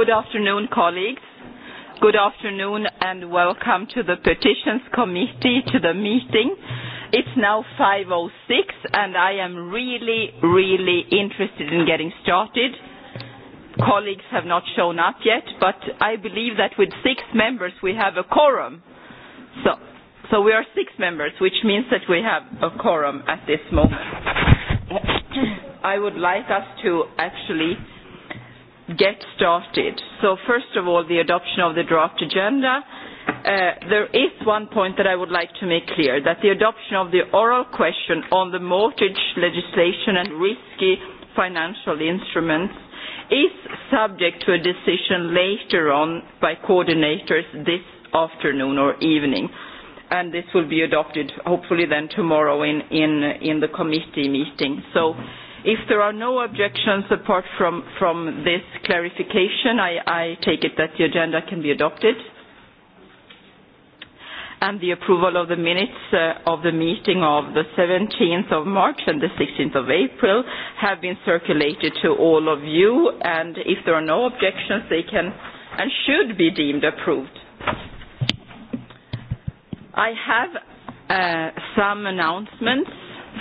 Good afternoon, colleagues. Good afternoon and welcome to the Petitions Committee to the meeting. It's now 5.06 and I am really, really interested in getting started. Colleagues have not shown up yet, but I believe that with six members we have a quorum. So, so we are six members, which means that we have a quorum at this moment. I would like us to actually get started. So first of all, the adoption of the draft agenda. There is one point that I would like to make clear, that the adoption of the oral question on the mortgage legislation and risky financial instruments is subject to a decision later on by coordinators this afternoon or evening. And this will be adopted hopefully then tomorrow in the committee meeting. So If there are no objections apart from this clarification, I take it that the agenda can be adopted. And the approval of the minutes of the meeting of the 17th of March and the 16th of April have been circulated to all of you, and if there are no objections, they can and should be deemed approved. I have some announcements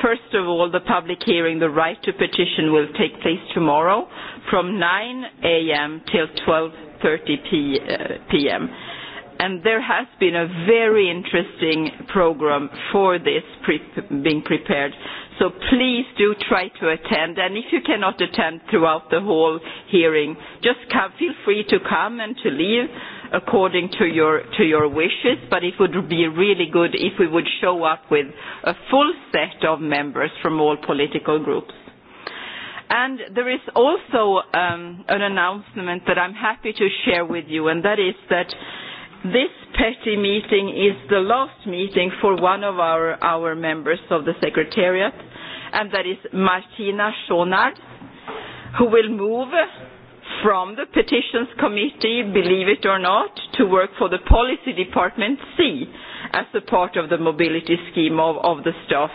First of all, the public hearing, the right to petition, will take place tomorrow from 9 a.m. till 12.30 p.m. And there has been a very interesting program for this being prepared. So please do try to attend. And if you cannot attend throughout the whole hearing, just feel free to come and to leave according to your to your wishes but it would be really good if we would show up with a full set of members from all political groups and there is also an announcement that I'm happy to share with you and that is that this petty meeting is the last meeting for one of our our members of the secretariat and that is Martina Schonard who will move from the Petitions Committee, believe it or not, to work for the Policy Department C as a part of the mobility scheme of the staff.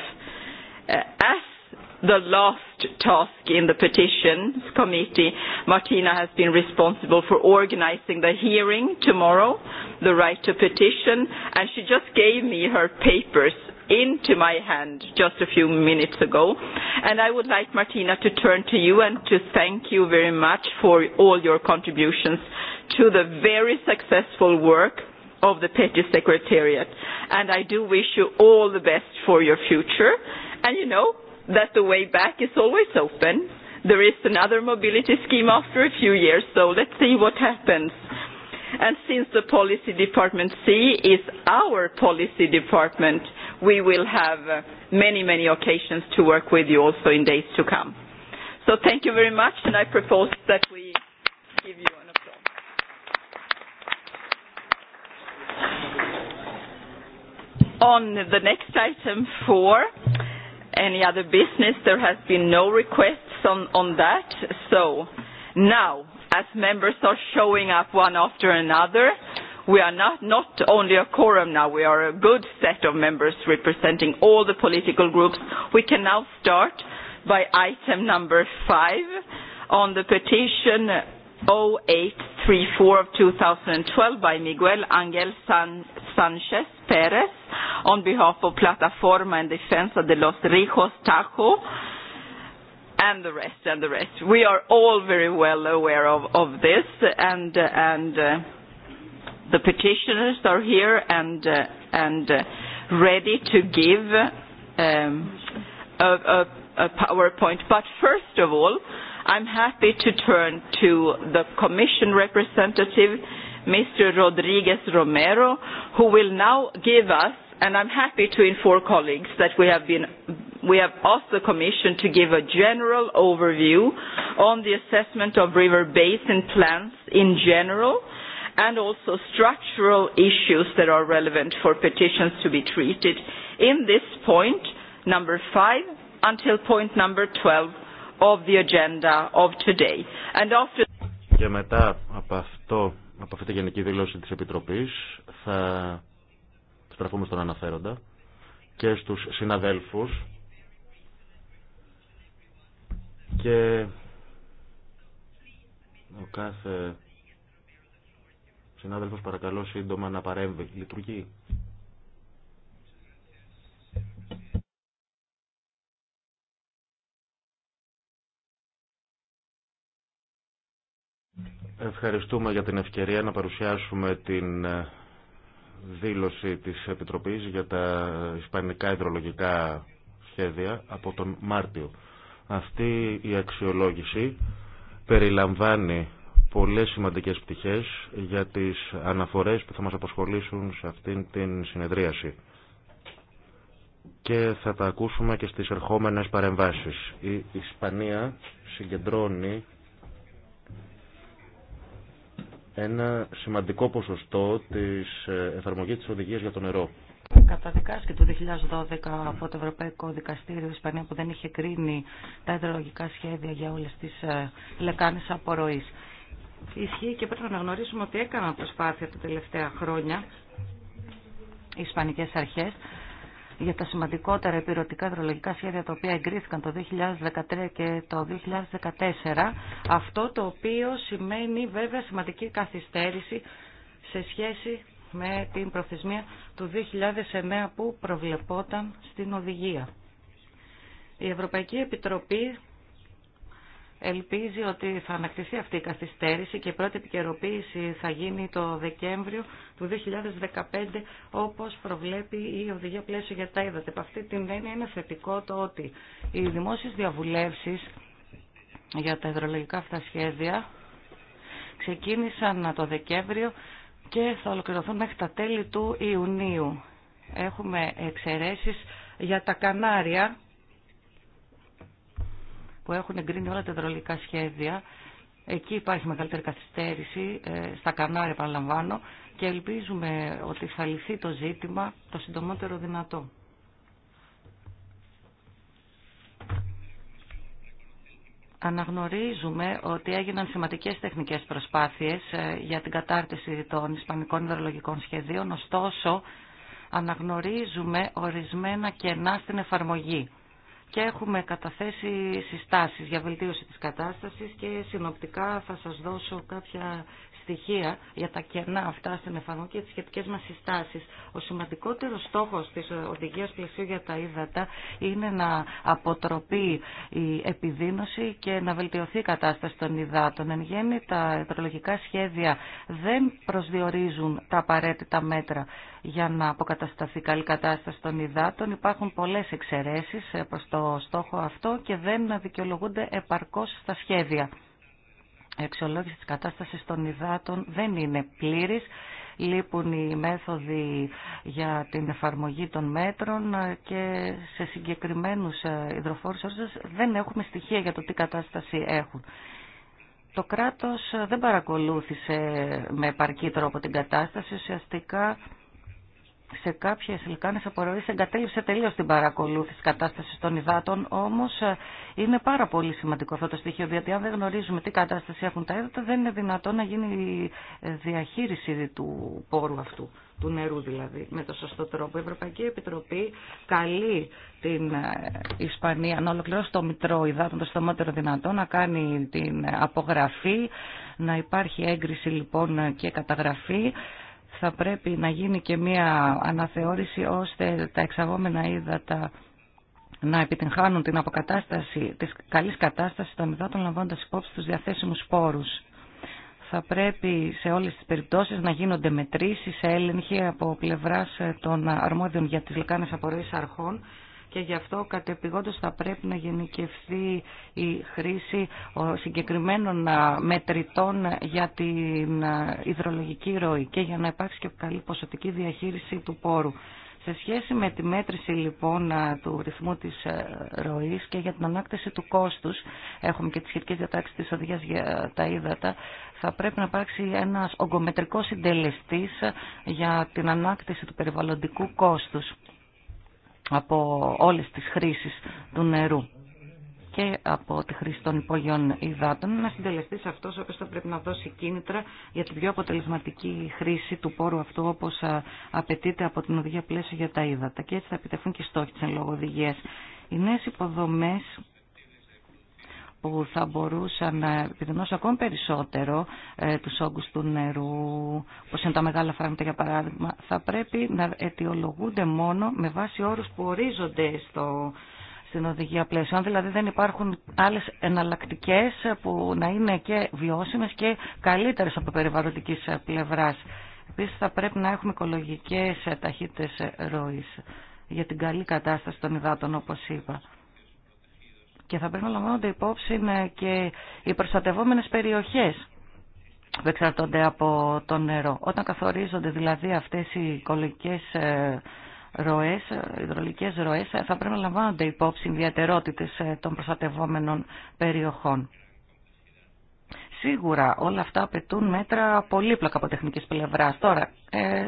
As the last task in the petitions committee. Martina has been responsible for organizing the hearing tomorrow, the right to petition, and she just gave me her papers into my hand just a few minutes ago. And I would like, Martina, to turn to you and to thank you very much for all your contributions to the very successful work of the Petty Secretariat. And I do wish you all the best for your future. And you know, that the way back is always open. There is another mobility scheme after a few years, so let's see what happens. And since the policy department C is our policy department, we will have many, many occasions to work with you also in days to come. So thank you very much, and I propose that we give you an applause. On the next item, four any other business. There has been no requests on on that. So now, as members are showing up one after another, we are not not only a quorum now, we are a good set of members representing all the political groups. We can now start by item number five on the petition 0834 of 2012 by Miguel Angel Sanchez Perez on behalf of Plataforma en Defensa de los Rijos Tajo and the rest and the rest. We are all very well aware of, of this and, and the petitioners are here and, and ready to give um, a, a, a PowerPoint. But first of all, I'm happy to turn to the Commission representative, Mr. Rodriguez Romero, who will now give us, and I'm happy to inform colleagues that we have asked the Commission to give a general overview on the assessment of river basin plans in general and also structural issues that are relevant for petitions to be treated in this point number five until point number 12 of the agenda of today. And after... Και μετά από, αυτό, από αυτή τη γενική δήλωση της Επιτροπής θα στραφούμε στον αναφέροντα και στους συναδέλφους και ο κάθε συνάδελφος παρακαλώ σύντομα να παρέμβει. Λειτουργεί. Ευχαριστούμε για την ευκαιρία να παρουσιάσουμε την ε, δήλωση της Επιτροπής για τα ισπανικά υδρολογικά σχέδια από τον Μάρτιο. Αυτή η αξιολόγηση περιλαμβάνει πολλές σημαντικές πτυχές για τις αναφορές που θα μας απασχολήσουν σε αυτήν την συνεδρίαση. Και θα τα ακούσουμε και στις ερχόμενες παρεμβάσεις. Η Ισπανία συγκεντρώνει ένα σημαντικό ποσοστό της ε, εφαρμογής της οδηγίας για το νερό. Καταδικάστηκε το 2012 από το Ευρωπαϊκό Δικαστήριο Ισπανία που δεν είχε κρίνει τα υδρολογικά σχέδια για όλες τις ε, λεκάνες απορροής. Ισχύει και πρέπει να γνωρίσουμε ότι έκαναν προσπάθεια τα τελευταία χρόνια οι Ισπανικές αρχές για τα σημαντικότερα επιρροτικά υδρολογικά σχέδια τα οποία εγκρίθηκαν το 2013 και το 2014. Αυτό το οποίο σημαίνει βέβαια σημαντική καθυστέρηση σε σχέση με την προθεσμία του 2009 που προβλεπόταν στην οδηγία. Η Ευρωπαϊκή Επιτροπή ελπίζει ότι θα ανακτηθεί αυτή η καθυστέρηση και η πρώτη επικαιροποίηση θα γίνει το Δεκέμβριο του 2015 όπως προβλέπει η Οδηγία Πλαίσιο για τα Είδατε. αυτή την έννοια είναι θετικό το ότι οι δημόσιες διαβουλεύσεις για τα υδρολογικά αυτά σχέδια ξεκίνησαν το Δεκέμβριο και θα ολοκληρωθούν μέχρι τα τέλη του Ιουνίου. Έχουμε εξαιρέσεις για τα Κανάρια που έχουν εγκρίνει όλα τα υδρολογικά σχέδια. Εκεί υπάρχει μεγαλύτερη καθυστέρηση, ε, στα Κανάρια παραλαμβάνω, και ελπίζουμε ότι θα λυθεί το ζήτημα το συντομότερο δυνατό. Αναγνωρίζουμε ότι έγιναν σημαντικές τεχνικές προσπάθειες ε, για την κατάρτιση των Ισπανικών υδρολογικών Σχεδίων, ωστόσο αναγνωρίζουμε ορισμένα κενά στην εφαρμογή και έχουμε καταθέσει συστάσεις για βελτίωση της κατάστασης και συνοπτικά θα σας δώσω κάποια στοιχεία για τα κενά αυτά στην εφαρμογή και τι σχετικέ μα συστάσει. Ο σημαντικότερο στόχο τη οδηγία πλαισίου για τα ύδατα είναι να αποτροπεί η επιδείνωση και να βελτιωθεί η κατάσταση των υδάτων. Εν γέννη τα υδρολογικά σχέδια δεν προσδιορίζουν τα απαραίτητα μέτρα για να αποκατασταθεί καλή κατάσταση των υδάτων. Υπάρχουν πολλέ εξαιρεσει προ το στόχο αυτό και δεν δικαιολογούνται επαρκώ στα σχέδια η αξιολόγηση της κατάστασης των υδάτων δεν είναι πλήρης. Λείπουν οι μέθοδοι για την εφαρμογή των μέτρων και σε συγκεκριμένους ε, υδροφόρους όρους δεν έχουμε στοιχεία για το τι κατάσταση έχουν. Το κράτος δεν παρακολούθησε με επαρκή τρόπο την κατάσταση. Ουσιαστικά σε κάποιες λικάνες απορροής εγκατέλειψε τελείως την παρακολούθηση κατάστασης των υδάτων, όμως ε, είναι πάρα πολύ σημαντικό αυτό το στοιχείο, γιατί αν δεν γνωρίζουμε τι κατάσταση έχουν τα έδατα, δεν είναι δυνατό να γίνει η ε, διαχείριση του πόρου αυτού, του νερού δηλαδή, με το σωστό τρόπο. Η Ευρωπαϊκή Επιτροπή καλεί την ε, Ισπανία να ολοκληρώσει το μητρό υδάτων το στομότερο δυνατό, να κάνει την απογραφή, να υπάρχει έγκριση λοιπόν και καταγραφή θα πρέπει να γίνει και μία αναθεώρηση ώστε τα εξαγόμενα ύδατα να επιτυγχάνουν την αποκατάσταση της καλής κατάστασης των υδάτων λαμβάνοντας υπόψη τους διαθέσιμους σπόρους. Θα πρέπει σε όλες τις περιπτώσεις να γίνονται μετρήσεις, έλεγχοι από πλευράς των αρμόδιων για τις λεκάνες απορροής αρχών και γι' αυτό κατεπηγόντως θα πρέπει να γενικευθεί η χρήση συγκεκριμένων μετρητών για την υδρολογική ροή και για να υπάρξει και καλή ποσοτική διαχείριση του πόρου. Σε σχέση με τη μέτρηση λοιπόν του ρυθμού της ροής και για την ανάκτηση του κόστους, έχουμε και τις σχετικές διατάξεις της οδηγίας για τα ύδατα, θα πρέπει να υπάρξει ένας ογκομετρικός συντελεστής για την ανάκτηση του περιβαλλοντικού κόστους από όλες τις χρήσεις του νερού και από τη χρήση των υπόγειων υδάτων. να συντελεστεί αυτό, αυτός όπως θα πρέπει να δώσει κίνητρα για την πιο αποτελεσματική χρήση του πόρου αυτού, όπως απαιτείται από την οδηγία πλαίσιο για τα ύδατα. Και έτσι θα επιτευχθούν και οι στόχοι τη εν λόγω Οι νέες υποδομές που θα μπορούσαν να επιδεινώσουν ακόμη περισσότερο ε, τους όγκους του νερού, όπω είναι τα μεγάλα φράγματα για παράδειγμα, θα πρέπει να αιτιολογούνται μόνο με βάση όρους που ορίζονται στο, στην οδηγία πλαίσιο. Αν δηλαδή δεν υπάρχουν άλλες εναλλακτικέ που να είναι και βιώσιμες και καλύτερες από περιβαλλοντικής πλευράς. Επίσης θα πρέπει να έχουμε οικολογικές ταχύτητες ροής για την καλή κατάσταση των υδάτων όπως είπα και θα πρέπει να λαμβάνονται υπόψη ε, και οι προστατευόμενες περιοχές που εξαρτώνται από το νερό. Όταν καθορίζονται δηλαδή αυτές οι ροέ, ε, ροές, ε, υδρολικές ροές, θα πρέπει να λαμβάνονται υπόψη ιδιαιτερότητες των προστατευόμενων περιοχών. Σίγουρα όλα αυτά απαιτούν μέτρα πολύπλοκα από τεχνικής πλευράς. Τώρα, ε,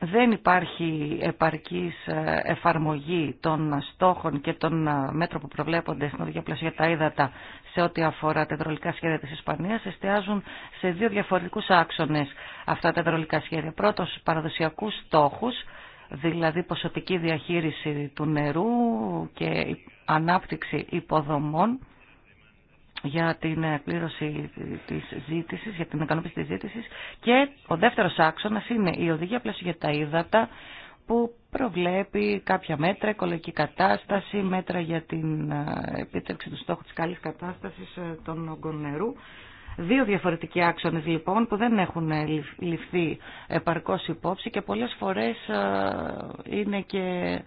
δεν υπάρχει επαρκής ε, εφαρμογή των στόχων και των ε, μέτρων που προβλέπονται στην οδηγία τα ύδατα σε ό,τι αφορά τα υδρολικά σχέδια της Ισπανίας, εστιάζουν σε δύο διαφορετικούς άξονες αυτά τα υδρολικά σχέδια. Πρώτος, παραδοσιακούς στόχους, δηλαδή ποσοτική διαχείριση του νερού και ανάπτυξη υποδομών για την ε, πλήρωση της ζήτησης, για την ικανοποίηση της ζήτησης και ο δεύτερος άξονας είναι η οδηγία πλαίσιο για τα ύδατα που προβλέπει κάποια μέτρα, οικολογική κατάσταση, μέτρα για την ε, επίτευξη του στόχου της καλής κατάστασης ε, των όγκων νερού. Δύο διαφορετικοί άξονες λοιπόν που δεν έχουν ληφθεί επαρκώς υπόψη και πολλές φορές είναι και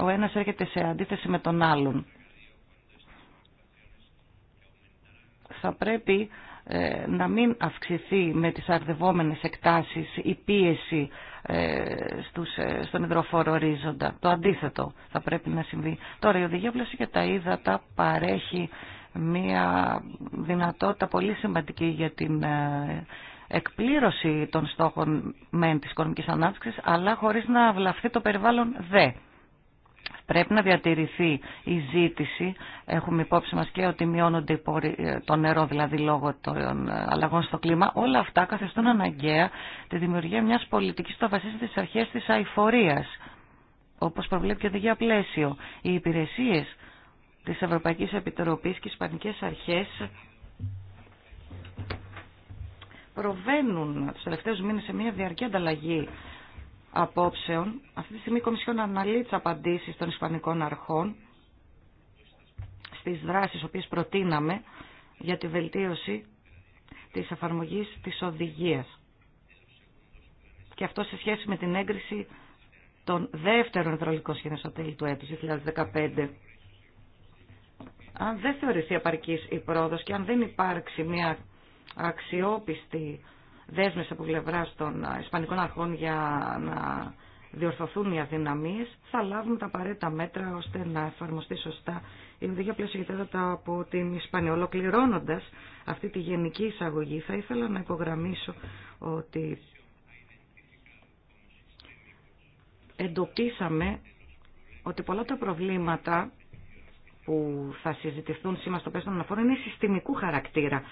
ο ένας έρχεται σε αντίθεση με τον άλλον. θα πρέπει ε, να μην αυξηθεί με τις αρδευόμενες εκτάσεις η πίεση ε, στους, ε, στον υδροφόρο ορίζοντα. Το αντίθετο θα πρέπει να συμβεί. Τώρα η οδηγία πλαίσια για τα ύδατα παρέχει μια δυνατότητα πολύ σημαντική για την εκπλήρωση των στόχων μεν της οικονομικής ανάπτυξης αλλά χωρίς να βλαφθεί το περιβάλλον δε. Πρέπει να διατηρηθεί η ζήτηση. Έχουμε υπόψη μας και ότι μειώνονται ε, το νερό, δηλαδή λόγω των ε, αλλαγών στο κλίμα. Όλα αυτά καθιστούν αναγκαία τη δημιουργία μιας πολιτικής που θα βασίζεται στις αρχές της αηφορίας, όπως προβλέπει και οδηγία πλαίσιο. Οι υπηρεσίες της Ευρωπαϊκής Επιτροπής και οι Ισπανικές Αρχές προβαίνουν του τελευταίους μήνες σε μια διαρκή ανταλλαγή απόψεων. Αυτή τη στιγμή η Κομισιόν αναλύει τι απαντήσει των Ισπανικών αρχών στις δράσεις οποίες προτείναμε για τη βελτίωση της εφαρμογής της οδηγίας. Και αυτό σε σχέση με την έγκριση των δεύτερων υδρολικών σχεδίων στο τέλη του έτους 2015. Αν δεν θεωρηθεί απαρκής η πρόοδος και αν δεν υπάρξει μια αξιόπιστη δέσμες από πλευρά των ε, Ισπανικών αρχών για να διορθωθούν οι αδυναμίες, θα λάβουν τα απαραίτητα μέτρα ώστε να εφαρμοστεί σωστά η οδηγία πλαισιοκοιτέρατα από την Ισπανία. Ολοκληρώνοντα αυτή τη γενική εισαγωγή, θα ήθελα να υπογραμμίσω ότι εντοπίσαμε ότι πολλά τα προβλήματα που θα συζητηθούν σήμερα στο πέστον αναφορά είναι συστημικού χαρακτήρα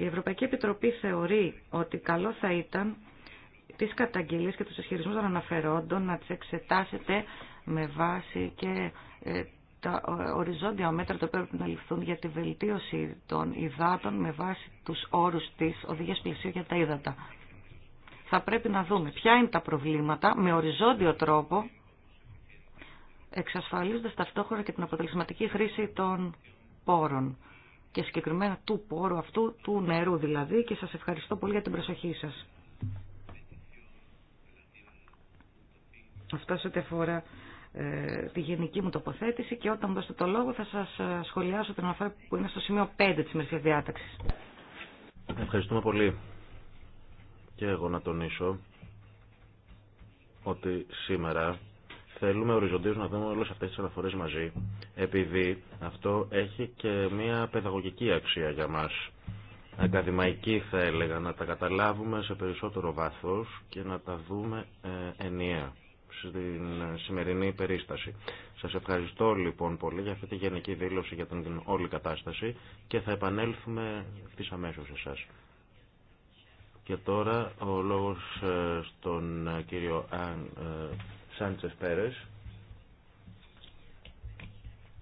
η Ευρωπαϊκή Επιτροπή θεωρεί ότι καλό θα ήταν τις καταγγελίες και τους ισχυρισμού των αναφερόντων να τις εξετάσετε με βάση και ε, τα ε, οριζόντια μέτρα τα οποία πρέπει να ληφθούν για τη βελτίωση των υδάτων με βάση τους όρους της οδηγίας πλησίου για τα ύδατα. Θα πρέπει να δούμε ποια είναι τα προβλήματα με οριζόντιο τρόπο εξασφαλίζοντας ταυτόχρονα και την αποτελεσματική χρήση των πόρων και συγκεκριμένα του πόρου αυτού, του νερού δηλαδή, και σας ευχαριστώ πολύ για την προσοχή σας. Αυτό σε ό,τι αφορά ε, τη γενική μου τοποθέτηση και όταν μου δώσετε το λόγο θα σας ε, σχολιάσω την αναφορά που είναι στο σημείο 5 της Μερικής Διάταξης. Ευχαριστούμε πολύ. Και εγώ να τονίσω ότι σήμερα Θέλουμε οριζοντίω να δούμε όλε αυτέ τι αναφορέ μαζί, επειδή αυτό έχει και μια παιδαγωγική αξία για μας. Ακαδημαϊκή θα έλεγα, να τα καταλάβουμε σε περισσότερο βάθος και να τα δούμε ε, ενιαία στην σημερινή περίσταση. Σας ευχαριστώ λοιπόν πολύ για αυτή τη γενική δήλωση για την όλη κατάσταση και θα επανέλθουμε ευθύς αμέσως σε εσάς. Και τώρα ο λόγος ε, στον κύριο ε, Σάντσεφ Πέρες,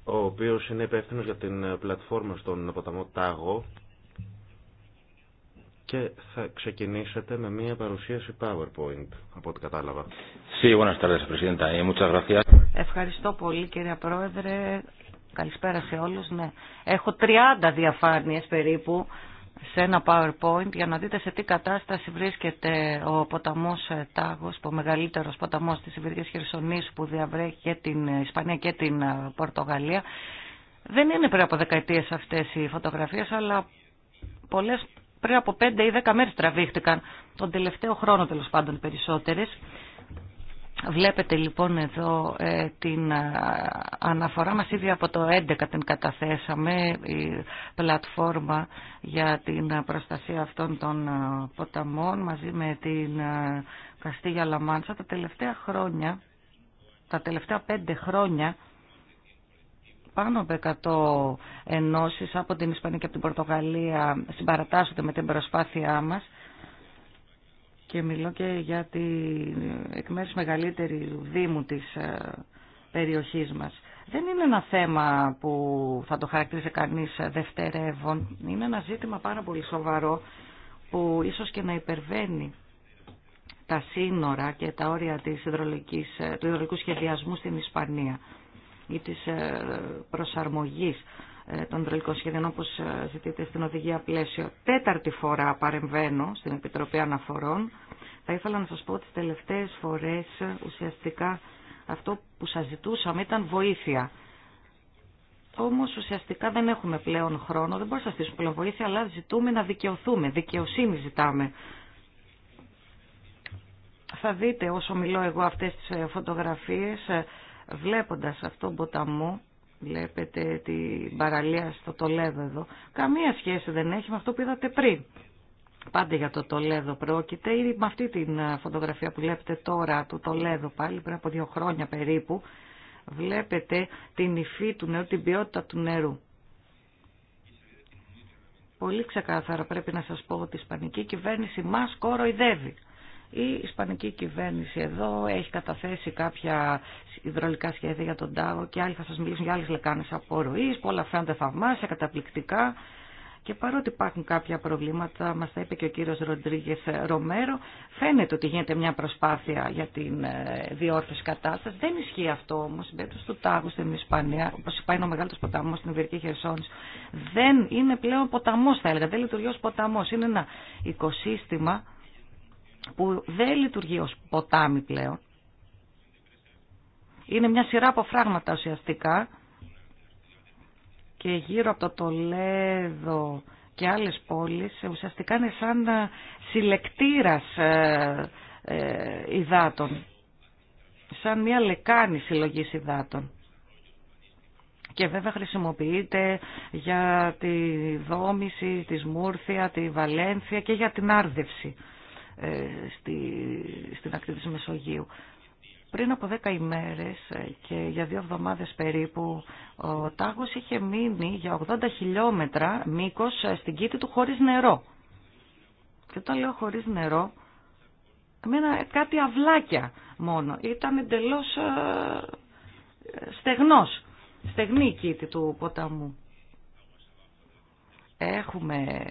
ο οποίος είναι υπεύθυνο για την ε, πλατφόρμα στον ποταμό Τάγο και θα ξεκινήσετε με μια παρουσίαση PowerPoint, από ό,τι κατάλαβα. Ευχαριστώ πολύ κύριε Πρόεδρε. Καλησπέρα σε όλους. Ναι. Έχω 30 διαφάνειες περίπου σε ένα PowerPoint για να δείτε σε τι κατάσταση βρίσκεται ο ποταμός ε, Τάγος, ο μεγαλύτερος ποταμός της Ιβηρικής Χερσονήσου που διαβρέχει και την ε, Ισπανία και την ε, Πορτογαλία. Δεν είναι πριν από δεκαετίες αυτές οι φωτογραφίες, αλλά πολλές πριν από 5 ή 10 μέρες τραβήχτηκαν τον τελευταίο χρόνο τέλο πάντων περισσότερες Βλέπετε λοιπόν εδώ ε, την αναφορά μας ήδη από το 11 την καταθέσαμε η πλατφόρμα για την προστασία αυτών των ποταμών μαζί με την Καστίγια Λαμάντσα τα τελευταία χρόνια τα τελευταία πέντε χρόνια πάνω από 100 ενώσεις από την Ισπανία και από την Πορτογαλία συμπαρατάσσονται με την προσπάθειά μας και μιλώ και για την εκ μέρους μεγαλύτερη δήμου της ε, περιοχής μας. Δεν είναι ένα θέμα που θα το χαρακτηρίζει κανείς ε, δευτερεύον. Είναι ένα ζήτημα πάρα πολύ σοβαρό που ίσως και να υπερβαίνει τα σύνορα και τα όρια της ε, του υδρολογικού σχεδιασμού στην Ισπανία ή της προσαρμογής ε, των υδρολικών σχεδίων όπως ε, ζητείτε στην οδηγία πλαίσιο. Τέταρτη φορά παρεμβαίνω στην Επιτροπή Αναφορών. Θα ήθελα να σας πω ότι τις τελευταίες φορές ε, ουσιαστικά αυτό που σας ζητούσαμε ήταν βοήθεια. Όμως ουσιαστικά δεν έχουμε πλέον χρόνο, δεν μπορούμε να στήσουμε πλέον βοήθεια, αλλά ζητούμε να δικαιωθούμε, δικαιοσύνη ζητάμε. Θα δείτε όσο μιλώ εγώ αυτές τις φωτογραφίες, βλέποντας αυτόν τον ποταμό, Βλέπετε την παραλία στο Τολέδο εδώ. Καμία σχέση δεν έχει με αυτό που είδατε πριν. Πάντα για το Τολέδο πρόκειται ή με αυτή την ε, φωτογραφία που βλέπετε τώρα του Τολέδο πάλι πριν από δύο χρόνια περίπου. Βλέπετε την υφή του νερού, την ποιότητα του νερού. Πολύ ξεκάθαρα πρέπει να σας πω ότι η Ισπανική κυβέρνηση μας κοροϊδεύει. Η Ισπανική κυβέρνηση εδώ έχει καταθέσει κάποια υδρολικά σχέδια για τον Τάγο και άλλοι θα σας μιλήσουν για άλλες λεκάνες απορροής, όλα φαίνονται θαυμάσια, καταπληκτικά. Και παρότι υπάρχουν κάποια προβλήματα, μας τα είπε και ο κύριος Ροντρίγε Ρομέρο, φαίνεται ότι γίνεται μια προσπάθεια για την ε, διόρθωση κατάσταση. Δεν ισχύει αυτό όμω, στην περίπτωση του Τάγου στην Ισπανία, όπω είπα είναι ο μεγάλο ποταμό στην Ιβερική Χερσόνη, δεν είναι πλέον ποταμό, θα έλεγα, δεν λειτουργεί ω ποταμό, Είναι ένα οικοσύστημα που δεν λειτουργεί ως ποτάμι πλέον. Είναι μια σειρά από φράγματα ουσιαστικά και γύρω από το Τολέδο και άλλες πόλεις ε, ουσιαστικά είναι σαν ε, συλλεκτήρας ε, υδάτων, σαν μια λεκάνη συλλογής υδάτων. Και βέβαια χρησιμοποιείται για τη δόμηση, τη Μούρθια, τη Βαλένθια και για την άρδευση. Ε, στη, στην ακτή της Μεσογείου. Πριν από δέκα ημέρες ε, και για δύο εβδομάδες περίπου ο τάγος είχε μείνει για 80 χιλιόμετρα μήκος ε, στην κήτη του χωρίς νερό. Και όταν λέω χωρίς νερό, εμένα κάτι αυλάκια μόνο. Ήταν εντελώς στεγνός, στεγνή η κήτη του ποταμού. Έχουμε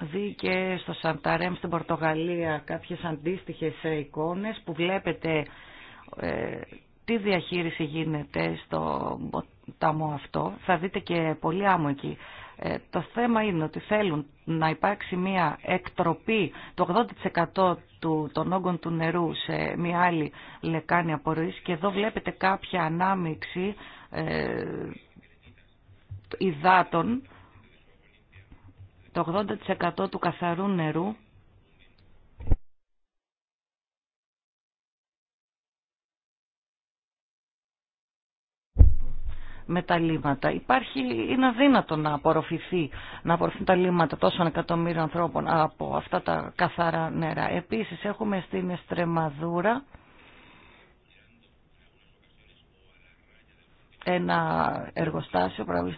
δει και στο Σανταρέμ στην Πορτογαλία κάποιες αντίστοιχες ε, εικόνες που βλέπετε ε, τι διαχείριση γίνεται στο ποταμό αυτό. Θα δείτε και πολύ άμμο εκεί. Ε, το θέμα είναι ότι θέλουν να υπάρξει μια εκτροπή το 80% του, των όγκων του νερού σε μια άλλη λεκάνη απορροής και εδώ βλέπετε κάποια ανάμιξη ε, υδάτων το 80% του καθαρού νερού με τα λίμματα. Υπάρχει, είναι αδύνατο να απορροφηθεί, να απορροφηθούν τα λίμματα τόσων εκατομμύριων ανθρώπων από αυτά τα καθαρά νερά. Επίσης έχουμε στην Εστρεμαδούρα ένα εργοστάσιο παραγωγής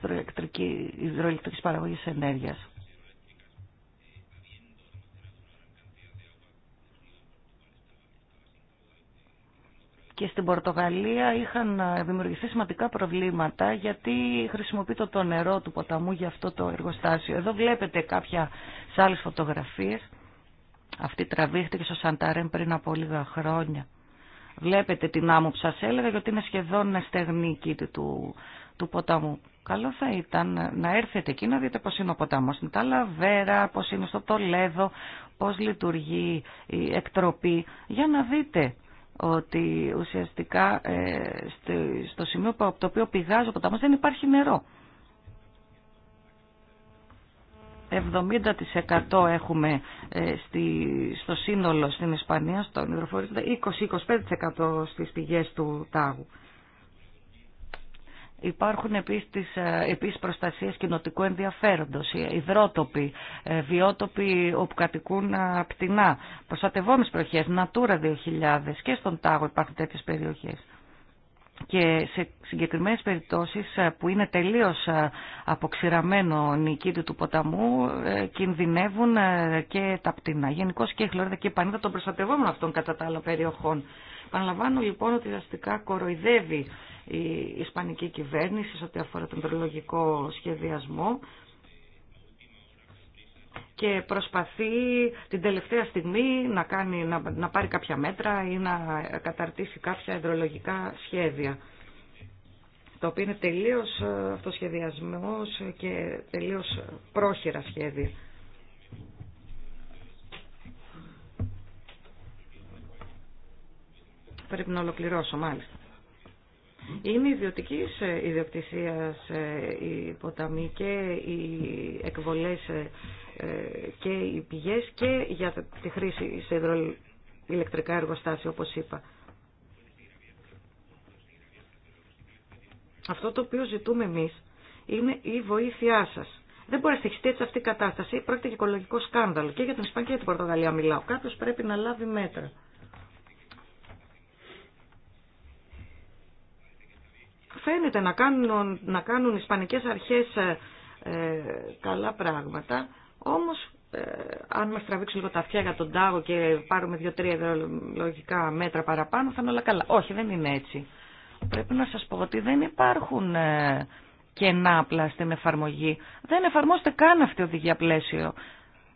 υδροελεκτρικής παραγωγής ενέργειας. και στην Πορτογαλία είχαν δημιουργηθεί σημαντικά προβλήματα γιατί χρησιμοποιείται το νερό του ποταμού για αυτό το εργοστάσιο. Εδώ βλέπετε κάποια σε άλλες φωτογραφίες. Αυτή τραβήχτηκε στο Σανταρέμ πριν από λίγα χρόνια. Βλέπετε την άμμο που σας έλεγα γιατί είναι σχεδόν στεγνή κήτη του, του ποταμού. Καλό θα ήταν να έρθετε εκεί να δείτε πώς είναι ο ποταμός στην Ταλαβέρα, πώς είναι στο Τολέδο, πώς λειτουργεί η εκτροπή, για να δείτε ότι ουσιαστικά ε, στο σημείο από το οποίο πηγάζει ο ποταμός δεν υπάρχει νερό. 70% έχουμε ε, στη, στο σύνολο στην Ισπανία, στον υδροφορείο, 20-25% στις πηγές του τάγου. Υπάρχουν επίσης, ε, επίσης προστασίες κοινοτικού ενδιαφέροντος, υδρότοποι, ε, βιότοποι όπου κατοικούν ε, πτηνά, προστατευόμενες περιοχές, Natura 2000 και στον Τάγο υπάρχουν τέτοιες περιοχές. Και σε συγκεκριμένες περιπτώσεις που είναι τελείως αποξηραμένο νικήτη του ποταμού κινδυνεύουν και τα πτηνά. Γενικώ και η χλωρίδα και η πανίδα των προστατευόμενων αυτών κατά τα άλλα περιοχών Παναλαμβάνω λοιπόν ότι δραστικά κοροϊδεύει η Ισπανική κυβέρνηση σε ό,τι αφορά τον τρολογικό σχεδιασμό και προσπαθεί την τελευταία στιγμή να, κάνει, να, να πάρει κάποια μέτρα ή να καταρτήσει κάποια εντρολογικά σχέδια το οποίο είναι τελείως ε, αυτοσχεδιασμός και τελείως πρόχειρα σχέδια. πρέπει να ολοκληρώσω μάλιστα. Είναι ιδιωτική ε, ιδιοκτησία οι ε, ποταμή και οι εκβολές ε, και οι πηγές και για τη χρήση σε ηλεκτρικά εργοστάσια, όπως είπα. Αυτό το οποίο ζητούμε εμείς είναι η βοήθειά σας. Δεν μπορεί να στοιχιστεί έτσι αυτή η κατάσταση. Πρόκειται για οικολογικό σκάνδαλο και για την Ισπανία και για την Πορτογαλία μιλάω. Κάποιο πρέπει να λάβει μέτρα. φαίνεται να κάνουν, να κάνουν ισπανικές αρχές ε, ε, καλά πράγματα, όμως ε, αν μας τραβήξουν λίγο τα αυτιά για τον τάγο και πάρουμε δύο-τρία λογικά μέτρα παραπάνω θα είναι όλα καλά. Όχι, δεν είναι έτσι. Πρέπει να σας πω ότι δεν υπάρχουν ε, κενά απλά στην εφαρμογή. Δεν εφαρμόστε καν αυτή η οδηγία πλαίσιο,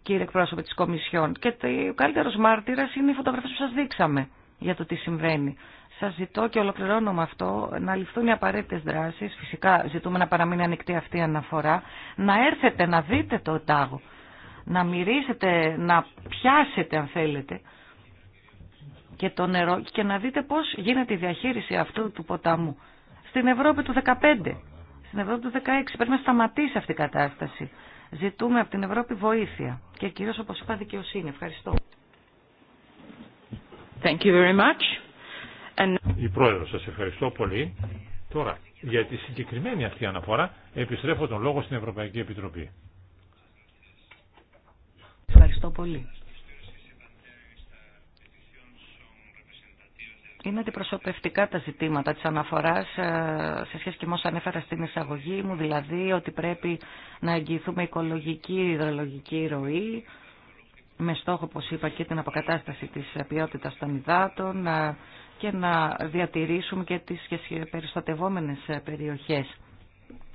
κύριε εκπρόσωπε της Κομισιόν. Και ο καλύτερος μάρτυρας είναι οι φωτογραφίες που σας δείξαμε για το τι συμβαίνει. Σας ζητώ και ολοκληρώνω με αυτό να ληφθούν οι απαραίτητε δράσεις. Φυσικά ζητούμε να παραμείνει ανοιχτή αυτή η αναφορά. Να έρθετε να δείτε το τάγο. Να μυρίσετε, να πιάσετε αν θέλετε και το νερό και να δείτε πώς γίνεται η διαχείριση αυτού του ποταμού. Στην Ευρώπη του 15, στην Ευρώπη του 16 πρέπει να σταματήσει αυτή η κατάσταση. Ζητούμε από την Ευρώπη βοήθεια και κυρίως όπως είπα δικαιοσύνη. Ευχαριστώ. Thank you very much. Η πρόεδρο σα ευχαριστώ πολύ. Τώρα, για τη συγκεκριμένη αυτή αναφορά, επιστρέφω τον λόγο στην Ευρωπαϊκή Επιτροπή. Ευχαριστώ πολύ. Είναι αντιπροσωπευτικά τα ζητήματα της αναφοράς ε, σε σχέση και με όσα ανέφερα στην εισαγωγή μου, δηλαδή ότι πρέπει να εγγυηθούμε οικολογική, υδρολογική ροή, με στόχο, όπως είπα, και την αποκατάσταση της ποιότητας των υδάτων, ε, και να διατηρήσουμε και τις και περιστατευόμενες ε, περιοχές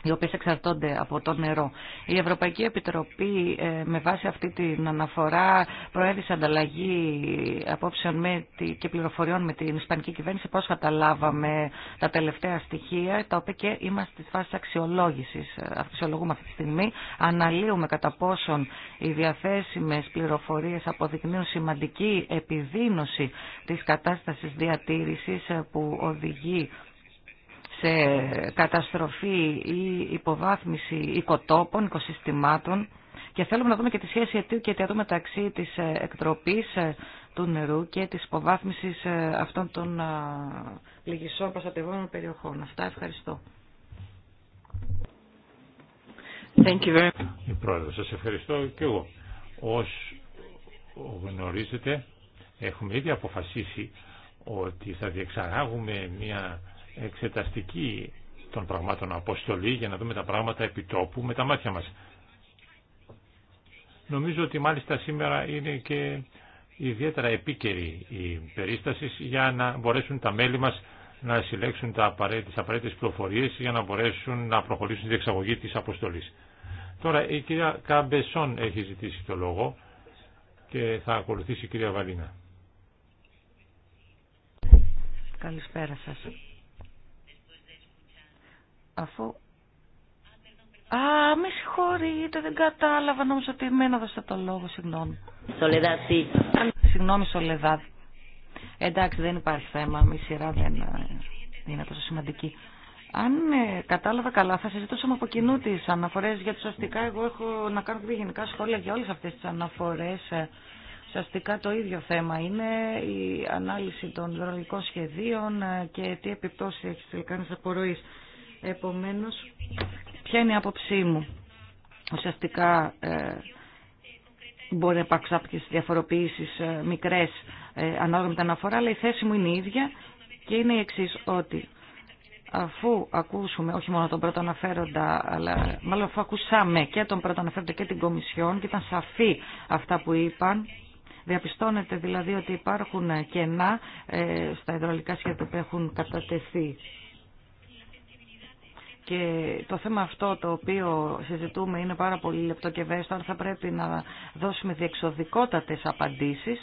οι οποίες εξαρτώνται από το νερό. Η Ευρωπαϊκή Επιτροπή ε, με βάση αυτή την αναφορά προέδεισε ανταλλαγή απόψεων με, και πληροφοριών με την Ισπανική κυβέρνηση. πώς καταλάβαμε τα τελευταία στοιχεία, τα οποία και είμαστε στη φάση αξιολόγησης. Ε, αξιολογούμε αυτή τη στιγμή. Αναλύουμε κατά πόσον οι διαθέσιμες πληροφορίες αποδεικνύουν σημαντική επιδείνωση της κατάστασης διατήρησης ε, που οδηγεί σε καταστροφή ή υποβάθμιση οικοτόπων, οικοσυστημάτων και θέλουμε να δούμε και τη σχέση αιτίου και αιτιατού μεταξύ της ε, εκτροπής ε, του νερού και της υποβάθμισης ε, αυτών των πληγισσών προστατευόμενων περιοχών. Αυτά ευχαριστώ. Thank you very much. σας ευχαριστώ και εγώ. Ως γνωρίζετε, έχουμε ήδη αποφασίσει ότι θα διεξαράγουμε μια εξεταστική των πραγμάτων αποστολή για να δούμε τα πράγματα επιτόπου με τα μάτια μας. Νομίζω ότι μάλιστα σήμερα είναι και ιδιαίτερα επίκαιρη η περίσταση για να μπορέσουν τα μέλη μας να συλλέξουν τα απαραίτητες, απαραίτητες για να μπορέσουν να προχωρήσουν τη διεξαγωγή της αποστολής. Τώρα η κυρία Καμπεσόν έχει ζητήσει το λόγο και θα ακολουθήσει η κυρία Βαλίνα. Καλησπέρα σας. Αφού... Α, με συγχωρείτε, δεν κατάλαβα, νόμιζα ότι εμένα δώσατε το λόγο, συγγνώμη. Συγγνώμη, Σολεδάτη. Εντάξει, δεν υπάρχει θέμα, η σειρά δεν ε, είναι τόσο σημαντική. Αν ε, κατάλαβα καλά, θα συζητούσαμε από κοινού τι αναφορέ, γιατί ουσιαστικά εγώ έχω να κάνω και γενικά σχόλια για όλε αυτέ τι αναφορέ. Ε, ουσιαστικά το ίδιο θέμα είναι η ανάλυση των δρομικών σχεδίων και τι επιπτώσει έχει τελικά τη απορροή. Επομένως, ποια είναι η άποψή μου. Ουσιαστικά ε, μπορεί να υπάρξουν κάποιε διαφοροποιήσει ε, μικρέ ε, ανάλογα με την αναφορά, αλλά η θέση μου είναι η ίδια και είναι η εξή, ότι αφού ακούσουμε όχι μόνο τον πρώτο αναφέροντα, αλλά μάλλον αφού ακούσαμε και τον πρώτο αναφέροντα και την Κομισιόν και ήταν σαφή αυτά που είπαν, διαπιστώνεται δηλαδή ότι υπάρχουν κενά στα υδρολικά σχέδια που έχουν κατατεθεί και το θέμα αυτό το οποίο συζητούμε είναι πάρα πολύ λεπτό και βέστο. θα πρέπει να δώσουμε διεξοδικότατες απαντήσεις.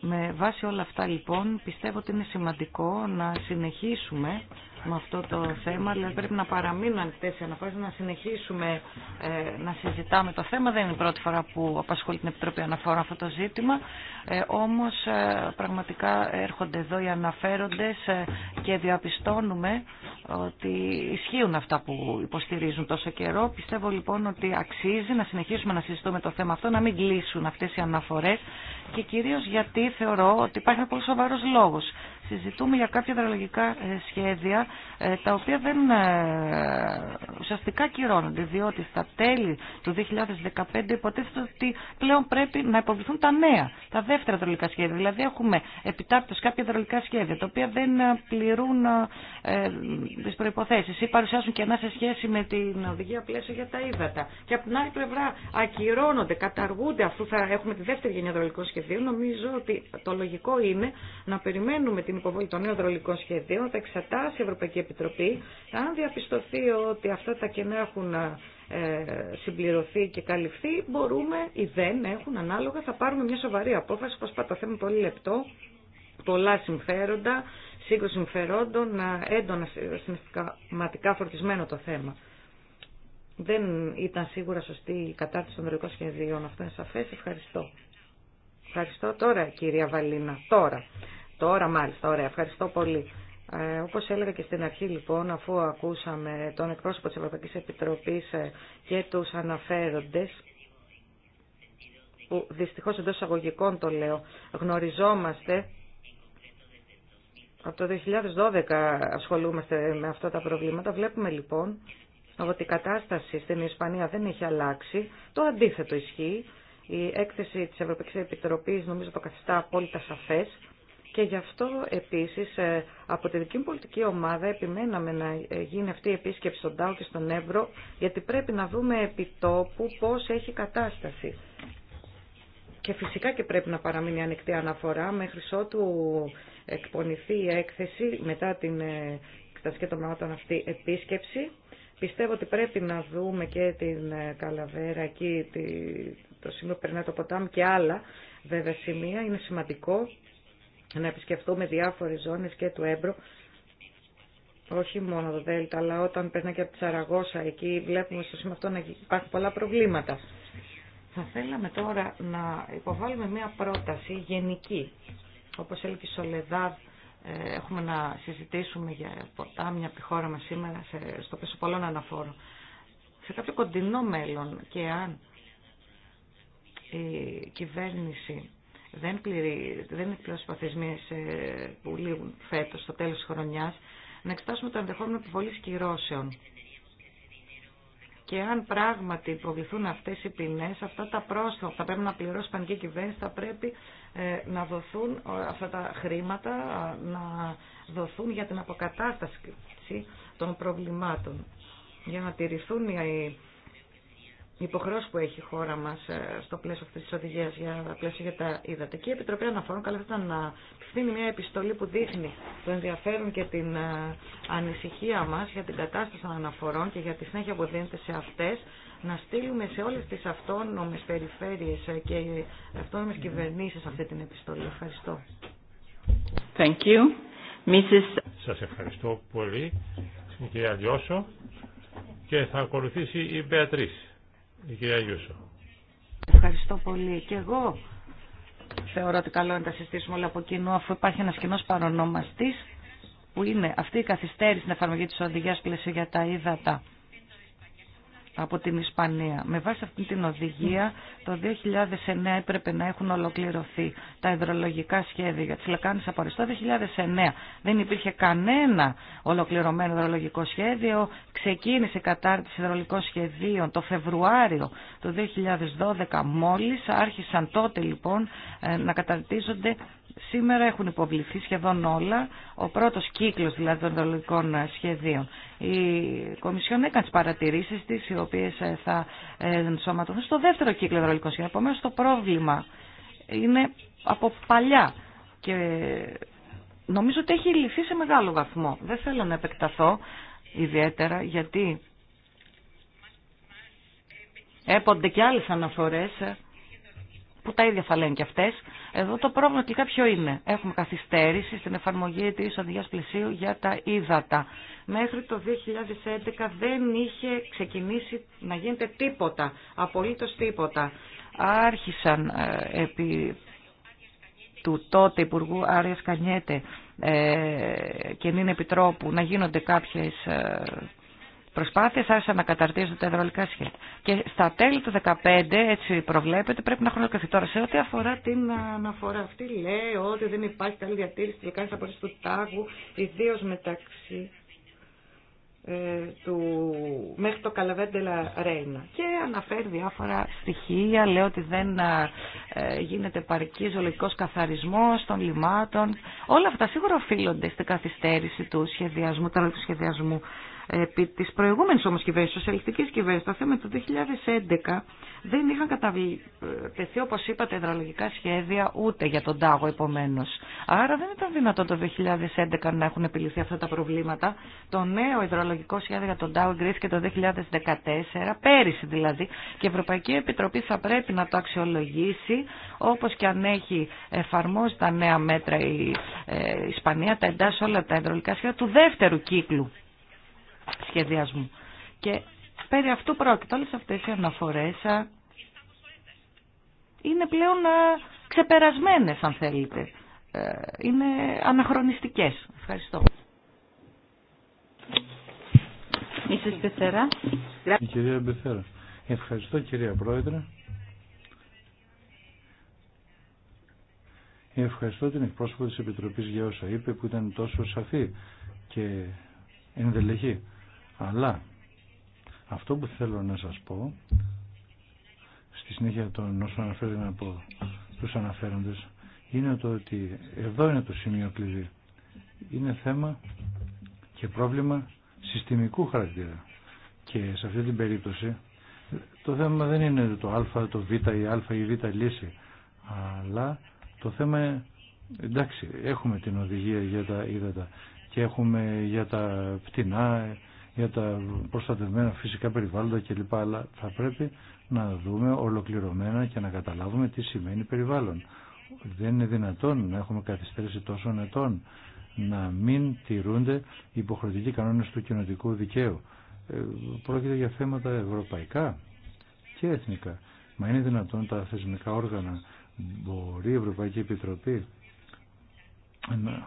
Με βάση όλα αυτά λοιπόν πιστεύω ότι είναι σημαντικό να συνεχίσουμε με αυτό το θέμα, αλλά πρέπει να παραμείνουν ανοιχτέ οι αναφορέ, να συνεχίσουμε ε, να συζητάμε το θέμα. Δεν είναι η πρώτη φορά που απασχολεί την Επιτροπή Αναφορά αυτό το ζήτημα. Ε, Όμω ε, πραγματικά έρχονται εδώ οι αναφέροντε ε, και διαπιστώνουμε ότι ισχύουν αυτά που υποστηρίζουν τόσο καιρό. Πιστεύω λοιπόν ότι αξίζει να συνεχίσουμε να συζητούμε το θέμα αυτό, να μην κλείσουν αυτέ οι αναφορέ και κυρίω γιατί θεωρώ ότι υπάρχει ένα πολύ σοβαρό λόγο συζητούμε για κάποια δραλογικά ε, σχέδια ε, τα οποία δεν ε, ουσιαστικά κυρώνονται διότι στα τέλη του 2015 υποτίθεται ότι πλέον πρέπει να υποβληθούν τα νέα, τα δεύτερα δραλογικά σχέδια. Δηλαδή έχουμε επιτάπτως κάποια δραλογικά σχέδια τα οποία δεν πληρούν τις προϋποθέσεις ή παρουσιάσουν κενά σε σχέση με την οδηγία πλαίσια για τα ύδατα. Και από την άλλη πλευρά ακυρώνονται, καταργούνται αφού θα έχουμε τη δεύτερη γενιά δραλογικών σχεδίων. Νομίζω ότι το λογικό είναι να περιμένουμε τη υποβολή των νέων δρολικών σχεδίων, θα εξετάσει η Ευρωπαϊκή Επιτροπή. Αν διαπιστωθεί ότι αυτά τα κενά έχουν ε, συμπληρωθεί και καλυφθεί, μπορούμε ή δεν έχουν ανάλογα, θα πάρουμε μια σοβαρή απόφαση, όπως πάντα θέμα πολύ λεπτό, πολλά συμφέροντα, σύγκρουση συμφερόντων, ε, έντονα συναισθηματικά φορτισμένο το θέμα. Δεν ήταν σίγουρα σωστή η δεν εχουν αναλογα θα παρουμε μια σοβαρη αποφαση οπως το θεμα πολυ λεπτο πολλα συμφεροντα συγκρουση συμφεροντων εντονα συναισθηματικα φορτισμενο το θεμα δεν ηταν σιγουρα σωστη η καταρτιση των δρολικών σχεδίων. Αυτό είναι σαφές. Ευχαριστώ. Ευχαριστώ τώρα κυρία Βαλίνα. Τώρα Τώρα μάλιστα, ωραία, ευχαριστώ πολύ. Ε, όπως έλεγα και στην αρχή λοιπόν, αφού ακούσαμε τον εκπρόσωπο της Ευρωπαϊκής Επιτροπής ε, και τους αναφέροντες, που δυστυχώς εντός εισαγωγικών, το λέω, γνωριζόμαστε από το 2012 ασχολούμαστε με αυτά τα προβλήματα. Βλέπουμε λοιπόν ότι η κατάσταση στην Ισπανία δεν έχει αλλάξει. Το αντίθετο ισχύει. Η έκθεση της Ευρωπαϊκής Επιτροπής νομίζω το καθιστά απόλυτα σαφές. Και γι' αυτό επίσης ε, από τη δική μου πολιτική ομάδα επιμέναμε να ε, γίνει αυτή η επίσκεψη στον ΤΑΟ και στον Εύρο γιατί πρέπει να δούμε επιτόπου πώς έχει κατάσταση. Και φυσικά και πρέπει να παραμείνει ανοιχτή αναφορά μέχρι ότου εκπονηθεί η έκθεση μετά την εκτασκευή των πραγμάτων αυτή επίσκεψη. Πιστεύω ότι πρέπει να δούμε και την ε, Καλαβέρα εκεί, το σημείο που περνάει το ποτάμι και άλλα βέβαια σημεία. Είναι σημαντικό να επισκεφτούμε διάφορες ζώνες και του Έμπρο, όχι μόνο το Δέλτα, αλλά όταν περνάει και από τη Σαραγώσα, εκεί βλέπουμε στο σημείο αυτό να υπάρχουν πολλά προβλήματα. Θα θέλαμε τώρα να υποβάλουμε μια πρόταση γενική. Όπως έλεγε η Σολεδάδ, ε, έχουμε να συζητήσουμε για ποτάμια από τη χώρα μας σήμερα, στο πίσω πολλών αναφόρων. Σε κάποιο κοντινό μέλλον και αν η κυβέρνηση δεν, πληρεί, δεν είναι ε, που λήγουν φέτος, στο τέλος της χρονιά, να εξετάσουμε το ενδεχόμενο επιβολή κυρώσεων. Και αν πράγματι υποβληθούν αυτές οι ποινέ, αυτά τα πρόσφατα που θα πρέπει να πληρώσει η πανική κυβέρνηση θα πρέπει ε, να δοθούν ε, αυτά τα χρήματα, να δοθούν για την αποκατάσταση των προβλημάτων. Για να τηρηθούν οι υποχρεώσει που έχει η χώρα μα ε, στο πλαίσιο αυτή τη οδηγία για, πλαίσια για τα υδατική επιτροπή αναφορών. Καλά ήταν να φτύνει μια επιστολή που δείχνει το ενδιαφέρον και την ε, ανησυχία μα για την κατάσταση των αναφορών και για τη συνέχεια που δίνεται σε αυτέ. Να στείλουμε σε όλε τι αυτόνομε περιφέρειε ε, και αυτόνομε κυβερνήσει αυτή την επιστολή. Ευχαριστώ. Thank you. Mrs. Σας ευχαριστώ πολύ, κυρία Διώσο. Και θα ακολουθήσει η Μπεατρίση. Ευχαριστώ πολύ. Και εγώ θεωρώ ότι καλό είναι να τα συστήσουμε όλα από κοινού, αφού υπάρχει ένα κοινό παρονόμαστη που είναι αυτή η καθυστέρηση στην εφαρμογή τη οδηγία πλαίσιο για τα ύδατα από την Ισπανία. Με βάση αυτή την οδηγία, το 2009 έπρεπε να έχουν ολοκληρωθεί τα υδρολογικά σχέδια για τι λεκάνε Το 2009 δεν υπήρχε κανένα ολοκληρωμένο υδρολογικό σχέδιο. Ξεκίνησε η κατάρτιση υδρολικών σχεδίων το Φεβρουάριο του 2012 μόλις. Άρχισαν τότε λοιπόν ε, να καταρτίζονται. Σήμερα έχουν υποβληθεί σχεδόν όλα. Ο πρώτος κύκλος δηλαδή των υδρολικών ε, σχεδίων. Η Κομισιόν έκανε τις παρατηρήσεις της, οι οποίες ε, θα ενσωματωθούν στο δεύτερο κύκλο υδρολικών σχεδίων. επομένω το πρόβλημα είναι από παλιά και νομίζω ότι έχει λυθεί σε μεγάλο βαθμό. Δεν θέλω να επεκταθώ ιδιαίτερα γιατί έπονται και άλλες αναφορές που τα ίδια θα λένε και αυτές. Εδώ το πρόβλημα τελικά ποιο είναι. Έχουμε καθυστέρηση στην εφαρμογή της οδηγίας πλαισίου για τα ύδατα. Μέχρι το 2011 δεν είχε ξεκινήσει να γίνεται τίποτα, απολύτως τίποτα. Άρχισαν ε, επί του τότε Υπουργού Άρια Κανιέτε ε, και είναι επιτρόπου να γίνονται κάποιες ε, προσπάθειε άρχισαν να καταρτίζονται τα υδραυλικά σχέδια. Και στα τέλη του 2015, έτσι προβλέπεται, πρέπει να χρονοκαθεί. Τώρα, σε ό,τι αφορά την αναφορά αυτή, λέει ότι δεν υπάρχει καλή διατήρηση τη λεκάνη απορρίψη του τάγου, ιδίω μεταξύ ε, του, μέχρι το Καλαβέντελα Ρέινα και αναφέρει διάφορα στοιχεία λέει ότι δεν ε, γίνεται παρκή ζωολογικός καθαρισμός των λιμάτων όλα αυτά σίγουρα οφείλονται στην καθυστέρηση του σχεδιασμού, του σχεδιασμού επί της όμω όμως κυβέρνησης, σοσιαλιστική κυβέρνηση, το θέμα του 2011 δεν είχαν όπω όπως είπατε υδραλογικά σχέδια ούτε για τον τάγο επομένω. Άρα δεν ήταν δυνατόν το 2011 να έχουν επιληθεί αυτά τα προβλήματα. Το νέο υδρολογικό σχέδιο για τον τάγο εγκρίθηκε το 2014, πέρυσι δηλαδή, και η Ευρωπαϊκή Επιτροπή θα πρέπει να το αξιολογήσει όπω και αν έχει εφαρμόσει τα νέα μέτρα ε, η Ισπανία, τα εντάσσει όλα τα υδρολογικά σχέδια του δεύτερου κύκλου σχεδιασμού. Και περί αυτού πρόκειται. Όλες αυτές οι αναφορές είναι πλέον ξεπερασμένες, αν θέλετε. Ε, είναι αναχρονιστικές. Ευχαριστώ. Η κυρία Μπεθέρα. Ευχαριστώ κυρία Πρόεδρε. Ευχαριστώ την εκπρόσωπο της Επιτροπής για όσα είπε που ήταν τόσο σαφή και ενδελεχή. Αλλά αυτό που θέλω να σας πω στη συνέχεια των όσων αναφέρουν από τους αναφέροντες είναι το ότι εδώ είναι το σημείο κλειδί. Είναι θέμα και πρόβλημα συστημικού χαρακτήρα. Και σε αυτή την περίπτωση το θέμα δεν είναι το α, το β, η α, η β λύση. Αλλά το θέμα εντάξει έχουμε την οδηγία για τα ύδατα και έχουμε για τα πτηνά για τα προστατευμένα φυσικά περιβάλλοντα κλπ. Αλλά θα πρέπει να δούμε ολοκληρωμένα και να καταλάβουμε τι σημαίνει περιβάλλον. Δεν είναι δυνατόν να έχουμε καθυστέρηση τόσων ετών να μην τηρούνται οι υποχρεωτικοί κανόνες του κοινοτικού δικαίου. Ε, πρόκειται για θέματα ευρωπαϊκά και εθνικά. Μα είναι δυνατόν τα θεσμικά όργανα, μπορεί η Ευρωπαϊκή Επιτροπή να,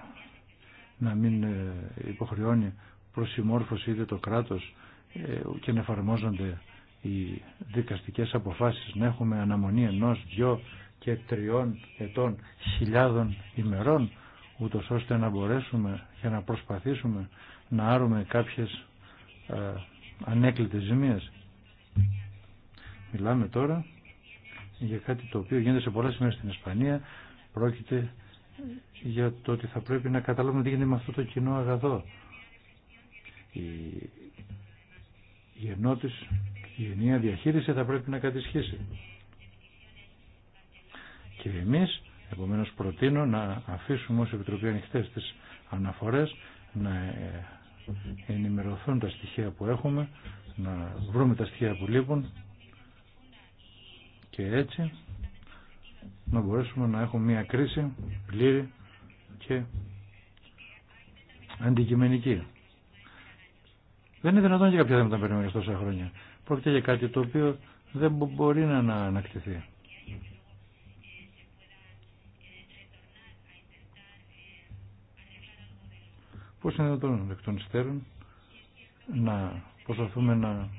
να μην ε, υποχρεώνει προσημόρφωση είτε το κράτος ε, και να εφαρμόζονται οι δικαστικές αποφάσεις να έχουμε αναμονή ενός, δυο και τριών ετών χιλιάδων ημερών ούτω ώστε να μπορέσουμε και να προσπαθήσουμε να άρουμε κάποιες ε, ανέκλητες ζημίες. Μιλάμε τώρα για κάτι το οποίο γίνεται σε πολλά σημεία στην Ισπανία. Πρόκειται για το ότι θα πρέπει να καταλάβουμε τι γίνεται με αυτό το κοινό αγαθό η, η η ενιαία διαχείριση θα πρέπει να κατησχίσει. Και εμείς, επομένως προτείνω να αφήσουμε ως Επιτροπή ανοιχτές τις αναφορές, να ε, ενημερωθούν τα στοιχεία που έχουμε, να βρούμε τα στοιχεία που λείπουν και έτσι να μπορέσουμε να έχουμε μια κρίση πλήρη και αντικειμενική. Δεν είναι δυνατόν για κάποια θέματα να περιμένει τόσα χρόνια. Πρόκειται για κάτι το οποίο δεν μπορεί να ανακτηθεί. Πώς είναι δυνατόν εκ των υστέρων να προσπαθούμε να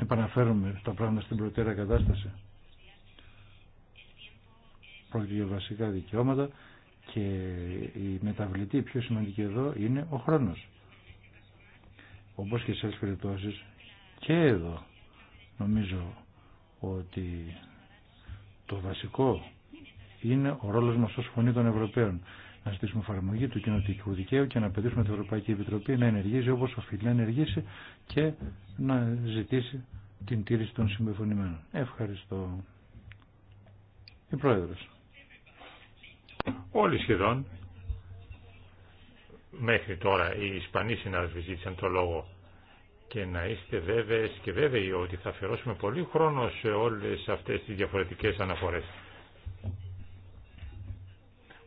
επαναφέρουμε τα πράγματα στην προτέρα κατάσταση. Πρόκειται για βασικά δικαιώματα και η μεταβλητή πιο σημαντική εδώ είναι ο χρόνος όπως και σε άλλες περιπτώσεις και εδώ νομίζω ότι το βασικό είναι ο ρόλος μας ως φωνή των Ευρωπαίων να ζητήσουμε εφαρμογή του κοινοτικού δικαίου και να πετύσουμε την Ευρωπαϊκή Επιτροπή να ενεργήσει όπως οφείλει να ενεργήσει και να ζητήσει την τήρηση των συμπεφωνημένων. Ευχαριστώ. Η Πρόεδρος. Όλοι σχεδόν μέχρι τώρα οι Ισπανοί συνάδελφοι ζήτησαν το λόγο και να είστε βέβαιες και βέβαιοι ότι θα αφιερώσουμε πολύ χρόνο σε όλες αυτές τις διαφορετικές αναφορές.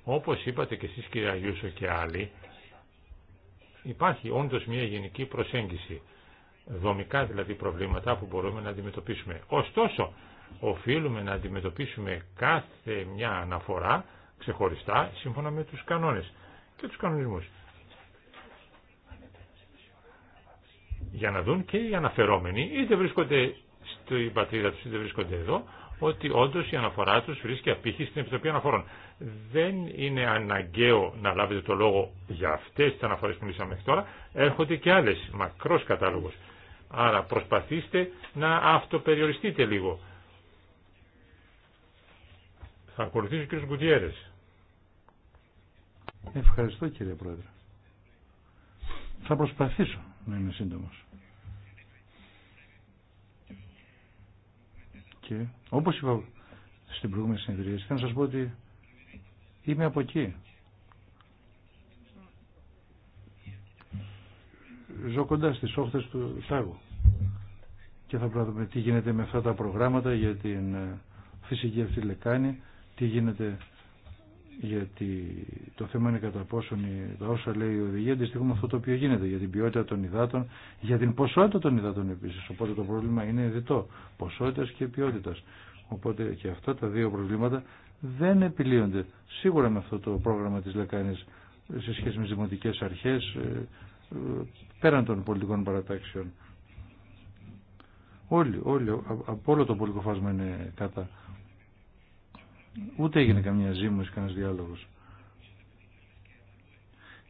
Όπως είπατε και εσείς κύριε Αγιούσο και άλλοι, υπάρχει όντως μια γενική προσέγγιση, δομικά δηλαδή προβλήματα που μπορούμε να αντιμετωπίσουμε. Ωστόσο, οφείλουμε να αντιμετωπίσουμε κάθε μια αναφορά ξεχωριστά σύμφωνα με τους κανόνες και τους κανονισμούς. για να δουν και οι αναφερόμενοι, είτε βρίσκονται στην πατρίδα τους, είτε βρίσκονται εδώ, ότι όντω η αναφορά τους βρίσκει απήχηση στην Επιτροπή Αναφορών. Δεν είναι αναγκαίο να λάβετε το λόγο για αυτές τι αναφορέ που μιλήσαμε μέχρι τώρα, έρχονται και άλλε. μακρός κατάλογος. Άρα προσπαθήστε να αυτοπεριοριστείτε λίγο. Θα ακολουθήσει ο κ. Ευχαριστώ κύριε Πρόεδρε. Θα προσπαθήσω να είναι σύντομο. Και Όπω είπα στην προηγούμενη συνεδρία, θέλω να σας πω ότι είμαι από εκεί. Ζω κοντά στι όχθε του Τάγου. Και θα πούμε τι γίνεται με αυτά τα προγράμματα για την ε, φυσική αυτή λεκάνη, τι γίνεται γιατί το θέμα είναι κατά πόσον τα όσα λέει η οδηγία αντιστοιχούν αυτό το οποίο γίνεται για την ποιότητα των υδάτων, για την ποσότητα των υδάτων επίσης. Οπότε το πρόβλημα είναι διτό, ποσότητα και ποιότητα. Οπότε και αυτά τα δύο προβλήματα δεν επιλύονται σίγουρα με αυτό το πρόγραμμα της Λεκάνης σε σχέση με τις δημοτικές αρχές ε, ε, πέραν των πολιτικών παρατάξεων. Όλοι, όλοι, από όλο το πολιτικό φάσμα είναι κατά Ούτε έγινε καμία ζήμωση, κανένα διάλογο.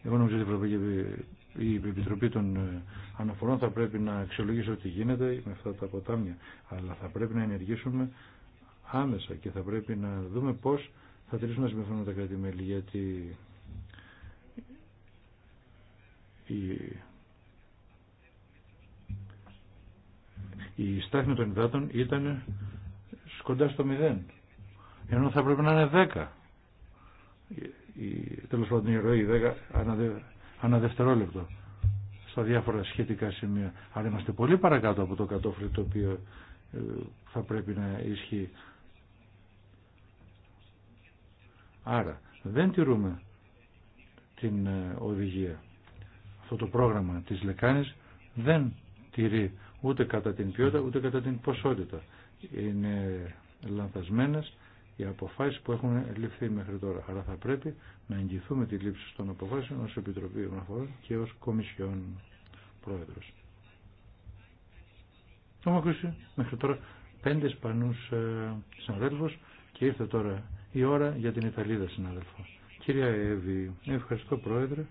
Εγώ νομίζω ότι η Επιτροπή των ε, Αναφορών θα πρέπει να αξιολογήσει ό,τι γίνεται με αυτά τα ποτάμια. Αλλά θα πρέπει να ενεργήσουμε άμεσα και θα πρέπει να δούμε πώ θα τελειώσουν να συμμεθούν τα κράτη-μέλη. Γιατί η... η στάθμη των υδάτων ήταν κοντά στο μηδέν ενώ θα πρέπει να είναι 10. Τέλος πάντων η ροή 10 ανά δευτερόλεπτο στα διάφορα σχετικά σημεία. Αλλά είμαστε πολύ παρακάτω από το κατόφλι το οποίο ε, θα πρέπει να ισχύει. Άρα δεν τηρούμε την ε, οδηγία. Αυτό το πρόγραμμα της λεκάνης δεν τηρεί ούτε κατά την ποιότητα ούτε κατά την ποσότητα. Είναι λανθασμένες οι αποφάσεις που έχουν ληφθεί μέχρι τώρα. Άρα θα πρέπει να εγγυηθούμε τη λήψη των αποφάσεων ως Επιτροπή Αναφορών και ως Κομισιόν Πρόεδρος. Το έχουμε ακούσει μέχρι τώρα πέντε σπανούς ε, συναδέλφους και ήρθε τώρα η ώρα για την Ιταλίδα συναδέλφο. Κυρία Εύη, ευχαριστώ Πρόεδρε.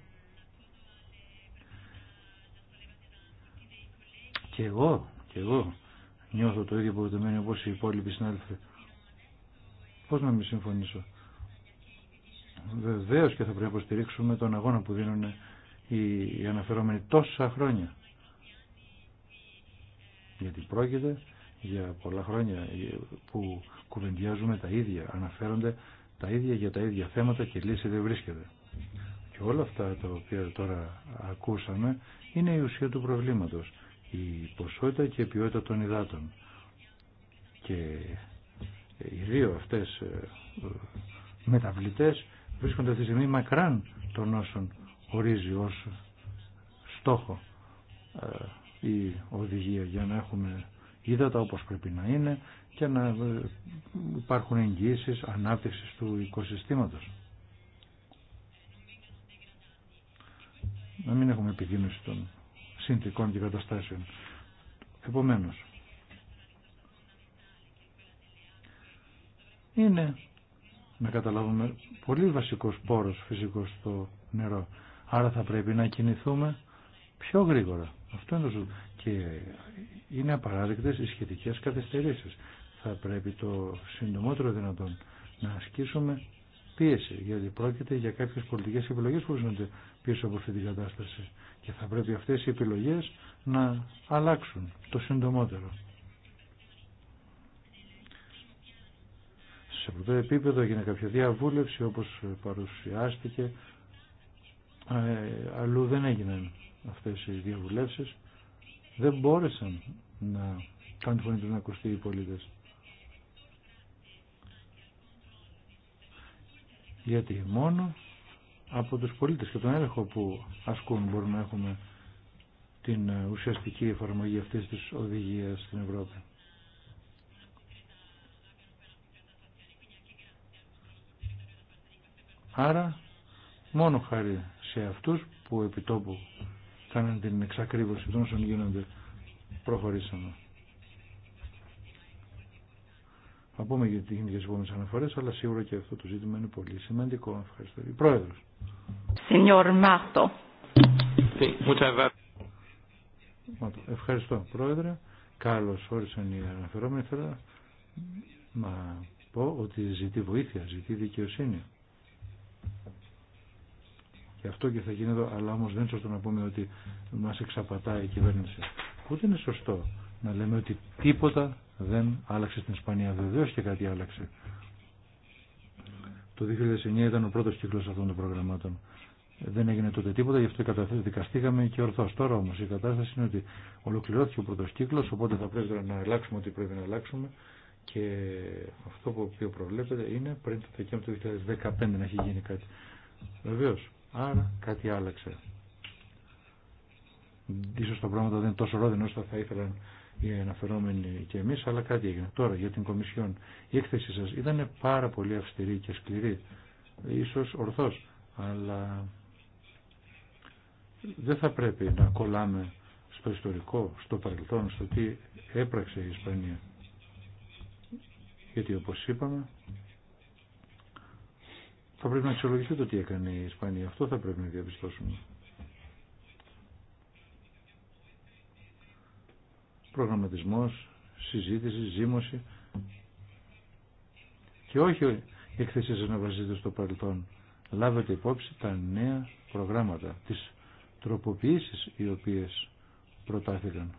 Και εγώ, και εγώ νιώθω το ίδιο αποτεμένο όπως οι υπόλοιποι συνάδελφοι Πώς να μην συμφωνήσω. Βεβαίω και θα πρέπει να υποστηρίξουμε τον αγώνα που δίνουν οι αναφερόμενοι τόσα χρόνια. Γιατί πρόκειται για πολλά χρόνια που κουβεντιάζουμε τα ίδια, αναφέρονται τα ίδια για τα ίδια θέματα και λύση δεν βρίσκεται. Και όλα αυτά τα οποία τώρα ακούσαμε είναι η ουσία του προβλήματος. Η ποσότητα και η ποιότητα των υδάτων. Και οι δύο αυτές ε, μεταβλητές βρίσκονται αυτή τη στιγμή μακράν των όσων ορίζει ως στόχο ε, η οδηγία για να έχουμε ύδατα όπως πρέπει να είναι και να ε, υπάρχουν εγγύησεις ανάπτυξης του οικοσυστήματος. Να μην έχουμε επιδείνωση των συνθηκών και καταστάσεων. Επομένως, είναι να καταλάβουμε πολύ βασικός πόρος φυσικός στο νερό. Άρα θα πρέπει να κινηθούμε πιο γρήγορα. Αυτό είναι το Και είναι απαράδεκτες οι σχετικές καθυστερήσει. Θα πρέπει το συντομότερο δυνατόν να ασκήσουμε πίεση, γιατί πρόκειται για κάποιες πολιτικές επιλογές που βρίσκονται πίσω από αυτή την κατάσταση. Και θα πρέπει αυτές οι επιλογές να αλλάξουν το συντομότερο. σε αυτό το επίπεδο έγινε κάποια διαβούλευση όπως παρουσιάστηκε ε, αλλού δεν έγιναν αυτές οι διαβουλεύσεις δεν μπόρεσαν να κάνουν τη φωνή τους να ακουστεί οι πολίτες γιατί μόνο από τους πολίτες και τον έλεγχο που ασκούν μπορούμε να έχουμε την ε, ουσιαστική εφαρμογή αυτής της οδηγίας στην Ευρώπη. Άρα μόνο χάρη σε αυτούς που επί επιτόπου κάναν την εξακρίβωση των όσων γίνονται προχωρήσαμε. Θα πούμε για τι γενικέ επόμενε αναφορέ, αλλά σίγουρα και αυτό το ζήτημα είναι πολύ σημαντικό. Ευχαριστώ. Η πρόεδρο. Ευχαριστώ, πρόεδρε. Καλώς όρισαν οι αναφερόμενοι. Θέλω να πω ότι ζητεί βοήθεια, ζητεί δικαιοσύνη και αυτό και θα γίνει εδώ, αλλά όμω δεν είναι σωστό να πούμε ότι μα εξαπατάει η κυβέρνηση. Ούτε είναι σωστό να λέμε ότι τίποτα δεν άλλαξε στην Ισπανία. Βεβαίω και κάτι άλλαξε. Το 2009 ήταν ο πρώτο κύκλο αυτών των προγραμμάτων. Δεν έγινε τότε τίποτα, γι' αυτό δικαστήκαμε και ορθώ. Τώρα όμω η κατάσταση είναι ότι ολοκληρώθηκε ο πρώτο κύκλο, οπότε θα πρέπει να αλλάξουμε ό,τι πρέπει να αλλάξουμε και αυτό που οποίο προβλέπεται είναι πριν το Δεκέμβριο του 2015 να έχει γίνει κάτι. Βεβαίω. Άρα κάτι άλλαξε. Ίσως τα πράγματα δεν είναι τόσο ρόδινα όσο θα ήθελαν οι αναφερόμενοι και εμείς, αλλά κάτι έγινε. Τώρα για την Κομισιόν. Η έκθεσή σας ήταν πάρα πολύ αυστηρή και σκληρή. Ίσως ορθώς, αλλά δεν θα πρέπει να κολλάμε στο ιστορικό, στο παρελθόν, στο τι έπραξε η Ισπανία γιατί όπως είπαμε θα πρέπει να αξιολογηθεί το τι έκανε η Ισπανία. Αυτό θα πρέπει να διαπιστώσουμε. Προγραμματισμός, συζήτηση, ζήμωση και όχι εκθέσεις να βασίζεται στο παρελθόν. Λάβετε υπόψη τα νέα προγράμματα, τις τροποποιήσεις οι οποίες προτάθηκαν.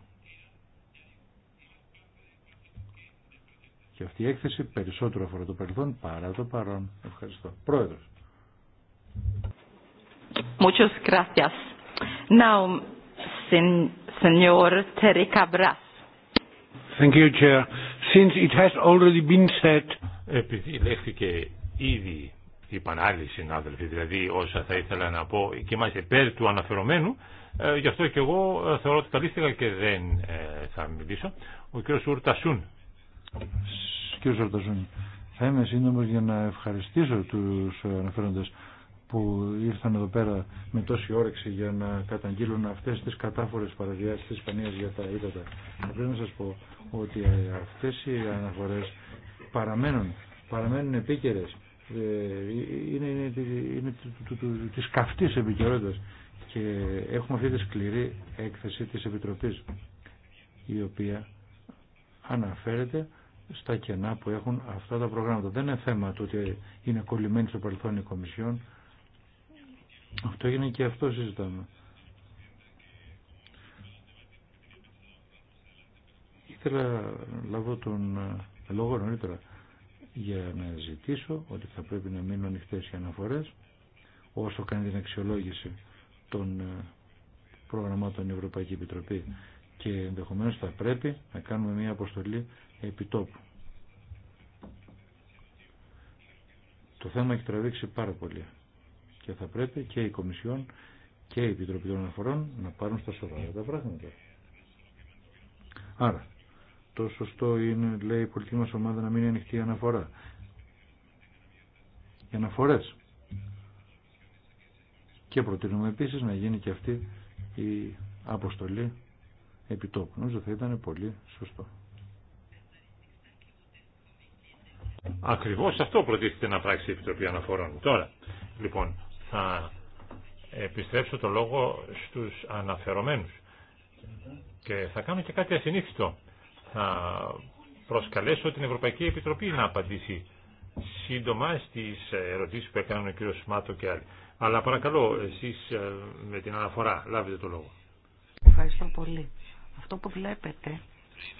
Και αυτή η έκθεση περισσότερο αφορά το παρελθόν παρά το παρόν. Ευχαριστώ. Πρόεδρος. Muchas gracias. Now, Senor Terry Cabras. Thank you, Chair. Since it has already been said... Επειδή λέχθηκε ήδη η άλλοι συνάδελφοι, δηλαδή όσα θα ήθελα να πω και είμαστε πέρ του αναφερομένου, ε, γι' αυτό και εγώ ε, θεωρώ ότι καλύφθηκα και δεν ε, θα μιλήσω. Ο κύριος Ουρτασούν. Κύριε Σαρταζούνη, θα είμαι σύντομο για να ευχαριστήσω τους αναφέροντες που ήρθαν εδώ πέρα με τόση όρεξη για να καταγγείλουν αυτές τις κατάφορες παραδιάσεις της Ισπανίας για τα ύδατα. Θα πρέπει να σας πω ότι αυτές οι αναφορές παραμένουν, παραμένουν επίκαιρες. Ε, είναι, είναι, είναι της καυτής επικαιρότητας και έχουμε αυτή τη σκληρή έκθεση της Επιτροπής η οποία αναφέρεται στα κενά που έχουν αυτά τα προγράμματα. Δεν είναι θέμα το ότι είναι κολλημένη στο παρελθόν η Κομισιόν. Αυτό έγινε και αυτό συζητάμε. Ήθελα να λάβω τον ε, λόγο νωρίτερα για να ζητήσω ότι θα πρέπει να μείνουν ανοιχτέ οι αναφορές όσο κάνει την αξιολόγηση των ε, προγραμμάτων η Ευρωπαϊκή Επιτροπή και ενδεχομένως θα πρέπει να κάνουμε μια αποστολή επιτόπου. Το θέμα έχει τραβήξει πάρα πολύ και θα πρέπει και η Κομισιόν και η Επιτροπή των Αναφορών να πάρουν στα σοβαρά τα πράγματα. Άρα, το σωστό είναι, λέει η πολιτική μας ομάδα, να μην είναι ανοιχτή η αναφορά. Οι αναφορές. Και προτείνουμε επίσης να γίνει και αυτή η αποστολή επιτόπου. Νομίζω θα ήταν πολύ σωστό. Ακριβώς αυτό προτίθεται να πράξει η Επιτροπή Αναφορών. Τώρα, λοιπόν, θα επιστρέψω το λόγο στους αναφερομένους και θα κάνω και κάτι ασυνήθιστο. Θα προσκαλέσω την Ευρωπαϊκή Επιτροπή να απαντήσει σύντομα στις ερωτήσεις που έκαναν ο κ. Σμάτο και άλλοι. Αλλά παρακαλώ, εσείς ε, με την αναφορά λάβετε το λόγο. Ευχαριστώ πολύ. Αυτό που βλέπετε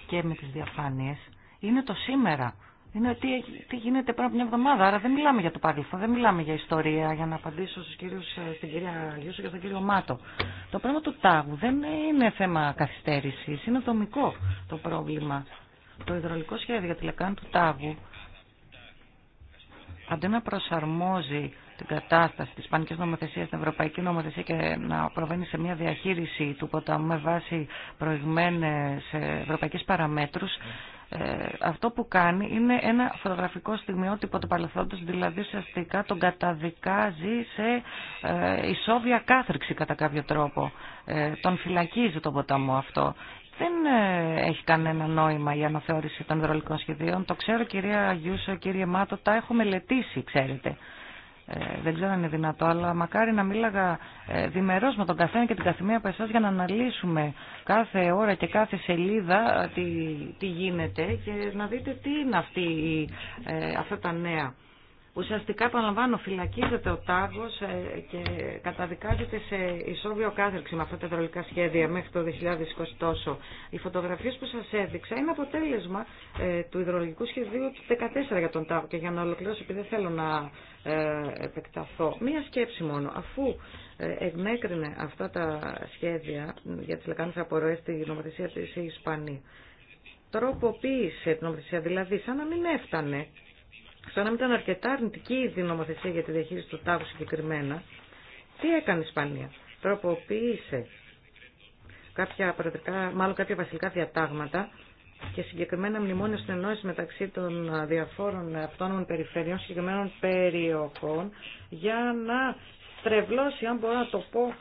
και με τις διαφάνειες είναι το σήμερα είναι ότι τι γίνεται πριν από μια εβδομάδα. Άρα δεν μιλάμε για το παρελθόν, δεν μιλάμε για ιστορία. Για να απαντήσω στους κυρίους, ε, στην κυρία Γιούσο και στον κύριο Μάτο. Το πρόβλημα του τάγου δεν είναι θέμα καθυστέρηση, είναι δομικό το πρόβλημα. Το υδρολικό σχέδιο για τη λεκάνη του τάγου αντί να προσαρμόζει την κατάσταση της πανική νομοθεσίας στην ευρωπαϊκή νομοθεσία και να προβαίνει σε μια διαχείριση του ποταμού με βάση προηγμένες ε, ευρωπαϊκές παραμέτρους, ε, αυτό που κάνει είναι ένα φωτογραφικό στιγμιότυπο του παρελθόντος, δηλαδή ουσιαστικά τον καταδικάζει σε ε, ισόβια κάθριξη κατά κάποιο τρόπο. Ε, τον φυλακίζει τον ποταμό αυτό. Δεν έχει κανένα νόημα η αναθεώρηση των υδρολικών σχεδίων. Το ξέρω κυρία Γιούσο, κύριε Μάτο, τα έχω μελετήσει, ξέρετε. Ε, δεν ξέρω αν είναι δυνατό, αλλά μακάρι να μίλαγα ε, με τον καθένα και την καθημεία από εσάς για να αναλύσουμε κάθε ώρα και κάθε σελίδα ε, τι, τι γίνεται και να δείτε τι είναι αυτή, ε, αυτά τα νέα Ουσιαστικά, επαναλαμβάνω, φυλακίζεται ο τάγο ε, και καταδικάζεται σε ισόβιο κάθερξη με αυτά τα υδρολικά σχέδια μέχρι το 2020 τόσο. Οι φωτογραφίε που σα έδειξα είναι αποτέλεσμα ε, του υδρολογικού σχεδίου του 2014 για τον τάγο. Και για να ολοκληρώσω, επειδή δεν θέλω να ε, επεκταθώ, μία σκέψη μόνο. Αφού εγμέκρινε αυτά τα σχέδια για τι λεκάνε απορροέ στη νομοθεσία τη Ισπανία, τροποποίησε την νομοθεσία, δηλαδή σαν να μην έφτανε σαν να μην ήταν αρκετά αρνητική η νομοθεσία για τη διαχείριση του τάγου συγκεκριμένα, τι έκανε η Ισπανία. Τροποποίησε κάποια, μάλλον κάποια βασιλικά διατάγματα και συγκεκριμένα μνημόνια συνεννόηση μεταξύ των διαφόρων αυτόνομων περιφερειών, συγκεκριμένων περιοχών, για να στρεβλώσει, αν μπορώ να το πω,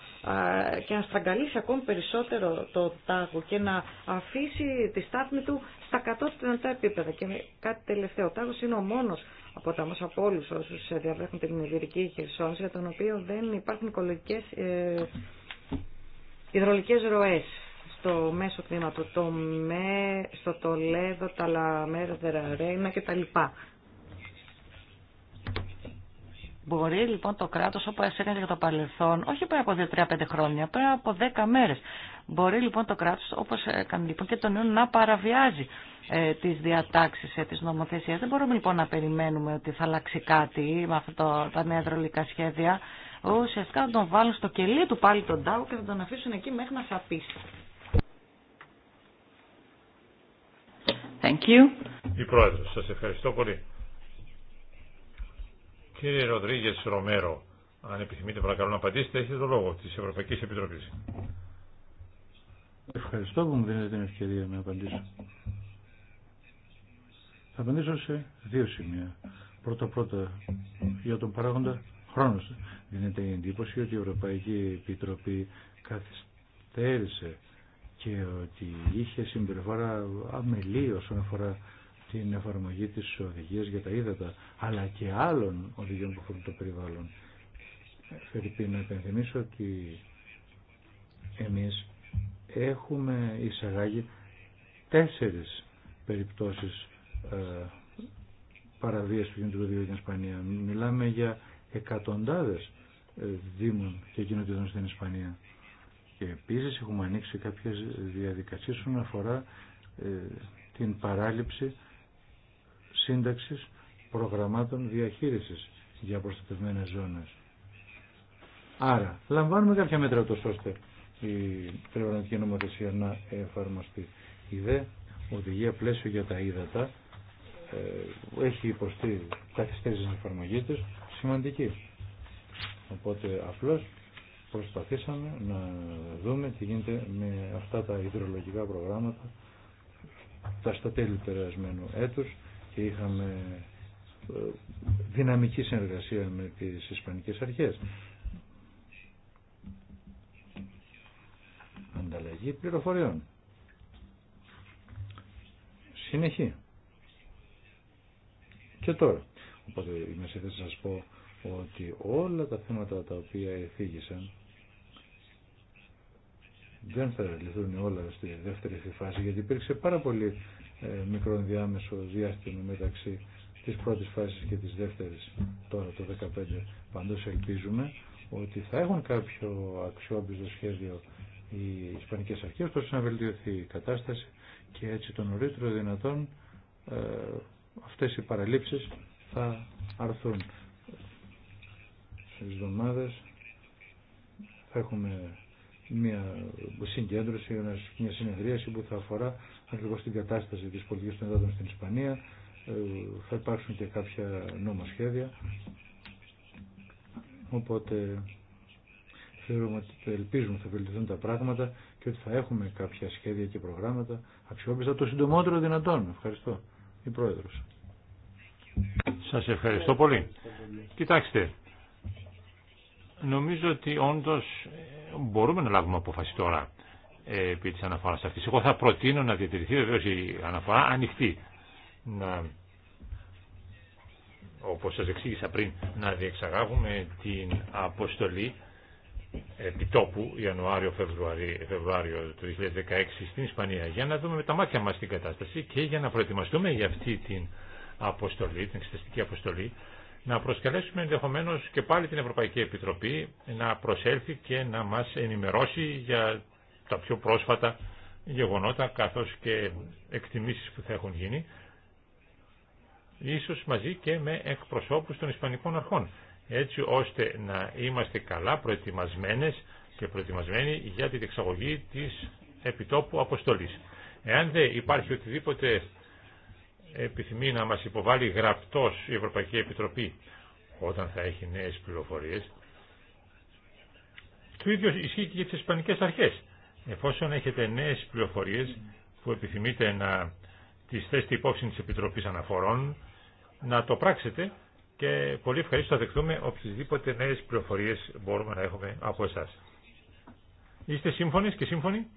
και να στραγγαλίσει ακόμη περισσότερο το τάγο και να αφήσει τη στάθμη του τα κατώτερα επίπεδα. Και κάτι τελευταίο, ο Τάγος είναι ο μόνο από τα μας από όλους όσους διαβρέχουν την ειδική Χερσόνηση, για τον οποίο δεν υπάρχουν οικολογικέ ε, υδρολικές ροές στο μέσο τμήμα του, το ΜΕ, στο Τολέδο, τα Λαμέρα, τα κτλ. Μπορεί λοιπόν το κράτο όπω έκανε για το παρελθόν, όχι πριν από 2-3-5 χρόνια, πριν από 10 μέρε. Μπορεί λοιπόν το κράτο όπω έκανε λοιπόν και τον νέο να παραβιάζει ε, τι διατάξει ε, τη νομοθεσία. Δεν μπορούμε λοιπόν να περιμένουμε ότι θα αλλάξει κάτι με αυτά τα νέα υδρολικά σχέδια. Ουσιαστικά θα τον βάλουν στο κελί του πάλι τον τάγο και θα τον αφήσουν εκεί μέχρι να σαπίσει. Thank you. Η πρόεδρο, σας ευχαριστώ πολύ. Κύριε Ροδρίγε Ρομέρο, αν επιθυμείτε παρακαλώ να απαντήσετε, έχετε το λόγο τη Ευρωπαϊκή Επιτροπή. Ευχαριστώ που μου δίνετε την ευκαιρία να απαντήσω. Θα απαντήσω σε δύο σημεία. Πρώτα-πρώτα για τον παράγοντα χρόνο. Δίνεται η εντύπωση ότι η Ευρωπαϊκή Επιτροπή καθυστέρησε και ότι είχε συμπεριφορά αμελή όσον αφορά την εφαρμογή της οδηγίας για τα ύδατα, αλλά και άλλων οδηγιών που αφορούν το περιβάλλον. Φερρυπή, να επενθυμίσω ότι εμείς έχουμε εισαγάγει τέσσερις περιπτώσεις ε, παραβίας του κοινωνικού δίκαιου στην Ισπανία. Μιλάμε για εκατοντάδες ε, δήμων και κοινοτήτων στην Ισπανία. Και επίσης έχουμε ανοίξει κάποιες διαδικασίες που αφορά ε, την παράληψη σύνταξης προγραμμάτων διαχείρισης για προστατευμένες ζώνες. Άρα, λαμβάνουμε κάποια μέτρα ούτως ώστε η τρευματική νομοθεσία να εφαρμοστεί. Η δε οδηγία πλαίσιο για τα ύδατα ε, έχει υποστεί καθυστέρηση στην εφαρμογή της σημαντική. Οπότε απλώς προσπαθήσαμε να δούμε τι γίνεται με αυτά τα υδρολογικά προγράμματα τα στα τέλη περασμένου έτους και είχαμε ε, δυναμική συνεργασία με τις Ισπανικές Αρχές. Ανταλλαγή πληροφοριών. Συνεχή. Και τώρα. Οπότε είμαι σε θέση να σας πω ότι όλα τα θέματα τα οποία εφήγησαν δεν θα λυθούν όλα στη δεύτερη φάση γιατί υπήρξε πάρα πολύ ε, μικρό διάμεσο διάστημα μεταξύ της πρώτης φάσης και της δεύτερης τώρα το 2015. Πάντως ελπίζουμε ότι θα έχουν κάποιο αξιόπιστο σχέδιο οι Ισπανικές Αρχές ώστε να βελτιωθεί η κατάσταση και έτσι το νωρίτερο δυνατόν ε, αυτές οι παραλήψεις θα αρθούν. Στις εβδομάδες θα έχουμε μια συγκέντρωση, μια συνεδρίαση που θα αφορά ακριβώς την κατάσταση της πολιτικής των εδάτων στην Ισπανία. Ε, θα υπάρξουν και κάποια νομοσχέδια σχέδια. Οπότε θεωρούμε ότι ελπίζουμε θα βελτιωθούν τα πράγματα και ότι θα έχουμε κάποια σχέδια και προγράμματα αξιόπιστα το συντομότερο δυνατόν. Ευχαριστώ. Η Πρόεδρος. Σας ευχαριστώ πολύ. Κοιτάξτε, νομίζω ότι όντως μπορούμε να λάβουμε απόφαση τώρα ε, επί της αναφοράς αυτής. Εγώ θα προτείνω να διατηρηθεί βεβαίως η αναφορά ανοιχτή. Να, όπως σας εξήγησα πριν, να διεξαγάγουμε την αποστολή επιτόπου Ιανουάριο-Φεβρουάριο Φεβρουάριο του 2016 στην Ισπανία για να δούμε με τα μάτια μας την κατάσταση και για να προετοιμαστούμε για αυτή την αποστολή, την εξεταστική αποστολή να προσκαλέσουμε ενδεχομένω και πάλι την Ευρωπαϊκή Επιτροπή να προσέλθει και να μας ενημερώσει για τα πιο πρόσφατα γεγονότα καθώς και εκτιμήσεις που θα έχουν γίνει ίσως μαζί και με εκπροσώπους των Ισπανικών Αρχών έτσι ώστε να είμαστε καλά προετοιμασμένες και προετοιμασμένοι για την εξαγωγή της επιτόπου αποστολής. Εάν δεν υπάρχει οτιδήποτε επιθυμεί να μας υποβάλει γραπτός η Ευρωπαϊκή Επιτροπή όταν θα έχει νέες πληροφορίες. Το ίδιο ισχύει και για τις Ισπανικές Αρχές. Εφόσον έχετε νέες πληροφορίες που επιθυμείτε να τις θέσετε υπόψη της Επιτροπής Αναφορών, να το πράξετε και πολύ ευχαριστώ να δεχτούμε οποιασδήποτε νέες πληροφορίες μπορούμε να έχουμε από εσάς. Είστε σύμφωνες και σύμφωνοι?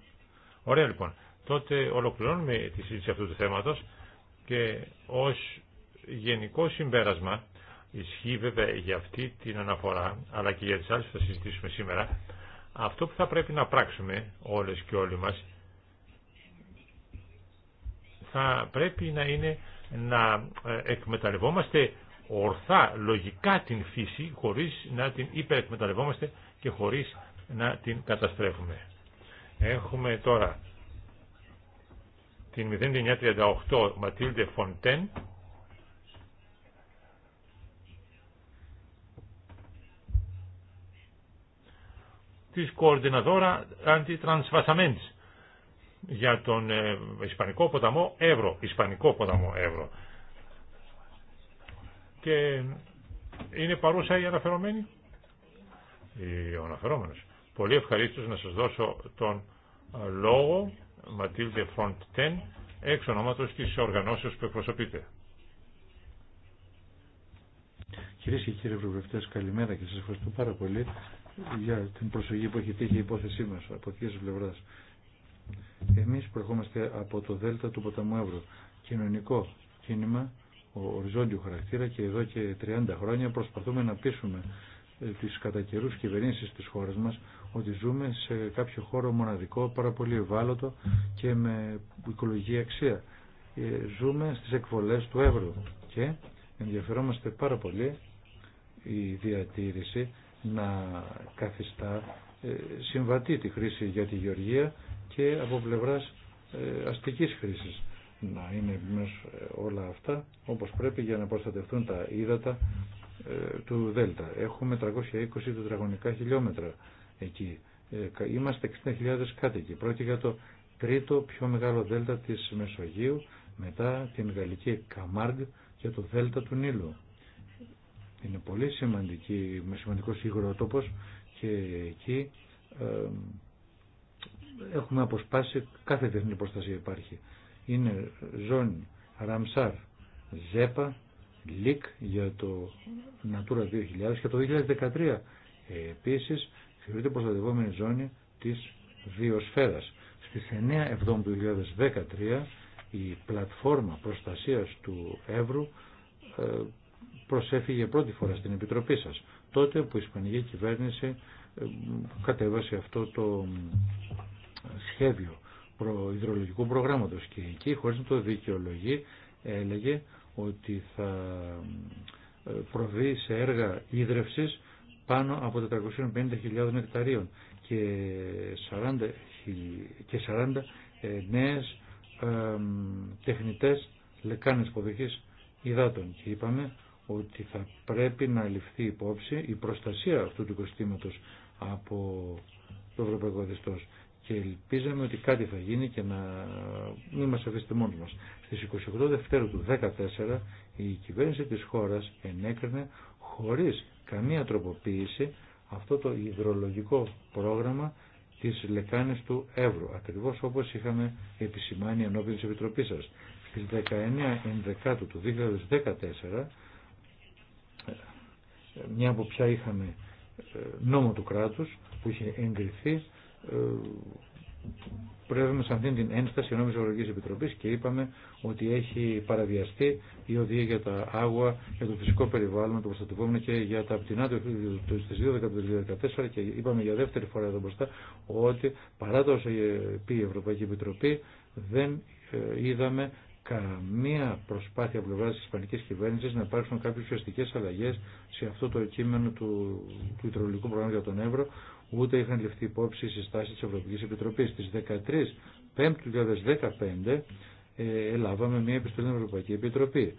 Ωραία λοιπόν. Τότε ολοκληρώνουμε τη συζήτηση αυτού του θέματος. Και ως γενικό συμπέρασμα, ισχύει βέβαια για αυτή την αναφορά, αλλά και για τις άλλες που θα συζητήσουμε σήμερα, αυτό που θα πρέπει να πράξουμε όλες και όλοι μας, θα πρέπει να είναι να ε, εκμεταλλευόμαστε ορθά, λογικά την φύση, χωρίς να την υπερεκμεταλλευόμαστε και χωρίς να την καταστρέφουμε. Έχουμε τώρα την 0938 Ματίλντε Φοντέν της Κορδιναδόρα Αντιτρανσβασαμέντς για τον ε, Ισπανικό ποταμό Εύρο. Ισπανικό ποταμό Εύρο. Και είναι παρούσα η αναφερομένη. Ε, ο αναφερόμενος. Πολύ ευχαρίστως να σας δώσω τον λόγο Φοντ Τέν, έξω ονόματος της οργανώσεως που εκπροσωπείται. Κυρίε και κύριοι Ευρωβουλευτέ, καλημέρα και σα ευχαριστώ πάρα πολύ για την προσοχή που έχει τύχει η υπόθεσή μα από τη πλευρά. Εμεί προερχόμαστε από το Δέλτα του Ποταμού Εύρω. κοινωνικό κίνημα ο οριζόντιου χαρακτήρα και εδώ και 30 χρόνια προσπαθούμε να πείσουμε τις κατά καιρούς κυβερνήσεις της χώρας μας ότι ζούμε σε κάποιο χώρο μοναδικό, πάρα πολύ ευάλωτο και με οικολογική αξία. Ε, ζούμε στις εκβολές του Εύρου και ενδιαφερόμαστε πάρα πολύ η διατήρηση να καθιστά ε, συμβατή τη χρήση για τη γεωργία και από πλευράς ε, αστικής χρήσης να είναι όλα αυτά όπως πρέπει για να προστατευτούν τα ύδατα του Δέλτα. Έχουμε 320 τετραγωνικά χιλιόμετρα εκεί. Ε, είμαστε 60.000 κάτοικοι. Πρόκειται για το τρίτο πιο μεγάλο δέλτα της Μεσογείου μετά την γαλλική Καμάρντ και το δέλτα του Νείλου. Είναι πολύ σημαντική, σημαντικός υγροτόπος και εκεί έχουμε αποσπάσει κάθε διεθνή προστασία υπάρχει. Είναι ζώνη Ραμσάρ, Ζέπα, ΛΙΚ για το Natura 2000 και το 2013 ε, επίσης θεωρείται προστατευόμενη ζώνη της βιοσφαίρας. Στις 9 Εβδόμου του 2013 η πλατφόρμα προστασίας του Εύρου ε, προσέφυγε πρώτη φορά στην Επιτροπή σας. Τότε που η Ισπανική κυβέρνηση ε, κατέβασε αυτό το σχέδιο υδρολογικού προγράμματος και εκεί χωρίς να το δικαιολογεί έλεγε ότι θα ε, προβεί σε έργα ίδρευσης πάνω από 450.000 νεκταρίων και 40, και 40 ε, νέες τεχνητές λεκάνες υποδοχής υδάτων. Και είπαμε ότι θα πρέπει να ληφθεί υπόψη η προστασία αυτού του οικοστήματος από το Ευρωπαϊκό Δεστός. Και ελπίζαμε ότι κάτι θα γίνει και να μην μας αφήσετε μόνοι μας. Στις 28 Δευτέρου του 2014 η κυβέρνηση της χώρας ενέκρινε χωρίς καμία τροποποίηση αυτό το υδρολογικό πρόγραμμα της λεκάνης του Εύρου, ακριβώς όπως είχαμε επισημάνει ενώπιν της Επιτροπής σας. Στις 19 Ενδεκάτου του 2014, μια από πια είχαμε ε, νόμο του κράτους που είχε εγκριθεί ε, να σε αυτήν την ένσταση ενώμης Ευρωπαϊκή Επιτροπή και είπαμε ότι έχει παραβιαστεί η οδηγία για τα άγουα, για το φυσικό περιβάλλον, το προστατευόμενο και για τα πτηνά του 2014 και είπαμε για δεύτερη φορά εδώ μπροστά ότι παρά το όσο πει η Ευρωπαϊκή Επιτροπή δεν ε, είδαμε καμία προσπάθεια πλευρά τη Ισπανική κυβέρνηση να υπάρξουν κάποιε ουσιαστικέ αλλαγέ σε αυτό το κείμενο του, του υδρολογικού προγράμματο για τον Εύρο, ούτε είχαν ληφθεί υπόψη οι συστάσει τη Ευρωπαϊκή Επιτροπή. Στι 13 Πέμπτου 2015 ε, ελάβαμε μια επιστολή στην Ευρωπαϊκή Επιτροπή.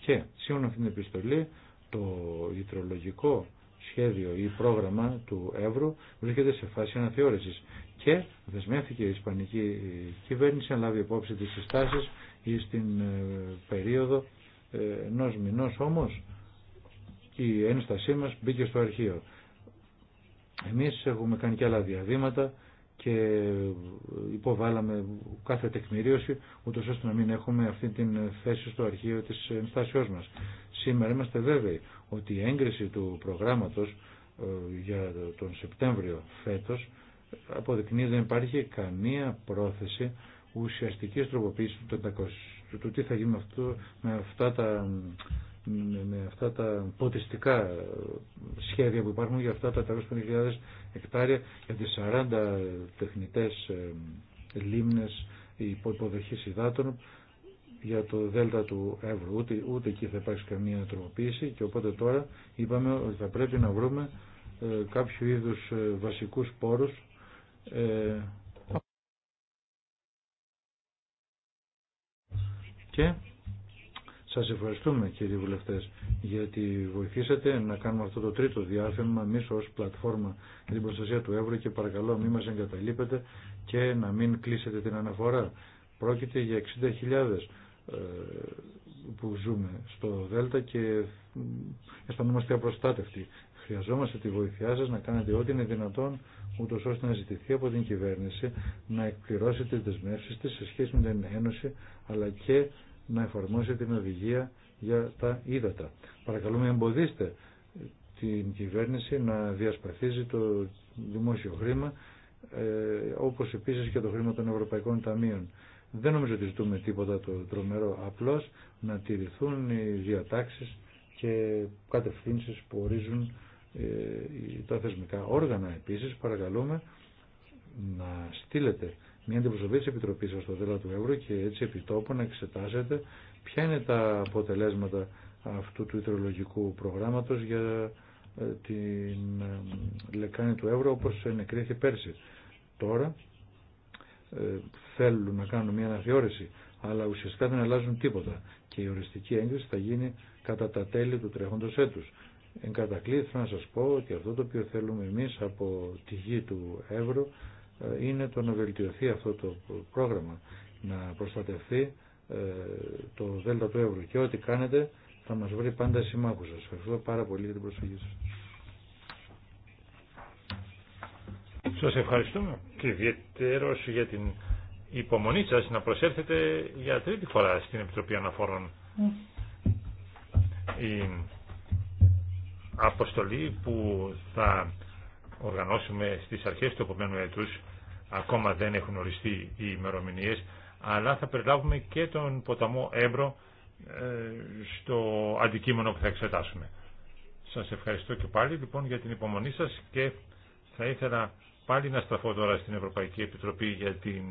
Και σύμφωνα με αυτή την επιστολή, το υδρολογικό σχέδιο ή πρόγραμμα του Εύρου βρίσκεται σε φάση αναθεώρησης και δεσμεύτηκε η Ισπανική αναθεωρησης και δεσμευθηκε η ισπανικη κυβερνηση να λάβει υπόψη τι συστάσεις ή στην ε, περίοδο ε, ενό μηνό όμως η ένστασή μα μπήκε στο αρχείο. Εμεί έχουμε κάνει και άλλα διαδήματα και υποβάλαμε κάθε τεκμηρίωση ούτω ώστε να μην έχουμε αυτή την θέση στο αρχείο τη ενστάσεώς μα. Σήμερα είμαστε βέβαιοι ότι η έγκριση του προγράμματο ε, για τον Σεπτέμβριο φέτος αποδεικνύει ότι δεν υπάρχει καμία πρόθεση ουσιαστική τροποποίηση, του 500, τι θα γίνει με, αυτό, με αυτά τα με αυτά τα ποτιστικά σχέδια που υπάρχουν για αυτά τα 400.000 εκτάρια για τις 40 τεχνητές ε, λίμνες υποδοχής υδάτων για το δέλτα του Εύρου. Ούτε, ούτε εκεί θα υπάρξει καμία τροποποίηση και οπότε τώρα είπαμε ότι θα πρέπει να βρούμε ε, κάποιο είδους ε, βασικούς πόρους Και σας ευχαριστούμε κύριοι βουλευτές γιατί βοηθήσατε να κάνουμε αυτό το τρίτο διάφημα εμείς ως πλατφόρμα για την προστασία του εύρου και παρακαλώ μην μας εγκαταλείπετε και να μην κλείσετε την αναφορά. Πρόκειται για 60.000 ε, που ζούμε στο Δέλτα και ε, αισθανόμαστε απροστάτευτοι Χρειαζόμαστε τη βοήθειά σας να κάνετε ό,τι είναι δυνατόν, ούτω ώστε να ζητηθεί από την κυβέρνηση να εκπληρώσει τις δεσμεύσεις της σε σχέση με την Ένωση, αλλά και να εφαρμόσει την οδηγία για τα ύδατα. Παρακαλούμε εμποδίστε την κυβέρνηση να διασπαθίζει το δημόσιο χρήμα, ε, όπως επίσης και το χρήμα των Ευρωπαϊκών Ταμείων. Δεν νομίζω ότι ζητούμε τίποτα το τρομερό, απλώς να τηρηθούν οι διατάξεις και κατευθύνσεις που ορίζουν ε, τα θεσμικά όργανα επίσης παρακαλούμε να στείλετε μια αντιπροσωπή της Επιτροπής σας στο ΔΕΛΑ του Εύρω και έτσι επιτόπου να εξετάσετε ποια είναι τα αποτελέσματα αυτού του ιδρυολογικού προγράμματος για ε, την ε, λεκάνη του Εύρου όπως ενεκρίθη πέρσι. Τώρα θέλουν να κάνουν μια αναθεώρηση αλλά ουσιαστικά δεν αλλάζουν τίποτα και η οριστική έγκριση θα γίνει κατά τα τέλη του τρέχοντος έτους. Εν να σας πω ότι αυτό το οποίο θέλουμε εμείς από τη γη του Εύρου ε, είναι το να βελτιωθεί αυτό το πρόγραμμα, να προστατευθεί ε, το Δέλτα του Εύρου και ό,τι κάνετε θα μας βρει πάντα συμμάχους σας. Ευχαριστώ πάρα πολύ για την προσοχή σας. Σας ευχαριστούμε και ιδιαίτερος για την υπομονή σας να προσέρθετε για τρίτη φορά στην Επιτροπή Αναφόρων. Ναι αποστολή που θα οργανώσουμε στις αρχές του επομένου έτους, ακόμα δεν έχουν οριστεί οι ημερομηνίε, αλλά θα περιλάβουμε και τον ποταμό Έμπρο ε, στο αντικείμενο που θα εξετάσουμε. Σας ευχαριστώ και πάλι λοιπόν για την υπομονή σας και θα ήθελα πάλι να σταθώ τώρα στην Ευρωπαϊκή Επιτροπή για την,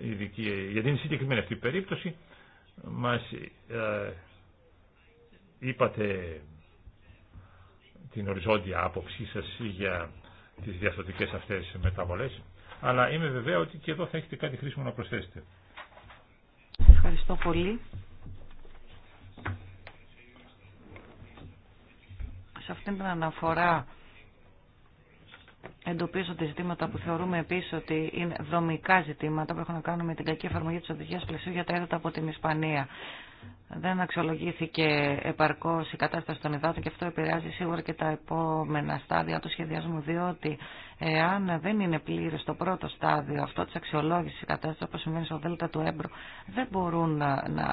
ειδική, για την συγκεκριμένη αυτή περίπτωση. Μας ε, είπατε την οριζόντια άποψή σα για τι διαστατικέ αυτέ μεταβολέ, αλλά είμαι βεβαία ότι και εδώ θα έχετε κάτι χρήσιμο να προσθέσετε. Ευχαριστώ πολύ. Σε αυτήν την αναφορά τα ζητήματα που θεωρούμε επίσης ότι είναι δομικά ζητήματα που έχουν να κάνουν με την κακή εφαρμογή τη οδηγία πλαισίου για τα έδωτα από την Ισπανία δεν αξιολογήθηκε επαρκώς η κατάσταση των υδάτων και αυτό επηρεάζει σίγουρα και τα επόμενα στάδια του σχεδιασμού, διότι Εάν δεν είναι πλήρε το πρώτο στάδιο αυτό τη αξιολόγηση τη κατάσταση, όπω συμβαίνει στο Δέλτα του ΕΜΠΡΟ, δεν μπορούν να, να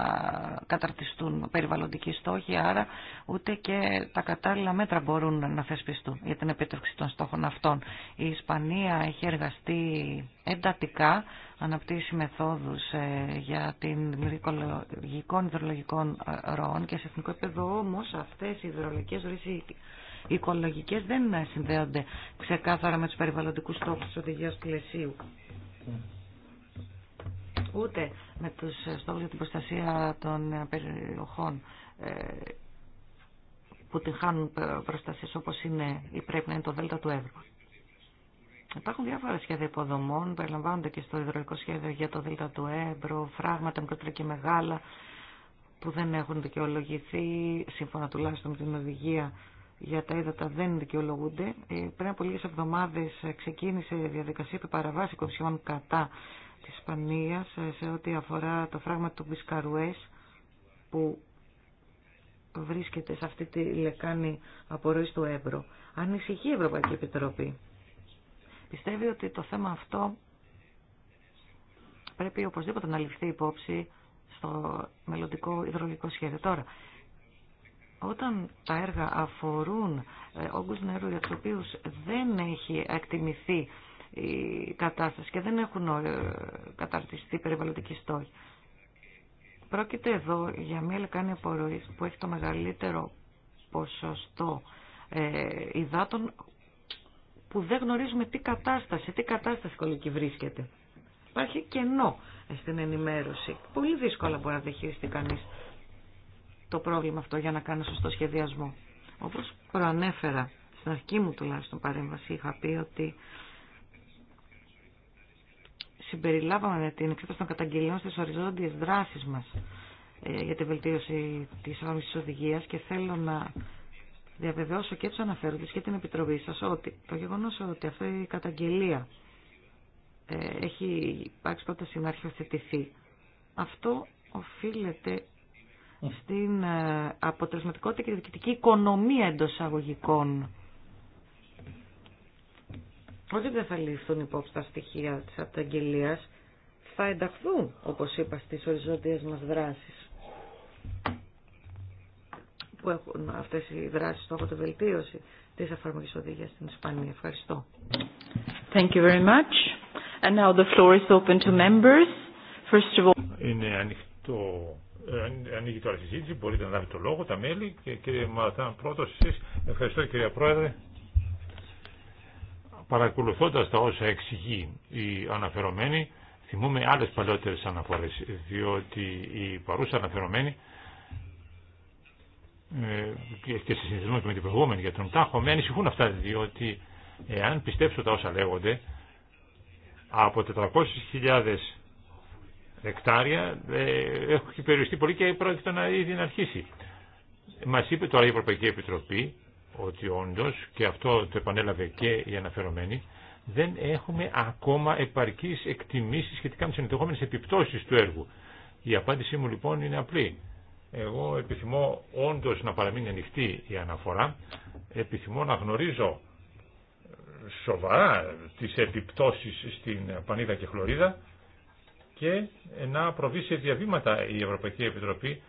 καταρτιστούν περιβαλλοντικοί στόχοι, άρα ούτε και τα κατάλληλα μέτρα μπορούν να θεσπιστούν για την επίτευξη των στόχων αυτών. Η Ισπανία έχει εργαστεί εντατικά, αναπτύσσει μεθόδους ε, για την δημιουργία υδρολογικών ε, ροών και σε εθνικό επίπεδο όμως αυτές οι υδρολογικές ροέ οι οικολογικές δεν συνδέονται ξεκάθαρα με τους περιβαλλοντικούς στόχους της οδηγίας πλαισίου. Ούτε με τους στόχους για την προστασία των ε, περιοχών ε, που την χάνουν ε, προστασίες όπως είναι ή πρέπει να είναι το Δέλτα του Εύρου. Υπάρχουν διάφορα σχέδια υποδομών, περιλαμβάνονται και στο υδροϊκό σχέδιο για το Δέλτα του Έμπρο, φράγματα μικρότερα και μεγάλα που δεν έχουν δικαιολογηθεί, σύμφωνα τουλάχιστον με την οδηγία για τα ύδατα δεν δικαιολογούνται. Ε, πριν από λίγες εβδομάδες ξεκίνησε η διαδικασία του παραβάση κατά της Ισπανίας ε, σε ό,τι αφορά το φράγμα του Μπισκαρουές που βρίσκεται σε αυτή τη λεκάνη απορροής του Εύρω. Ανησυχεί η Ευρωπαϊκή Επιτροπή. Πιστεύει ότι το θέμα αυτό πρέπει οπωσδήποτε να ληφθεί υπόψη στο μελλοντικό υδρολογικό σχέδιο. Τώρα, όταν τα έργα αφορούν ε, όγκους νερού για τους οποίους δεν έχει εκτιμηθεί η κατάσταση και δεν έχουν ε, καταρτιστεί περιβαλλοντικοί στόχοι, πρόκειται εδώ για μια λεκάνη απορροής που έχει το μεγαλύτερο ποσοστό ε, υδάτων που δεν γνωρίζουμε τι κατάσταση, τι κατάσταση κολλική βρίσκεται. Υπάρχει κενό στην ενημέρωση. Πολύ δύσκολα μπορεί να διαχειριστεί κανείς το πρόβλημα αυτό για να κάνω σωστό σχεδιασμό. Όπως προανέφερα, στην αρχή μου τουλάχιστον παρέμβαση είχα πει ότι συμπεριλάβαμε την εξέταση των καταγγελιών στις οριζόντιες δράσεις μας ε, για την βελτίωση της άμεσης οδηγίας και θέλω να διαβεβαιώσω και τους αναφέροντες και την Επιτροπή σας ότι το γεγονός ότι αυτή η καταγγελία ε, έχει υπάρξει πρόταση να αρχιοθετηθεί αυτό οφείλεται στην ε, αποτελεσματικότητα και διοικητική οικονομία εντό αγωγικών. Όχι δεν θα ληφθούν υπόψη τα στοιχεία της απταγγελίας, θα ενταχθούν, όπως είπα, στις οριζόντιες μας δράσεις. Που έχουν αυτές οι δράσεις στόχο τη βελτίωση τη εφαρμογή οδηγία στην Ισπανία. Ευχαριστώ. Thank you very much. And now the floor is open to members. First of all... Είναι ανοιχτό ε, ανοίγει τώρα η συζήτηση, μπορείτε να λάβετε το λόγο, τα μέλη και κύριε Μαρτάν πρώτος εσείς. Ευχαριστώ κύριε Πρόεδρε. Παρακολουθώντας τα όσα εξηγεί η αναφερομένη, θυμούμε άλλες παλαιότερες αναφορές, διότι η παρούσα αναφερομένη ε, και σε συνδυασμό και με την προηγούμενη για τον Τάχο, με ανησυχούν αυτά, διότι εάν πιστέψω τα όσα λέγονται, από 400.000 εκτάρια ε, έχει περιοριστεί πολύ και πρόκειται να ήδη να αρχίσει. Μα είπε τώρα η Ευρωπαϊκή Επιτροπή ότι όντω και αυτό το επανέλαβε και η αναφερομένη, δεν έχουμε ακόμα επαρκείς εκτιμήσει σχετικά με τι ενδεχόμενε επιπτώσει του έργου. Η απάντησή μου λοιπόν είναι απλή. Εγώ επιθυμώ όντω να παραμείνει ανοιχτή η αναφορά, επιθυμώ να γνωρίζω σοβαρά τις επιπτώσεις στην πανίδα και χλωρίδα και να προβεί σε διαβήματα η Ευρωπαϊκή Επιτροπή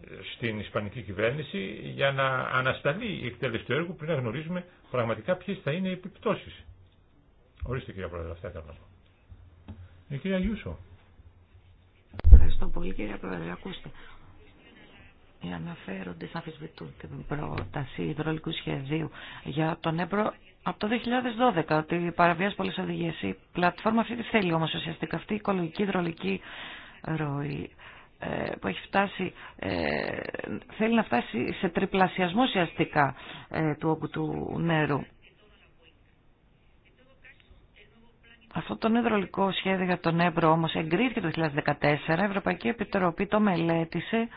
ε, στην Ισπανική κυβέρνηση για να ανασταλεί η εκτέλεση του έργου πριν να γνωρίζουμε πραγματικά ποιε θα είναι οι επιπτώσει. Ορίστε κυρία Πρόεδρε, αυτά πω. Η κυρία Γιούσο. Ευχαριστώ πολύ κύριε Πρόεδρε. Ακούστε. Οι αναφέροντες αμφισβητούν την πρόταση υδρολικού σχεδίου για τον Εμπρο από το 2012 ότι παραβιάζει πολλές οδηγίες. Η πλατφόρμα αυτή τη θέλει όμω ουσιαστικά αυτή η οικολογική υδρολική ροή ε, που έχει φτάσει, ε, θέλει να φτάσει σε τριπλασιασμό ουσιαστικά ε, του όγκου του νερού. Αυτό το υδρολικό σχέδιο για τον Εύρο όμως εγκρίθηκε το 2014, η Ευρωπαϊκή Επιτροπή το μελέτησε.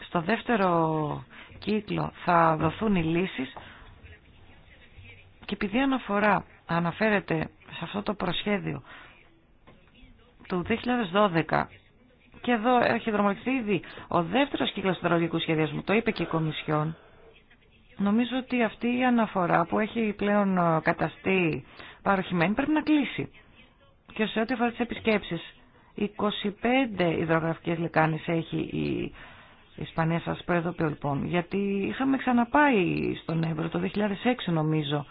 Στο δεύτερο κύκλο θα δοθούν οι λύσεις και επειδή αναφορά αναφέρεται σε αυτό το προσχέδιο του 2012 και εδώ έχει δρομολογηθεί ήδη ο δεύτερος κύκλος του σχεδιασμού, το είπε και η Κομισιόν, νομίζω ότι αυτή η αναφορά που έχει πλέον ε, καταστεί παροχημένη πρέπει να κλείσει. Και σε ό,τι αφορά τις επισκέψεις, 25 υδρογραφικές λεκάνες έχει η Ισπανία σας προεδοποιώ λοιπόν, γιατί είχαμε ξαναπάει στον Εύρο το 2006 νομίζω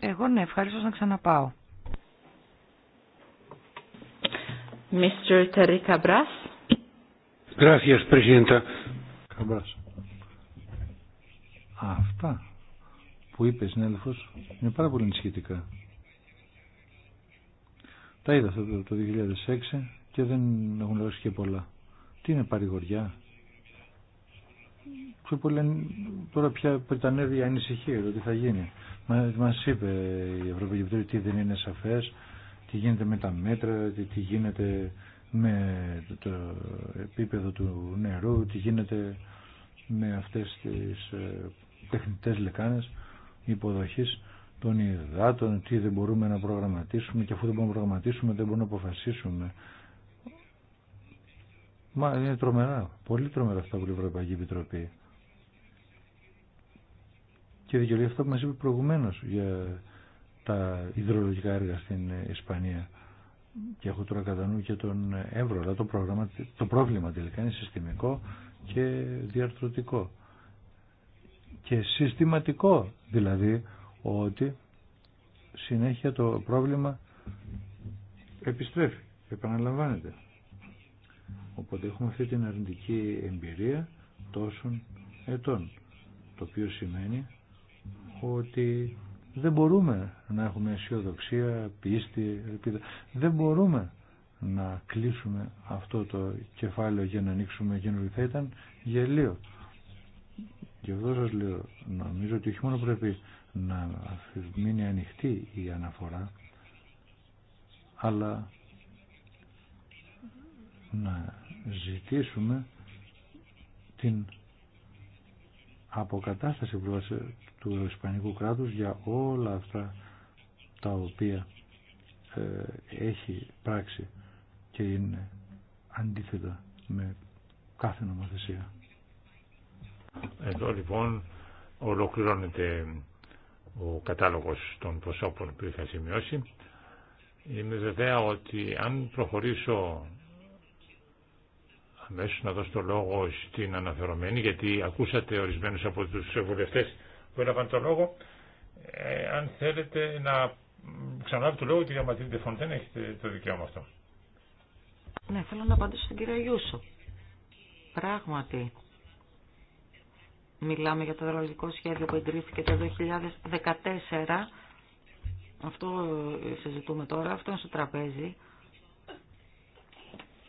εγώ ναι, ευχαριστώ να ξαναπάω. Αυτά που είπε συνέλεφος είναι πάρα πολύ ενισχυτικά. Τα είδα αυτό το 2006 και δεν έχουν λάβει και πολλά. Τι είναι παρηγοριά, πιο πολύ τώρα πια πριτανεύει η ανησυχία το τι θα γίνει. Μα, μας είπε η Ευρωπαϊκή Επιτροπή τι δεν είναι σαφές, τι γίνεται με τα μέτρα, τι, γίνεται με το, επίπεδο του νερού, τι γίνεται με αυτές τις ε, τεχνητές λεκάνες υποδοχής των υδάτων, τι δεν μπορούμε να προγραμματίσουμε και αφού δεν μπορούμε να προγραμματίσουμε δεν μπορούμε να αποφασίσουμε. Μα είναι τρομερά, πολύ τρομερά αυτά που λέει η Ευρωπαϊκή Επιτροπή και δικαιολογεί αυτό που μας είπε προηγουμένως για τα υδρολογικά έργα στην Ισπανία και έχω τώρα κατά νου και τον Εύρο, αλλά το, πρόγραμμα, το πρόβλημα τελικά είναι συστημικό και διαρθρωτικό και συστηματικό δηλαδή ότι συνέχεια το πρόβλημα επιστρέφει, επαναλαμβάνεται. Οπότε έχουμε αυτή την αρνητική εμπειρία τόσων ετών, το οποίο σημαίνει ότι δεν μπορούμε να έχουμε αισιοδοξία, πίστη, ελπίδα. Δεν μπορούμε να κλείσουμε αυτό το κεφάλαιο για να ανοίξουμε καινούργιο. Θα ήταν γελίο. Και αυτό σας λέω, νομίζω ότι όχι μόνο πρέπει να μείνει ανοιχτή η αναφορά, αλλά να ζητήσουμε την αποκατάσταση του Ισπανικού κράτους για όλα αυτά τα οποία ε, έχει πράξει και είναι αντίθετα με κάθε νομοθεσία. Εδώ λοιπόν ολοκληρώνεται ο κατάλογος των προσώπων που είχα σημειώσει. Είμαι βέβαια ότι αν προχωρήσω μέσω να δώσω το λόγο στην αναφερομένη, γιατί ακούσατε ορισμένου από τους βουλευτέ που έλαβαν το λόγο. Ε, αν θέλετε να ξαναλάβετε το λόγο, κυρία Ματρίντε Φοντέν, έχετε το δικαίωμα αυτό. Ναι, θέλω να απαντήσω στον κυρία Γιούσο. Πράγματι, μιλάμε για το δρολογικό σχέδιο που εγκρίθηκε το 2014. Αυτό συζητούμε τώρα, αυτό είναι στο τραπέζι.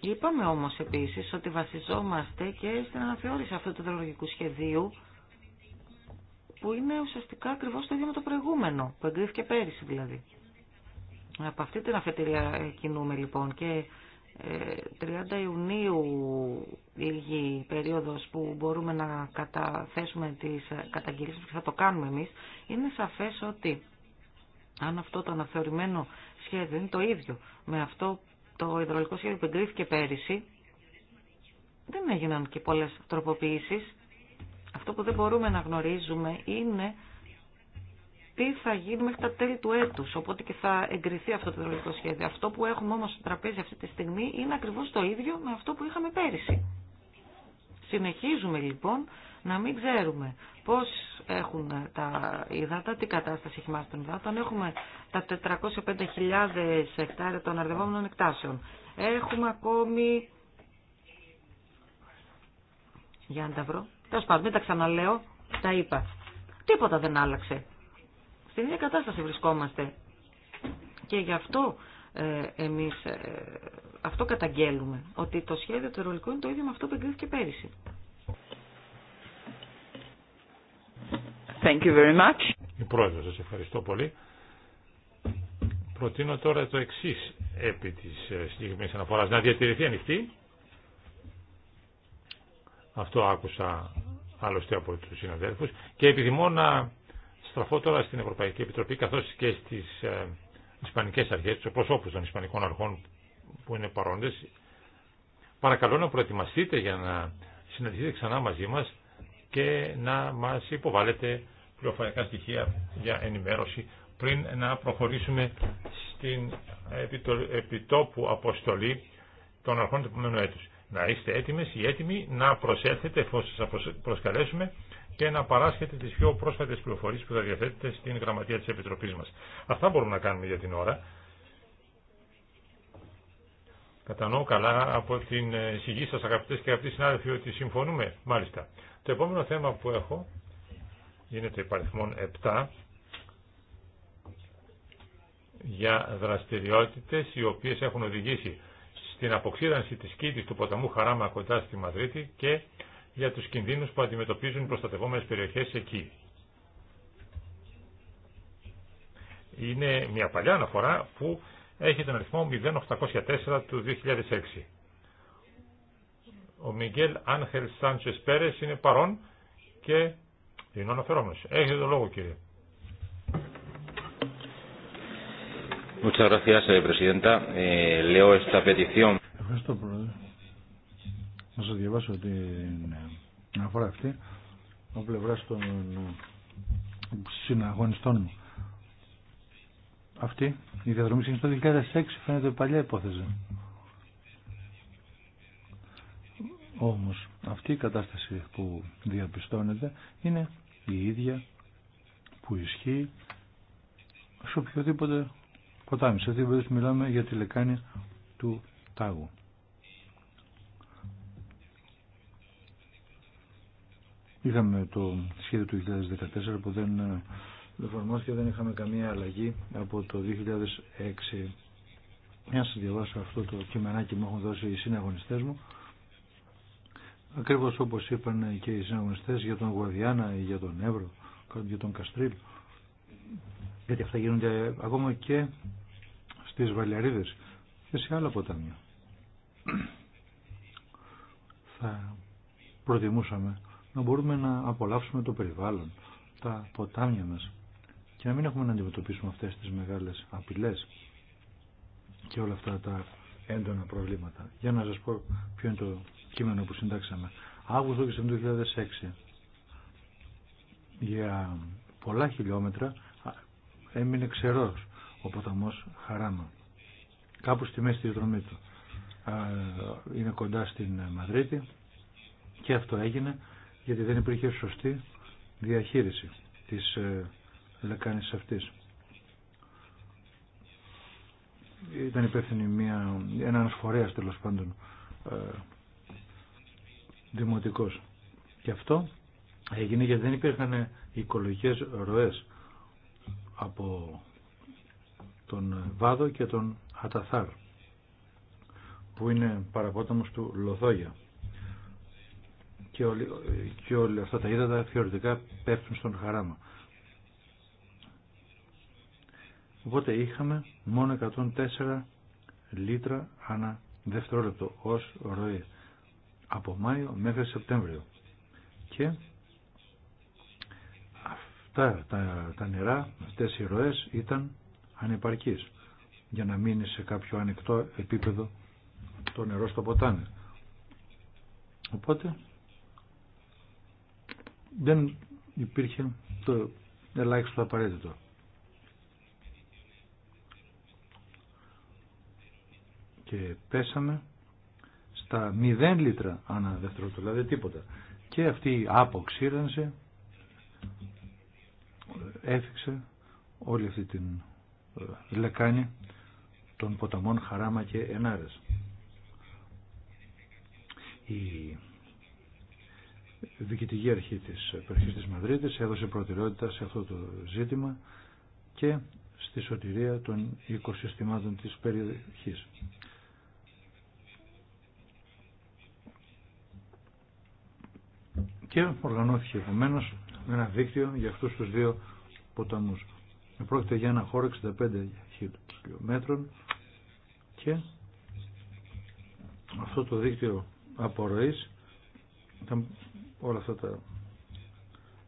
Είπαμε όμως επίσης ότι βασιζόμαστε και στην αναθεώρηση αυτού του δρολογικού σχεδίου που είναι ουσιαστικά ακριβώ το ίδιο με το προηγούμενο, που εγκρίθηκε πέρυσι δηλαδή. Από αυτή την αφετηρία κινούμε λοιπόν και 30 ε, Ιουνίου λίγη περίοδο περίοδος που μπορούμε να καταθέσουμε τις καταγγελίες και θα το κάνουμε εμείς, είναι σαφές ότι αν αυτό το αναθεωρημένο σχέδιο είναι το ίδιο με αυτό το υδραυλικό σχέδιο που εγκρίθηκε πέρυσι, δεν έγιναν και πολλές τροποποιήσεις. Αυτό που δεν μπορούμε να γνωρίζουμε είναι τι θα γίνει μέχρι τα τέλη του έτους, οπότε και θα εγκριθεί αυτό το υδραυλικό σχέδιο. Αυτό που έχουμε όμως στο τραπέζι αυτή τη στιγμή είναι ακριβώς το ίδιο με αυτό που είχαμε πέρυσι. Συνεχίζουμε λοιπόν να μην ξέρουμε πώς έχουν τα υδάτα, τι κατάσταση έχει μάθει των υδάτων. Έχουμε τα 405.000 εκτάρια των αρδευόμενων εκτάσεων. Έχουμε ακόμη... Για να τα βρω. Τέλος πάντων, μην τα ξαναλέω, τα είπα. Τίποτα δεν άλλαξε. Στην ίδια κατάσταση βρισκόμαστε. Και γι' αυτό ε, εμείς ε, αυτό καταγγέλουμε. Ότι το σχέδιο του Ρολικού είναι το ίδιο με αυτό που εγκρίθηκε πέρυσι. Thank you very much. Η πρόεδρος, σας ευχαριστώ πολύ. Προτείνω τώρα το εξή επί της ε, συγκεκριμένη αναφοράς. Να διατηρηθεί ανοιχτή. Αυτό άκουσα άλλωστε από τους συναδέλφους. Και επιθυμώ να στραφώ τώρα στην Ευρωπαϊκή Επιτροπή καθώς και στις ε, Ισπανικές αρχές, τους προσώπους των Ισπανικών αρχών που είναι παρόντες. Παρακαλώ να προετοιμαστείτε για να συναντηθείτε ξανά μαζί μας και να μας υποβάλλετε πληροφορικά στοιχεία για ενημέρωση πριν να προχωρήσουμε στην επιτόπου αποστολή των αρχών του επόμενου έτους. Να είστε έτοιμες ή έτοιμοι να προσέλθετε εφόσον σας προσκαλέσουμε και να παράσχετε τις πιο πρόσφατες πληροφορίες που θα διαθέτετε στην γραμματεία της Επιτροπής μας. Αυτά μπορούμε να κάνουμε για την ώρα. Κατανοώ καλά από την συγγύη σας αγαπητές και αγαπητοί συνάδελφοι ότι συμφωνούμε. Μάλιστα. Το επόμενο θέμα που έχω είναι το υπαριθμόν 7 για δραστηριότητες οι οποίες έχουν οδηγήσει στην αποξήρανση της κήτης του ποταμού Χαράμα κοντά στη Μαδρίτη και για τους κινδύνους που αντιμετωπίζουν οι προστατευόμενες περιοχές εκεί. Είναι μια παλιά αναφορά που έχει τον αριθμό 0804 του 2006. Ο Μιγγέλ Άνχελ Σάντσες Πέρες είναι παρόν και είναι αναφερόμενο. Έχετε το λόγο κύριε. Muchas gracias, eh, Presidenta. Eh, leo esta petición. Ευχαριστώ, Πρόεδρε. Να σα διαβάσω ε, την αναφορά αυτή από πλευρά των ε, συναγωνιστών μου. Αυτή η διαδρομή ξεκίνησε το 2006, φαίνεται παλιά υπόθεση. Όμω, αυτή η κατάσταση που διαπιστώνεται είναι η ίδια που ισχύει σε οποιοδήποτε ποτάμι. Σε αυτή μιλάμε για τη λεκάνη του τάγου. Είχαμε το σχέδιο του 2014 που ε, δεν εφαρμόστηκε, δεν είχαμε καμία αλλαγή από το 2006. Μία σας διαβάσω αυτό το κειμενάκι που μου έχουν δώσει οι συναγωνιστές μου. Ακριβώς όπως είπαν και οι συναγωνιστές για τον Γουαδιάνα ή για τον Εύρο, για τον Καστρίλ. Γιατί αυτά γίνονται ακόμα και στις Βαλιαρίδες και σε άλλα ποτάμια. Θα προτιμούσαμε να μπορούμε να απολαύσουμε το περιβάλλον, τα ποτάμια μας και να μην έχουμε να αντιμετωπίσουμε αυτές τις μεγάλες απειλές και όλα αυτά τα έντονα προβλήματα. Για να σας πω ποιο είναι το κείμενο που συντάξαμε. Αύγουστο και 2006. Για πολλά χιλιόμετρα έμεινε ξερός ο ποταμός Χαράμα. Κάπου στη μέση τη δρομή του. Είναι κοντά στην Μαδρίτη και αυτό έγινε γιατί δεν υπήρχε σωστή διαχείριση της ε, λεκάνης αυτής. Ήταν υπεύθυνη μια, ένας φορέας τέλος πάντων ε, δημοτικός. Και αυτό έγινε γιατί δεν υπήρχαν οικολογικές ροές από τον Βάδο και τον Αταθάρ που είναι παραπόταμος του Λοθόγια και, και όλα αυτά τα είδατα θεωρητικά πέφτουν στον χαράμα. Οπότε είχαμε μόνο 104 λίτρα ανά δευτερόλεπτο ως ροή από Μάιο μέχρι Σεπτέμβριο. Και αυτά τα, νερά, αυτές οι ροές ήταν ανεπαρκείς για να μείνει σε κάποιο ανοιχτό επίπεδο το νερό στο ποτάμι. Οπότε δεν υπήρχε το ελάχιστο απαραίτητο. Και πέσαμε τα 0 λίτρα ανά δευτερόλεπτο, δηλαδή τίποτα. Και αυτή η αποξήρανση έφυξε όλη αυτή την ε, λεκάνη των ποταμών Χαράμα και Ενάρες. Η διοικητική αρχή της περιοχής της Μαδρίτης έδωσε προτεραιότητα σε αυτό το ζήτημα και στη σωτηρία των οικοσυστημάτων της περιοχής. και οργανώθηκε επομένω ένα δίκτυο για αυτού τους δύο ποταμούς. Πρόκειται για ένα χώρο 65 χιλιόμετρων και αυτό το δίκτυο απορροής ήταν όλα αυτά τα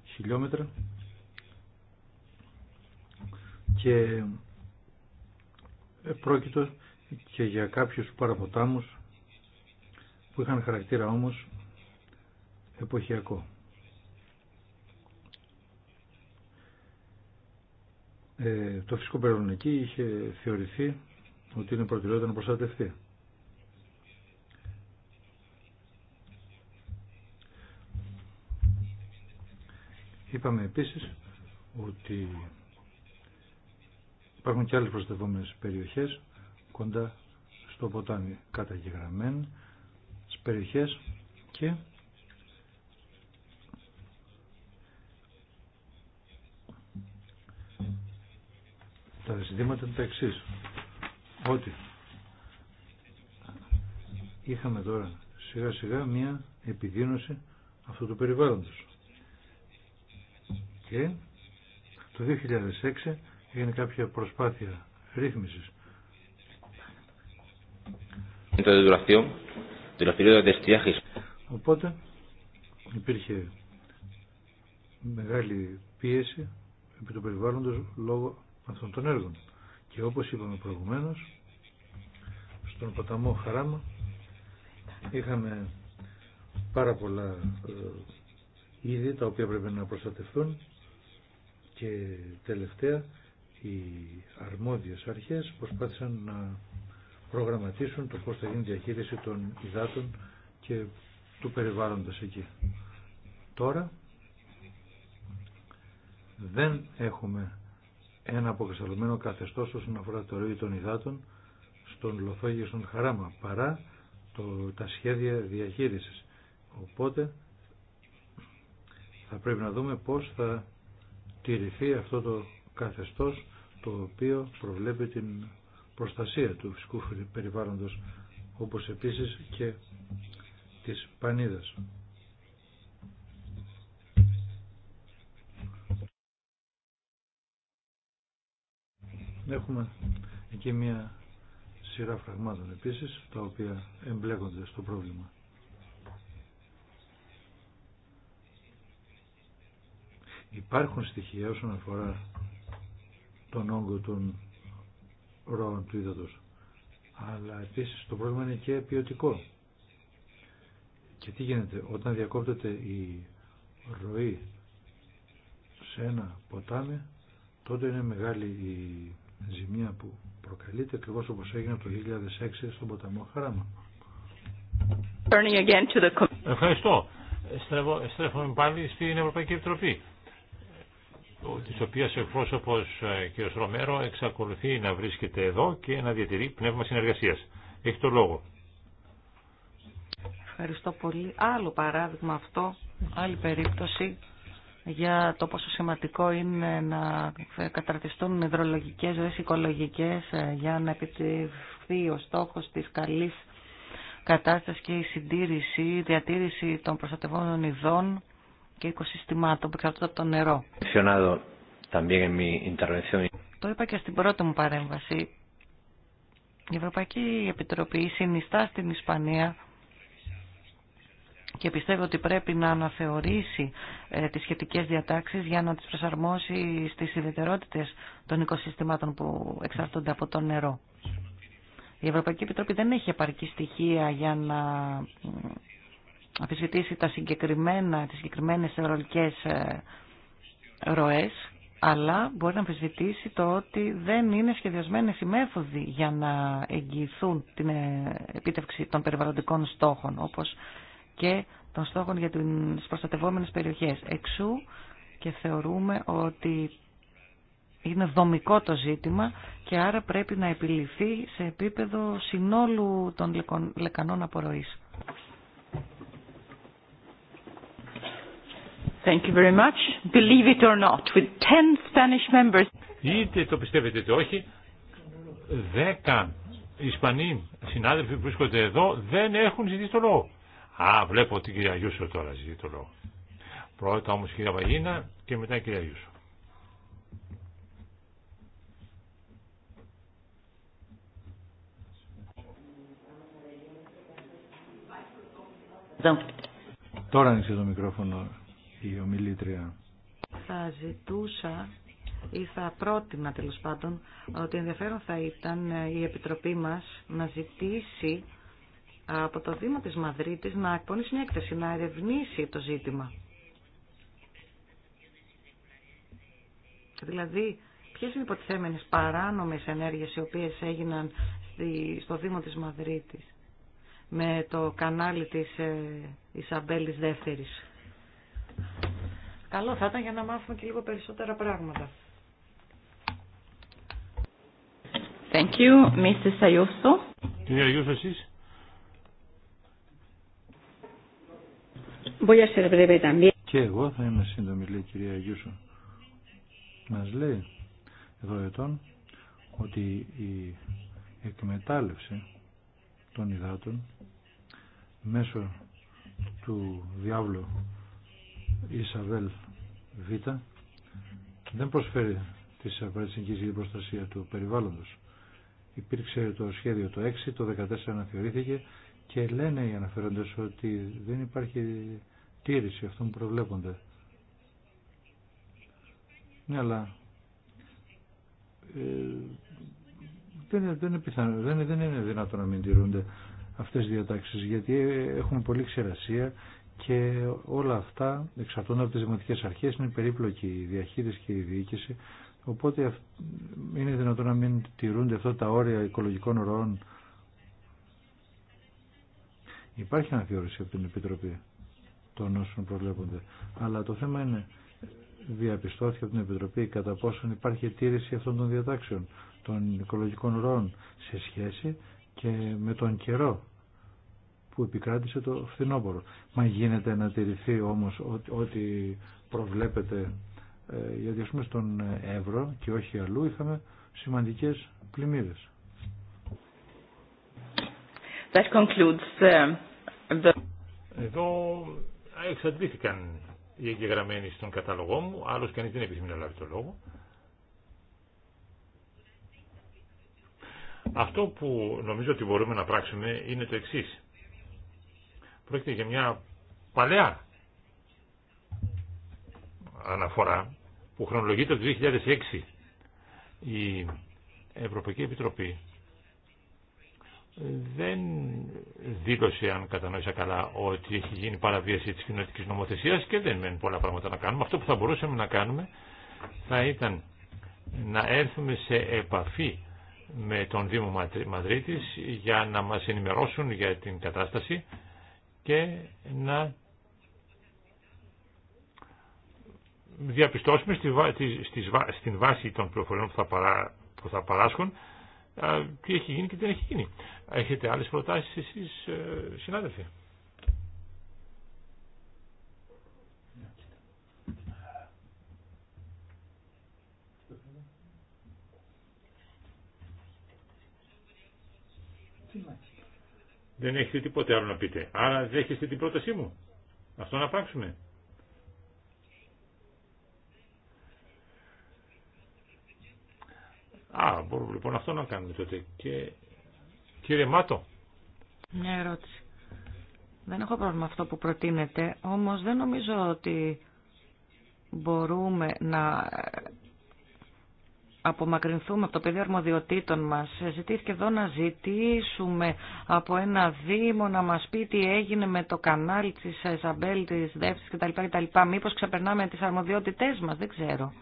χιλιόμετρα και πρόκειτο και για κάποιους παραποτάμους που είχαν χαρακτήρα όμως εποχιακό. Ε, το φυσικό περιβάλλον εκεί είχε θεωρηθεί ότι είναι προτεραιότητα να προστατευτεί. Είπαμε επίσης ότι υπάρχουν και άλλες προστατευόμενες περιοχές κοντά στο ποτάμι καταγεγραμμένες περιοχές και Τα ζητήματα είναι τα εξή. Ότι είχαμε τώρα σιγά σιγά μια επιδείνωση αυτού του περιβάλλοντος. Και το 2006 έγινε κάποια προσπάθεια ρύθμισης. Οπότε υπήρχε μεγάλη πίεση επί του περιβάλλοντος λόγω αυτών των έργων. Και όπως είπαμε προηγουμένως, στον ποταμό Χαράμα είχαμε πάρα πολλά ε, είδη τα οποία πρέπει να προστατευτούν και τελευταία οι αρμόδιες αρχές προσπάθησαν να προγραμματίσουν το πώς θα γίνει διαχείριση των υδάτων και του περιβάλλοντος εκεί. Τώρα δεν έχουμε ένα αποκρισταλωμένο καθεστώς όσον αφορά το ροή των υδάτων στον λοθόγειο στον Χαράμα παρά το, τα σχέδια διαχείρισης. Οπότε θα πρέπει να δούμε πώς θα τηρηθεί αυτό το καθεστώς το οποίο προβλέπει την προστασία του φυσικού περιβάλλοντος όπως επίσης και της πανίδας. Έχουμε εκεί μια σειρά φραγμάτων επίσης, τα οποία εμπλέκονται στο πρόβλημα. Υπάρχουν στοιχεία όσον αφορά τον όγκο των ροών του ύδατος, αλλά επίσης το πρόβλημα είναι και ποιοτικό. Και τι γίνεται, όταν διακόπτεται η ροή σε ένα ποτάμι, τότε είναι μεγάλη η ζημιά που προκαλείται ακριβώ όπω έγινε το 2006 στον ποταμό Χαράμα. Ευχαριστώ. Στρέφομαι πάλι στην Ευρωπαϊκή Επιτροπή της οποίας εκπρόσωπος ε, κ. Ρομέρο εξακολουθεί να βρίσκεται εδώ και να διατηρεί πνεύμα συνεργασίας. Έχει το λόγο. Ευχαριστώ πολύ. Άλλο παράδειγμα αυτό, άλλη περίπτωση για το πόσο σημαντικό είναι να καταρτιστούν υδρολογικές ζωές οικολογικές ε, για να επιτευχθεί ο στόχος της καλής κατάστασης και η συντήρηση, η διατήρηση των προστατευόμενων ειδών και οικοσυστημάτων που εξαρτώνται από το νερό. Το είπα και στην πρώτη μου παρέμβαση. Η Ευρωπαϊκή Επιτροπή συνιστά στην Ισπανία και πιστεύω ότι πρέπει να αναθεωρήσει ε, τις σχετικές διατάξεις για να τις προσαρμόσει στις ιδιαιτερότητες των οικοσυστημάτων που εξαρτώνται από το νερό. Η Ευρωπαϊκή Επιτροπή δεν έχει επαρκή στοιχεία για να αφισβητήσει τα συγκεκριμένα, τις συγκεκριμένες ευρωλικές ε, ροές, αλλά μπορεί να αμφισβητήσει το ότι δεν είναι σχεδιασμένες οι μέθοδοι για να εγγυηθούν την ε, επίτευξη των περιβαλλοντικών στόχων, όπως και των στόχων για τις προστατευόμενες περιοχές. Εξού και θεωρούμε ότι είναι δομικό το ζήτημα και άρα πρέπει να επιληθεί σε επίπεδο συνόλου των λεκανών απορροής. Thank you very much. Believe it or not, with 10 Spanish members. Είτε το πιστεύετε είτε όχι, δέκα Ισπανοί συνάδελφοι που βρίσκονται εδώ δεν έχουν ζητήσει το λόγο. Α, βλέπω την κυρία Γιούσο τώρα, ζητεί το λόγο. Πρώτα όμως η κυρία Βαγίνα και μετά η κυρία Γιούσο. Τώρα άνοιξε το μικρόφωνο η ομιλήτρια. Θα ζητούσα ή θα πρότεινα τέλο πάντων ότι ενδιαφέρον θα ήταν η Επιτροπή μας να ζητήσει από το Δήμο της Μαδρίτης να εκπονήσει μια έκθεση, να ερευνήσει το ζήτημα. Δηλαδή, ποιες είναι οι υποτιθέμενες παράνομες ενέργειες οι οποίες έγιναν στο Δήμο της Μαδρίτης με το κανάλι της ε, Ισαμπέλης Δεύτερης. Καλό θα ήταν για να μάθουμε και λίγο περισσότερα πράγματα. Thank you, Mr. Κυρία εσείς. Και εγώ θα είμαι σύντομη, λέει η κυρία Αγίουσο. Μα λέει εδώ ετών ότι η εκμετάλλευση των υδάτων μέσω του διάβλου Ισαβέλ Β δεν προσφέρει τις απαραίτητες για την προστασία του περιβάλλοντος. Υπήρξε το σχέδιο το 6, το 14 αναθεωρήθηκε και λένε οι αναφέροντες ότι δεν υπάρχει τήρηση αυτών που προβλέπονται. Ναι, αλλά ε, δεν, είναι, δεν, είναι δεν, δεν είναι δυνατόν να μην τηρούνται αυτές οι διατάξεις γιατί έχουμε πολλή ξερασία και όλα αυτά εξαρτώνται από τις δημοτικές αρχές, είναι περίπλοκη η διαχείριση και η διοίκηση οπότε είναι δυνατόν να μην τηρούνται αυτά τα όρια οικολογικών ροών. Υπάρχει αναθεώρηση από την Επιτροπή των όσων προβλέπονται. Αλλά το θέμα είναι, διαπιστώθηκε από την Επιτροπή κατά πόσον υπάρχει τήρηση αυτών των διατάξεων των οικολογικών ροών σε σχέση και με τον καιρό που επικράτησε το φθινόπωρο. Μα γίνεται να τηρηθεί όμως ό,τι προβλέπεται ε, γιατί ας πούμε στον Εύρο και όχι αλλού είχαμε σημαντικές πλημμύρες. That concludes uh, the... Εδώ εξαντλήθηκαν οι εγγεγραμμένοι στον κατάλογό μου, άλλος κανείς δεν επιθυμεί να λάβει το λόγο. Αυτό που νομίζω ότι μπορούμε να πράξουμε είναι το εξής. Πρόκειται για μια παλαιά αναφορά που χρονολογείται το 2006. Η Ευρωπαϊκή Επιτροπή δεν δήλωσε, αν κατανόησα καλά, ότι έχει γίνει παραβίαση της κοινωνικής νομοθεσίας και δεν μένουν πολλά πράγματα να κάνουμε. Αυτό που θα μπορούσαμε να κάνουμε θα ήταν να έρθουμε σε επαφή με τον Δήμο Μαδρίτης για να μας ενημερώσουν για την κατάσταση και να διαπιστώσουμε στην βάση των πληροφοριών που θα παράσχουν τι έχει γίνει και τι δεν έχει γίνει. Έχετε άλλες προτάσεις εσείς, ε, συνάδελφοι. Δεν έχετε τίποτε άλλο να πείτε. Άρα δέχεστε την πρότασή μου. Αυτό να πράξουμε. Α, μπορούμε λοιπόν αυτό να κάνουμε τότε. Και Κύριε Μάτο. Μια ερώτηση. Δεν έχω πρόβλημα αυτό που προτείνετε, όμως δεν νομίζω ότι μπορούμε να απομακρυνθούμε από το πεδίο αρμοδιοτήτων μας. Ζητήθηκε εδώ να ζητήσουμε από ένα Δήμο να μας πει τι έγινε με το κανάλι της Ζαμπέλ, της Δεύσης κτλ. κτλ. Μήπως ξεπερνάμε τις αρμοδιότητές μας, δεν ξέρω.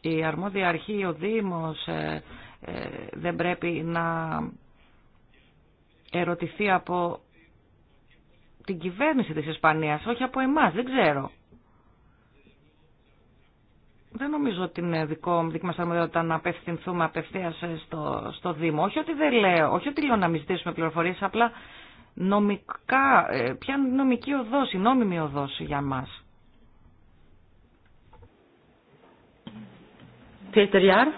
Η αρμόδια αρχή, ο Δήμος, ε, ε, δεν πρέπει να ερωτηθεί από την κυβέρνηση της Ισπανίας, όχι από εμάς, δεν ξέρω. Δεν νομίζω ότι είναι δικό, δική μας αρμοδιότητα να απευθυνθούμε απευθεία στο, στο Δήμο. Όχι ότι δεν λέω, όχι ότι λέω να μην ζητήσουμε πληροφορίες, απλά νομικά, ε, ποια νομική οδός, η νόμιμη οδός για μας. Peter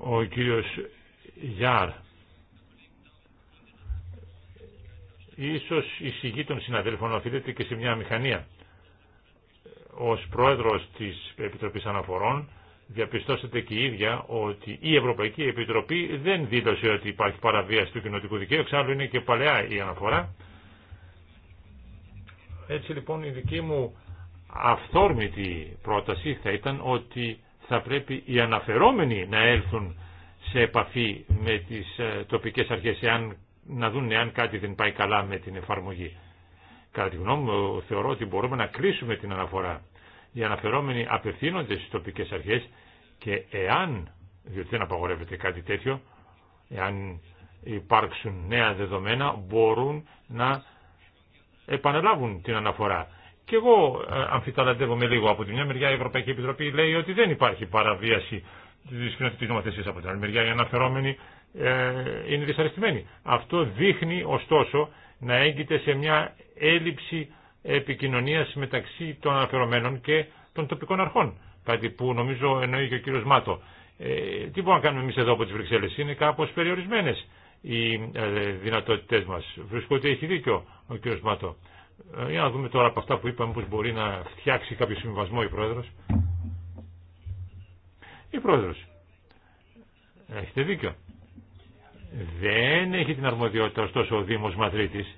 ο κύριος Γιάρ. Ίσως η τον των συναδέλφων οφείλεται και σε μια μηχανία. Ως πρόεδρος της Επιτροπής Αναφορών διαπιστώσατε και η ίδια ότι η Ευρωπαϊκή Επιτροπή δεν δήλωσε ότι υπάρχει παραβίαση του κοινωτικού δικαίου, εξάλλου είναι και παλαιά η αναφορά. Έτσι λοιπόν η δική μου αυθόρμητη πρόταση θα ήταν ότι θα πρέπει οι αναφερόμενοι να έλθουν σε επαφή με τις ε, τοπικές αρχές εάν, να δουν εάν κάτι δεν πάει καλά με την εφαρμογή. Κατά τη γνώμη μου θεωρώ ότι μπορούμε να κρίσουμε την αναφορά. Οι αναφερόμενοι απευθύνονται στις τοπικές αρχές και εάν, διότι δεν απαγορεύεται κάτι τέτοιο, εάν υπάρξουν νέα δεδομένα μπορούν να επαναλάβουν την αναφορά. Και εγώ ε, αμφιταλαντεύομαι λίγο. Από τη μια μεριά η Ευρωπαϊκή Επιτροπή λέει ότι δεν υπάρχει παραβίαση τη κοινωτική νομοθεσία. Από την άλλη μεριά οι αναφερόμενοι ε, είναι δυσαρεστημένοι. Αυτό δείχνει ωστόσο να έγκυται σε μια έλλειψη επικοινωνία μεταξύ των αναφερομένων και των τοπικών αρχών. Κάτι που νομίζω εννοεί και ο κύριο Μάτο. Ε, τι μπορούμε να κάνουμε εμεί εδώ από τι Βρυξέλλες. Είναι κάπω περιορισμένε οι ε, μα. μας. ότι έχει δίκιο ο κύριο Μάτο. Ε, για να δούμε τώρα από αυτά που είπαμε πώς μπορεί να φτιάξει κάποιο συμβασμό η Πρόεδρος. Η Πρόεδρος. Έχετε δίκιο. Δεν έχει την αρμοδιότητα ωστόσο ο Δήμος Μαδρίτης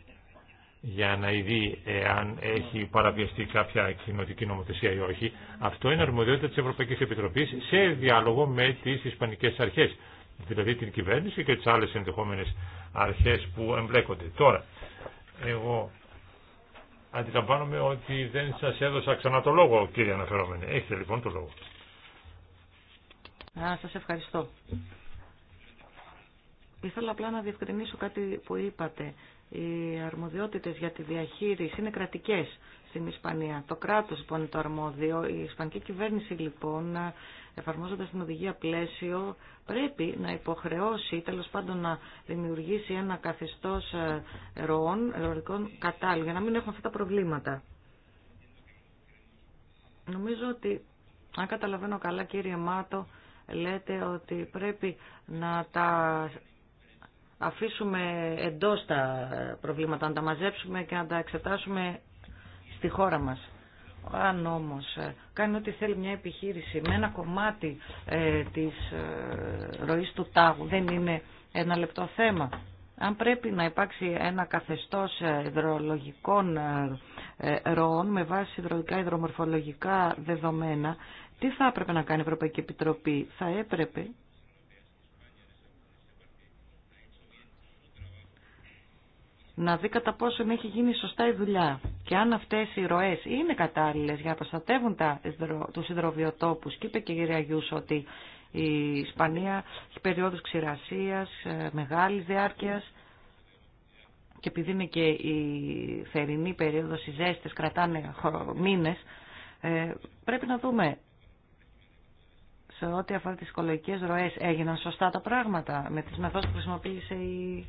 για να ειδεί εάν έχει παραβιαστεί κάποια κοινωτική νομοθεσία ή όχι. Αυτό είναι αρμοδιότητα της Ευρωπαϊκής Επιτροπής σε διάλογο με τις Ισπανικές Αρχές. Δηλαδή την κυβέρνηση και τις άλλες ενδεχόμενες αρχές που εμπλέκονται. Τώρα, εγώ Αντιλαμβάνομαι ότι δεν σα έδωσα ξανά το λόγο, κύριε Αναφερόμενη. Έχετε λοιπόν το λόγο. Α, σας ευχαριστώ. Ήθελα απλά να διευκρινίσω κάτι που είπατε. Οι αρμοδιότητε για τη διαχείριση είναι κρατικέ στην Ισπανία. Το κράτο λοιπόν είναι το αρμόδιο. Η Ισπανική κυβέρνηση λοιπόν εφαρμόζοντας την οδηγία πλαίσιο, πρέπει να υποχρεώσει ή τέλος πάντων να δημιουργήσει ένα καθιστός ε, ροών, ροικών κατάλληλων, για να μην έχουμε αυτά τα προβλήματα. Νομίζω ότι, αν καταλαβαίνω καλά κύριε Μάτο, λέτε ότι πρέπει να τα αφήσουμε εντός τα προβλήματα, να τα μαζέψουμε και να τα εξετάσουμε στη χώρα μας. Αν όμως ε, κάνει ό,τι θέλει μια επιχείρηση με ένα κομμάτι ε, της ε, ροής του τάγου, δεν είναι ένα λεπτό θέμα. Αν πρέπει να υπάρξει ένα καθεστώς υδρολογικών ροών με βάση υδρολογικά υδρομορφολογικά δεδομένα, τι θα έπρεπε να κάνει η Ευρωπαϊκή Επιτροπή. Θα έπρεπε να δει κατά πόσο έχει γίνει σωστά η δουλειά και αν αυτές οι ροές είναι κατάλληλες για να προστατεύουν τα, τους υδροβιοτόπους. Και είπε και η κυρία ότι η Ισπανία έχει περίοδους ξηρασίας, ε, μεγάλης διάρκειας και επειδή είναι και η θερινή περίοδος, οι ζέστες κρατάνε μήνες, ε, πρέπει να δούμε σε ό,τι αφορά τις οικολογικές ροές έγιναν σωστά τα πράγματα με τις μεθόδους που χρησιμοποίησε η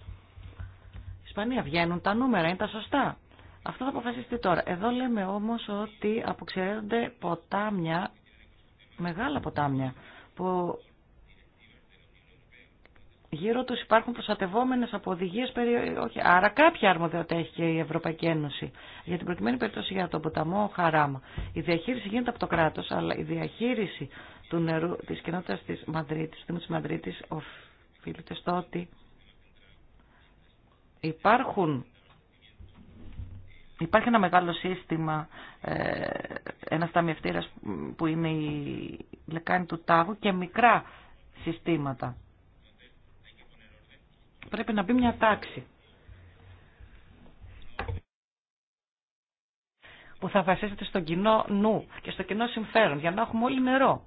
Ισπανία. Βγαίνουν τα νούμερα, είναι τα σωστά. Αυτό θα αποφασιστεί τώρα. Εδώ λέμε όμω ότι αποξηρέονται ποτάμια, μεγάλα ποτάμια, που γύρω του υπάρχουν προστατευόμενες από οδηγίε. περιοχή. Άρα κάποια αρμοδιότητα έχει και η Ευρωπαϊκή Ένωση. Για την προκειμένη περίπτωση για τον ποταμό Χαράμα. Η διαχείριση γίνεται από το κράτος, αλλά η διαχείριση του νερού της κοινότητα τη Μαδρίτης, του της Μαδρίτης, οφείλεται στο ότι Υπάρχουν, υπάρχει ένα μεγάλο σύστημα, ε, ένας ταμιευτήρας που είναι η λεκάνη του τάγου και μικρά συστήματα. Πρέπει να μπει μια τάξη. που θα βασίζεται στον κοινό νου και στο κοινό συμφέρον για να έχουμε όλοι νερό.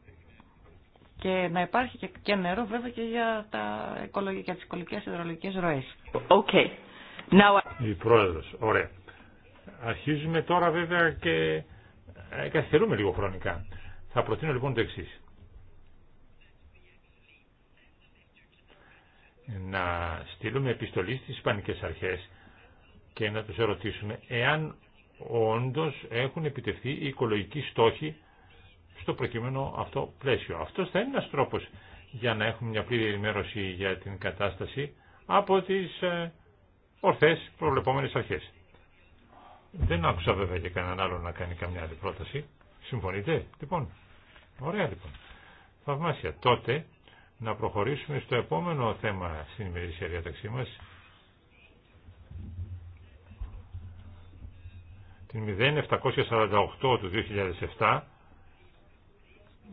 Και να υπάρχει και, νερό βέβαια και για, τα οικολογικά, για τις οικολογικές υδρολογικές ροές. Okay. Η πρόεδρος, ωραία. Αρχίζουμε τώρα βέβαια ε, και καθυστερούμε λίγο χρονικά. Θα προτείνω λοιπόν το εξή. Να στείλουμε επιστολή στις Ισπανικές Αρχές και να τους ερωτήσουμε εάν όντως έχουν επιτευχθεί οι οικολογικοί στόχοι στο προκειμένο αυτό πλαίσιο. Αυτός θα είναι ένας τρόπος για να έχουμε μια πλήρη ενημέρωση για την κατάσταση από τις ε, ορθές προβλεπόμενες αρχές. Δεν άκουσα βέβαια και κανέναν άλλο να κάνει καμιά άλλη πρόταση. Συμφωνείτε, λοιπόν. Ωραία λοιπόν. Θαυμάσια. Τότε να προχωρήσουμε στο επόμενο θέμα στην ημερήσια διάταξή μα. Την 0748 του 2007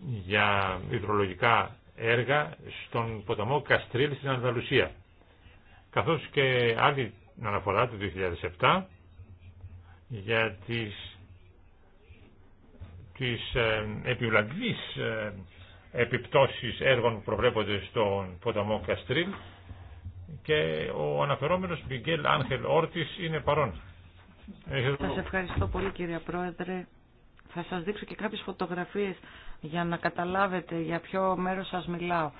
για υδρολογικά έργα στον ποταμό Καστρίλ στην Ανδαλουσία καθώς και άλλη αναφορά του 2007 για τις, τις ε, επιβλαβείς ε, επιπτώσεις έργων που προβλέπονται στον ποταμό Καστρίλ και ο αναφερόμενος Μιγγέλ Άγχελ Όρτης είναι παρόν. Σας ευχαριστώ πολύ κύριε Πρόεδρε. Θα σας δείξω και κάποιες φωτογραφίες για να καταλάβετε για ποιο μέρος σας μιλάω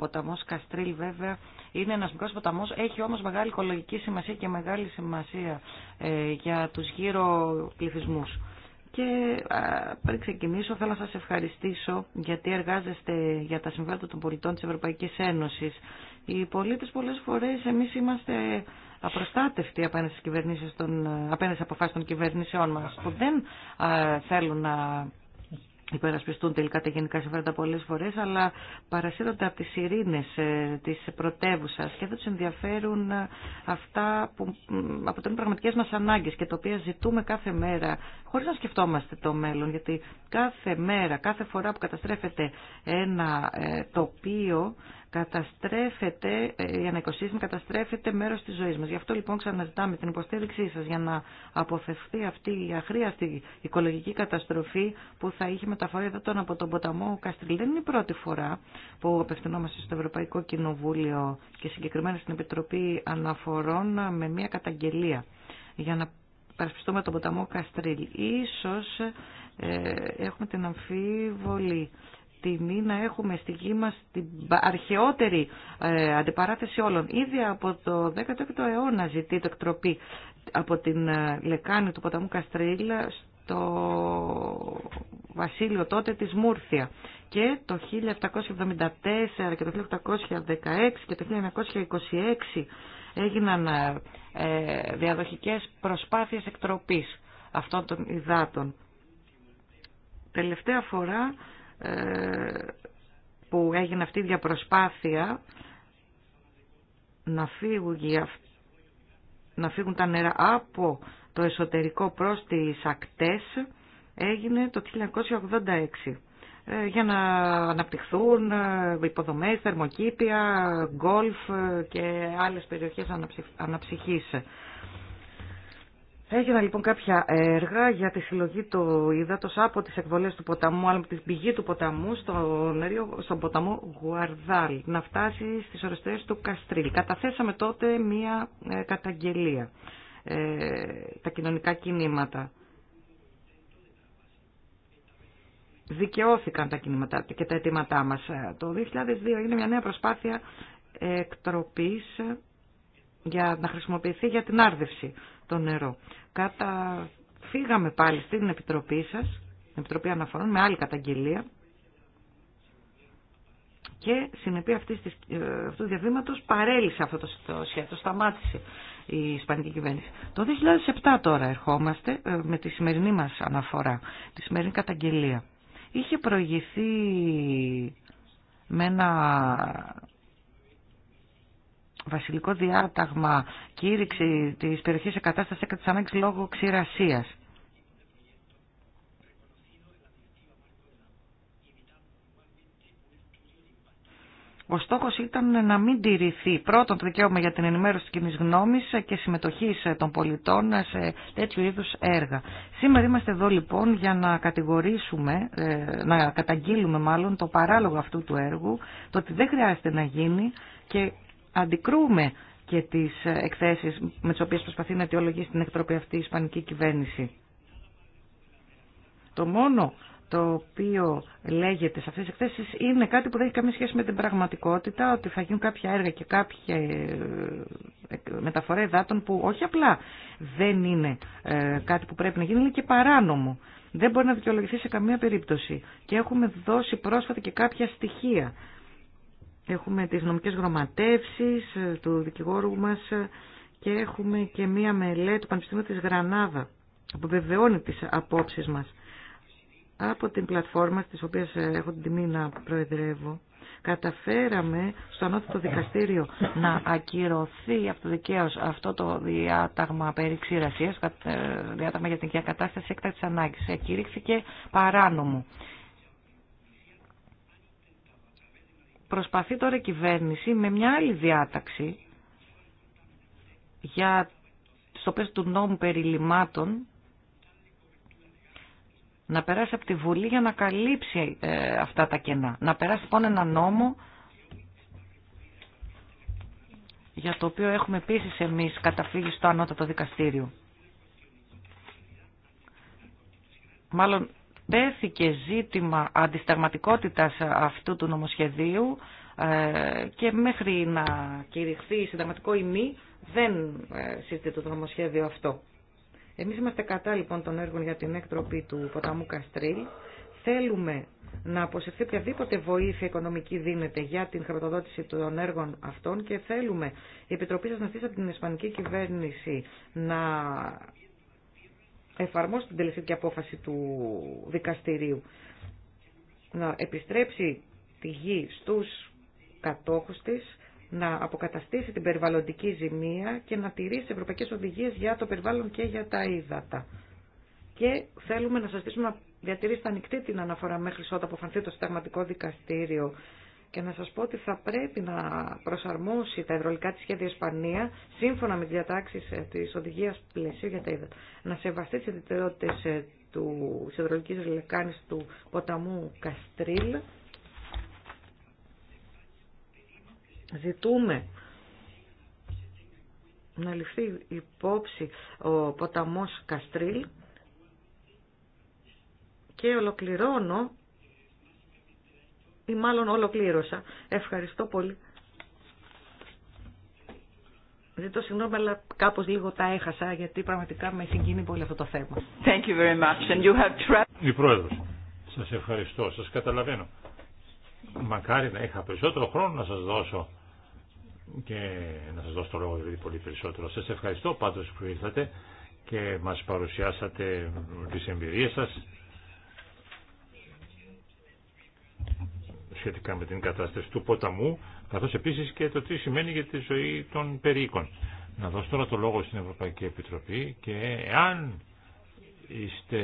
ποταμός Καστρίλ βέβαια είναι ένας μικρός ποταμός, έχει όμως μεγάλη οικολογική σημασία και μεγάλη σημασία ε, για τους γύρω πληθυσμούς. Και πριν ξεκινήσω θέλω να σας ευχαριστήσω γιατί εργάζεστε για τα συμβάντα των πολιτών της Ευρωπαϊκής Ένωσης. Οι πολίτες πολλές φορές εμείς είμαστε απροστάτευτοι απέναντι στις κυβερνήσεις των, απέναντι των κυβερνήσεών μας που δεν α, θέλουν να υπερασπιστούν τελικά τα γενικά συμφέροντα πολλέ φορέ, αλλά παρασύρονται από τι ειρήνε ε, τη πρωτεύουσα και δεν του ενδιαφέρουν ε, αυτά που αποτελούν πραγματικέ μα ανάγκε και τα οποία ζητούμε κάθε μέρα, χωρί να σκεφτόμαστε το μέλλον. Γιατί κάθε μέρα, κάθε φορά που καταστρέφεται ένα ε, τοπίο, καταστρέφεται, ε, η ανακοσύστημα καταστρέφεται μέρος της ζωή μας. Γι' αυτό λοιπόν ξαναζητάμε την υποστήριξή σας για να αποφευθεί αυτή η αχρίαστη οικολογική καταστροφή που θα είχε μεταφορά τον από τον ποταμό Καστριλ. Δεν είναι η πρώτη φορά που απευθυνόμαστε στο Ευρωπαϊκό Κοινοβούλιο και συγκεκριμένα στην Επιτροπή Αναφορών με μια καταγγελία για να παρασπιστούμε τον ποταμό Καστρίλ. Ίσως ε, έχουμε την αμφίβολη τιμή να έχουμε στη γη μας την αρχαιότερη ε, αντιπαράθεση όλων. Ήδη από το 16ο αιώνα ζητεί το εκτροπή από την ε, λεκάνη του ποταμού Καστρίλα στο βασίλειο τότε της Μούρθια. Και το 1774 και το 1816 και το 1926 έγιναν ε, διαδοχικές προσπάθειες εκτροπής αυτών των υδάτων. Τελευταία φορά που έγινε αυτή η διαπροσπάθεια να φύγουν, να φύγουν τα νερά από το εσωτερικό προς τις ακτές έγινε το 1986 ε, για να αναπτυχθούν ε, υποδομές, θερμοκήπια, γκολφ ε, και άλλες περιοχές αναψυχής. Έγιναν λοιπόν κάποια έργα για τη συλλογή του ύδατο από τις εκβολές του ποταμού, αλλά από την πηγή του ποταμού στο νερίο, στον ποταμό Γουαρδάλ, να φτάσει στι οριστέ του Καστρίλ. Καταθέσαμε τότε μία ε, καταγγελία, ε, τα κοινωνικά κινήματα. δικαιώθηκαν τα κινήματα και τα αιτήματά μας. Ε, το 2002 έγινε μια νέα προσπάθεια εκτροπής για να χρησιμοποιηθεί για την άρδευση το νερό. Κατα... Φύγαμε πάλι στην Επιτροπή σας, την Επιτροπή Αναφορών, με άλλη καταγγελία και συνεπή αυτής της, ε, αυτού του διαβήματος παρέλυσε αυτό το σχέδιο, σταμάτησε η Ισπανική κυβέρνηση. Το 2007 τώρα ερχόμαστε ε, με τη σημερινή μας αναφορά, τη σημερινή καταγγελία. Είχε προηγηθεί με ένα βασιλικό διάταγμα κήρυξη της περιοχής σε κατάσταση έκατης ανάγκης λόγω ξηρασίας. Ο στόχος ήταν να μην τηρηθεί πρώτον το δικαίωμα για την ενημέρωση της κοινή γνώμη και συμμετοχή των πολιτών σε τέτοιου είδους έργα. Σήμερα είμαστε εδώ λοιπόν για να κατηγορήσουμε, ε, να καταγγείλουμε μάλλον το παράλογο αυτού του έργου, το ότι δεν χρειάζεται να γίνει και αντικρούμε και τις ε, εκθέσεις με τις οποίες προσπαθεί να αιτιολογήσει την εκτροπή αυτή η Ισπανική κυβέρνηση. Το μόνο το οποίο λέγεται σε αυτές τις εκθέσεις είναι κάτι που δεν έχει καμία σχέση με την πραγματικότητα, ότι θα γίνουν κάποια έργα και κάποια ε, μεταφορά εδάτων που όχι απλά δεν είναι ε, κάτι που πρέπει να γίνει, είναι και παράνομο. Δεν μπορεί να δικαιολογηθεί σε καμία περίπτωση. Και έχουμε δώσει πρόσφατα και κάποια στοιχεία Έχουμε τις νομικές γραμματεύσεις του δικηγόρου μας και έχουμε και μία μελέτη του Πανεπιστημίου της Γρανάδα που βεβαιώνει τις απόψεις μας. Από την πλατφόρμα της οποίας έχω την τιμή να προεδρεύω, καταφέραμε στο το δικαστήριο να ακυρωθεί αυτοδικαίως αυτό το διάταγμα περί ξηρασίας, ε, διάταγμα για την κατάσταση έκτακτης ανάγκης. Εκηρύχθηκε παράνομο. προσπαθεί τώρα η κυβέρνηση με μια άλλη διάταξη για στο πέστο του νόμου περιλημάτων να περάσει από τη Βουλή για να καλύψει ε, αυτά τα κενά. Να περάσει λοιπόν ένα νόμο για το οποίο έχουμε επίσης εμείς καταφύγει στο ανώτατο δικαστήριο. Μάλλον τέθηκε ζήτημα αντισταγματικότητας αυτού του νομοσχεδίου ε, και μέχρι να κηρυχθεί συνταγματικό ημί δεν σύστηκε το νομοσχέδιο αυτό. Εμείς είμαστε κατά λοιπόν των έργων για την έκτροπη του ποταμού Καστρίλ. Θέλουμε να αποσυρθεί οποιαδήποτε βοήθεια οικονομική δίνεται για την χρηματοδότηση των έργων αυτών και θέλουμε η Επιτροπή σας να από την Ισπανική κυβέρνηση να εφαρμόσει την τελευταία απόφαση του δικαστηρίου. Να επιστρέψει τη γη στους κατόχους της, να αποκαταστήσει την περιβαλλοντική ζημία και να τηρήσει ευρωπαϊκές οδηγίες για το περιβάλλον και για τα ύδατα. Και θέλουμε να σας δείσουμε να διατηρήσετε ανοιχτή την αναφορά μέχρι ό,τι αποφανθεί το συνταγματικό δικαστήριο και να σας πω ότι θα πρέπει να προσαρμόσει τα υδρολικά της σχέδια Ισπανία σύμφωνα με τις διατάξεις ε, της οδηγίας πλαισίου για τα Να σεβαστεί τις ιδιαιτερότητες ε, του υδρολικής λεκάνης του ποταμού Καστρίλ. Ζητούμε να ληφθεί υπόψη ο ποταμός Καστρίλ και ολοκληρώνω ή μάλλον ολοκλήρωσα. Ευχαριστώ πολύ. το συγγνώμη, αλλά κάπως λίγο τα έχασα, γιατί πραγματικά με συγκινεί πολύ αυτό το θέμα. Thank you very much. And you have Η Πρόεδρος, σας ευχαριστώ, σας καταλαβαίνω. Μακάρι να είχα περισσότερο χρόνο να σας δώσω και να σας δώσω το λόγο δηλαδή πολύ περισσότερο. Σας ευχαριστώ πάντως που ήρθατε και μας παρουσιάσατε τις εμπειρίες σας. σχετικά με την κατάσταση του ποταμού, καθώς επίσης και το τι σημαίνει για τη ζωή των περίοικων. Να δώσω τώρα το λόγο στην Ευρωπαϊκή Επιτροπή και εάν είστε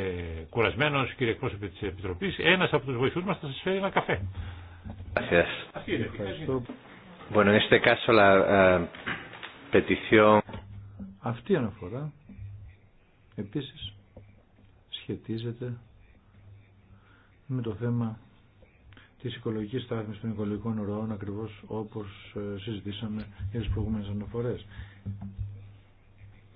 κουρασμένος κύριε εκπρόσωπε της Επιτροπής, ένας από τους βοηθούς μας θα σας φέρει ένα καφέ. Αυτή η αναφορά επίσης σχετίζεται με το θέμα της οικολογικής στάθμης των οικολογικών ροών ακριβώς όπως ε, συζητήσαμε για τις προηγούμενες αναφορές.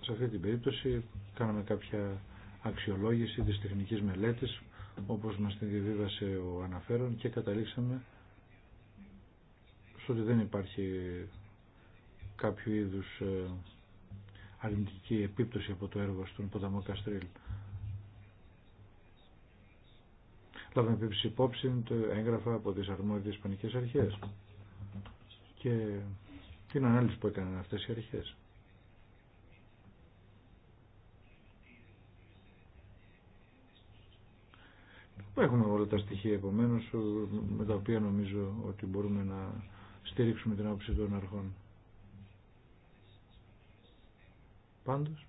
Σε αυτή την περίπτωση κάναμε κάποια αξιολόγηση της τεχνικής μελέτης όπως μας την διαβίβασε ο αναφέρον και καταλήξαμε στο ότι δεν υπάρχει κάποιο είδους ε, αρνητική επίπτωση από το έργο στον ποταμό Καστρίλ. επίση υπόψη το έγγραφα από τις αρμόδιες πανικές αρχές και την ανάλυση που έκαναν αυτές οι αρχές. Έχουμε όλα τα στοιχεία επομένω με τα οποία νομίζω ότι μπορούμε να στηρίξουμε την άποψη των αρχών. Πάντως,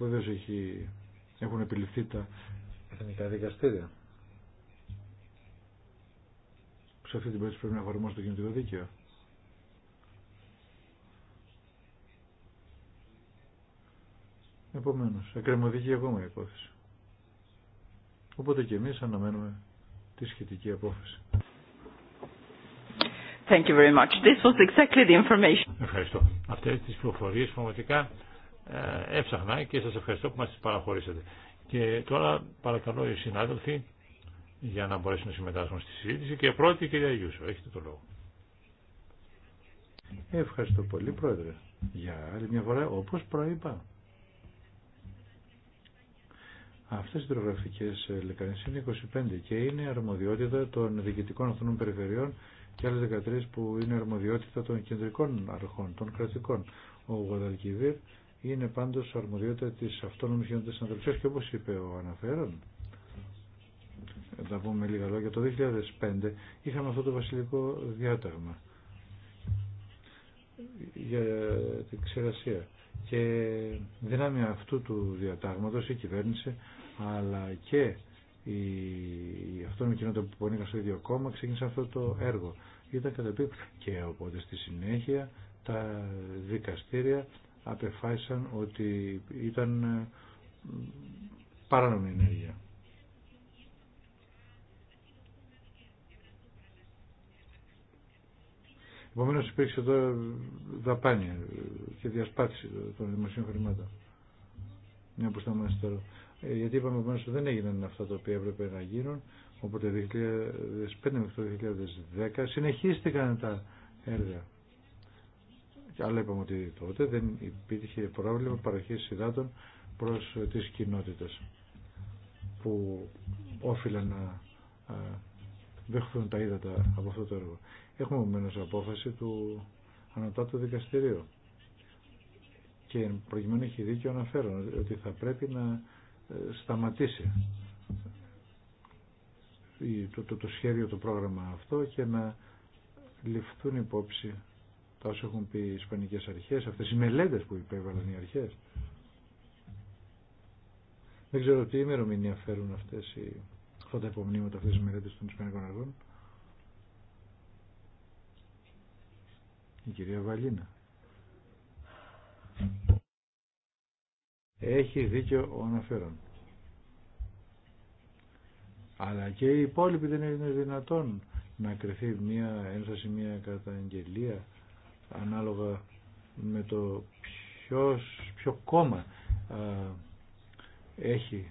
Βεβαίως έχει, έχουν επιληφθεί τα εθνικά δικαστήρια. Σε αυτή την περίπτωση πρέπει να εφαρμόσει το κινητικό δίκαιο. Επομένως, εκκρεμωδική ακόμα η υπόθεση. Οπότε και εμείς αναμένουμε τη σχετική απόφαση. Thank you very much. This was exactly the information. Ευχαριστώ. Αυτές τις πληροφορίες πραγματικά ε, έψαχνα και σας ευχαριστώ που μας τις παραχωρήσατε. Και τώρα παρακαλώ οι συνάδελφοι για να μπορέσουν να συμμετάσχουν στη συζήτηση και πρώτη η κυρία Γιούσο. Έχετε το λόγο. Ευχαριστώ πολύ πρόεδρε. Για άλλη μια φορά όπως προείπα. Αυτές οι τρογραφικές λεκανές είναι 25 και είναι αρμοδιότητα των διοικητικών αυτών περιφερειών και άλλες 13 που είναι αρμοδιότητα των κεντρικών αρχών, των κρατικών. Ο Γουαδαλκιβίρ είναι πάντως αρμοδιότητα της αυτόνομης κοινότητας συναδελφίας και όπως είπε ο αναφέρον, θα πούμε λίγα λόγια, το 2005 είχαμε αυτό το βασιλικό διάταγμα για την ξερασία και δυνάμει αυτού του διατάγματος η κυβέρνηση αλλά και η, αυτόνομη κοινότητα που ανήκαν στο ίδιο κόμμα ξεκίνησε αυτό το έργο. Ήταν και οπότε στη συνέχεια τα δικαστήρια απεφάσισαν ότι ήταν ε, παράνομη ενέργεια. Επομένως υπήρξε εδώ δαπάνια και διασπάθηση των δημοσίων χρημάτων. Μια που τώρα. Ε, γιατί είπαμε επομένως ότι δεν έγιναν αυτά τα οποία έπρεπε να γίνουν, οπότε 2005 μέχρι το 2010 συνεχίστηκαν τα έργα αλλά είπαμε ότι τότε δεν υπήρχε πρόβλημα παροχής υδάτων προς τις κοινότητες που όφυλαν να ε, δεχθούν τα ύδατα από αυτό το έργο. Έχουμε ομένω απόφαση του Ανωτάτου Δικαστηρίου και προκειμένου έχει δίκιο φέρω ότι θα πρέπει να ε, σταματήσει το, το, το σχέδιο, το πρόγραμμα αυτό και να ληφθούν υπόψη τα όσα έχουν πει οι Ισπανικές αρχές, αυτές οι μελέτες που υπέβαλαν οι αρχές. Δεν ξέρω τι ημερομηνία φέρουν αυτές οι, αυτά τα υπομνήματα, αυτές οι μελέτες των Ισπανικών αργών. Η κυρία Βαλίνα. Έχει δίκιο ο αναφέρον. Αλλά και οι υπόλοιποι δεν είναι δυνατόν να κρυθεί μια ένσταση, μια καταγγελία ανάλογα με το ποιος, ποιο κόμμα έχει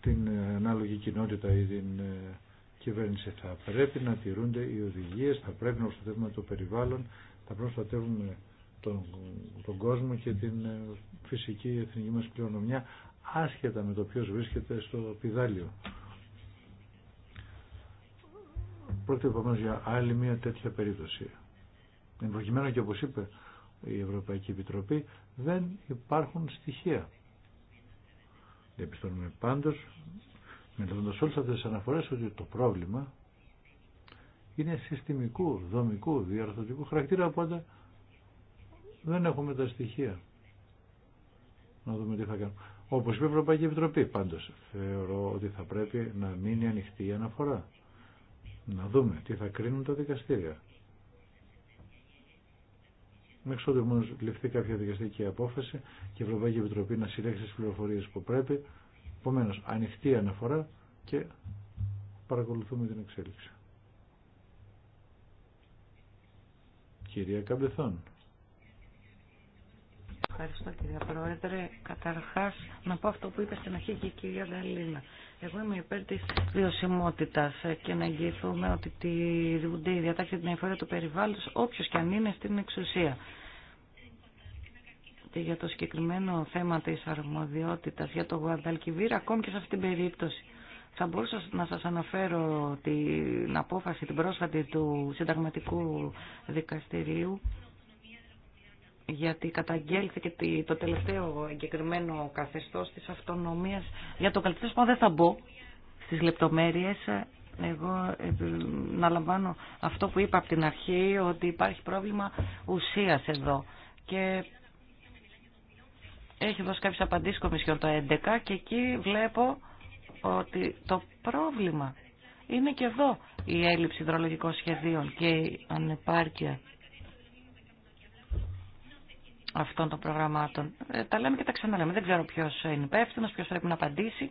την ανάλογη κοινότητα ή την ε, κυβέρνηση. Θα πρέπει να τηρούνται οι οδηγίες, θα πρέπει να προστατεύουμε το περιβάλλον, θα προστατεύουμε τον, τον κόσμο και την ε, φυσική εθνική μας κληρονομιά άσχετα με το ποιος βρίσκεται στο πιδάλιο. Πρώτη επομένως για άλλη μια τέτοια περίπτωση. Εν προκειμένου και όπως είπε η Ευρωπαϊκή Επιτροπή δεν υπάρχουν στοιχεία. Διαπιστώνουμε πάντως μελετώντας όλες αυτές τις αναφορές ότι το πρόβλημα είναι συστημικού, δομικού, διαρθρωτικού χαρακτήρα οπότε δεν έχουμε τα στοιχεία. Να δούμε τι θα κάνουμε. Όπως είπε η Ευρωπαϊκή Επιτροπή πάντως θεωρώ ότι θα πρέπει να μείνει ανοιχτή η αναφορά. Να δούμε τι θα κρίνουν τα δικαστήρια μέχρι ότου όμω ληφθεί κάποια δικαστική απόφαση και η Ευρωπαϊκή Επιτροπή να συλλέξει τι πληροφορίε που πρέπει. Επομένω, ανοιχτή αναφορά και παρακολουθούμε την εξέλιξη. Κυρία Καμπεθόν. Ευχαριστώ κυρία Πρόεδρε. Καταρχάς να πω αυτό που είπε στην αρχή και η κυρία Δαλίνα. Εγώ είμαι υπέρ τη βιωσιμότητα και να εγγυηθούμε ότι η οι διατάξει την εφορία του περιβάλλοντο, όποιο και αν είναι στην εξουσία. Και για το συγκεκριμένο θέμα τη αρμοδιότητα για το Γουανταλκιβίρ, ακόμη και σε αυτή την περίπτωση. Θα μπορούσα να σας αναφέρω την απόφαση την πρόσφατη του συνταγματικού δικαστηρίου γιατί καταγγέλθηκε το τελευταίο εγκεκριμένο καθεστώς της αυτονομίας. Για το που δεν θα μπω στις λεπτομέρειες. Εγώ ε, να λαμβάνω αυτό που είπα από την αρχή, ότι υπάρχει πρόβλημα ουσίας εδώ. Και έχει δώσει κάποιες απαντήσεις κομισιόν το 11 και εκεί βλέπω ότι το πρόβλημα είναι και εδώ η έλλειψη υδρολογικών σχεδίων και η ανεπάρκεια αυτών των προγραμμάτων. Ε, τα λέμε και τα ξαναλέμε. Δεν ξέρω ποιο είναι υπεύθυνο, ποιο πρέπει να απαντήσει.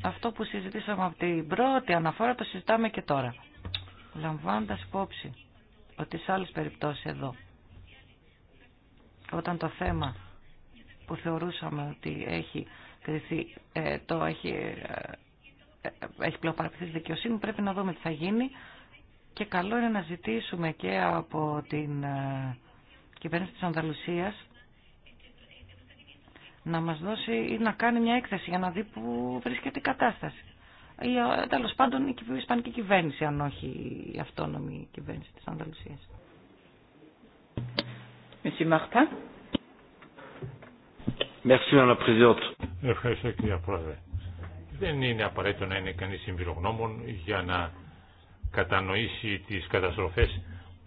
Αυτό που συζητήσαμε από την πρώτη αναφορά το συζητάμε και τώρα. Λαμβάνοντα υπόψη ότι σε άλλε περιπτώσεις εδώ, όταν το θέμα που θεωρούσαμε ότι έχει κριθεί, ε, το έχει, ε, έχει πλέον δικαιοσύνη, πρέπει να δούμε τι θα γίνει και καλό είναι να ζητήσουμε και από την κυβέρνηση της Ανδαλουσίας να μας δώσει ή να κάνει μια έκθεση για να δει που βρίσκεται η κατάσταση. Ή ε, τέλο πάντων η Ισπανική κυβέρνηση, αν όχι η αυτόνομη κυβέρνηση της Ανδαλουσίας. Ευχαριστώ κύριε Πρόεδρε. Δεν είναι απαραίτητο να είναι κανείς συμβιλογνώμων για να κατανοήσει τις καταστροφές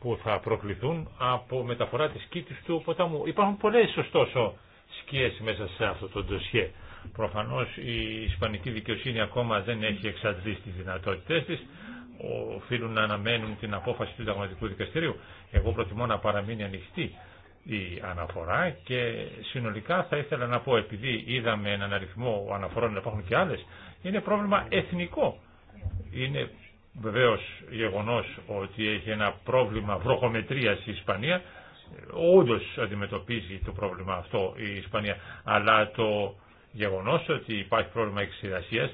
που θα προκληθούν από μεταφορά της κήτης του ποταμού. Υπάρχουν πολλές ωστόσο σκιές μέσα σε αυτό το ντοσιέ. Προφανώς η ισπανική δικαιοσύνη ακόμα δεν έχει εξαντλήσει τις δυνατότητές της, οφείλουν να αναμένουν την απόφαση του συνταγματικού δικαστηρίου. Εγώ προτιμώ να παραμείνει ανοιχτή η αναφορά και συνολικά θα ήθελα να πω, επειδή είδαμε έναν αριθμό αναφορών να υπάρχουν και άλλες, είναι πρόβλημα εθνικό. Είναι Βεβαίω γεγονό ότι έχει ένα πρόβλημα βρόχομετρία η Ισπανία όντω αντιμετωπίζει το πρόβλημα αυτό η Ισπανία αλλά το γεγονό ότι υπάρχει πρόβλημα εξηρασίας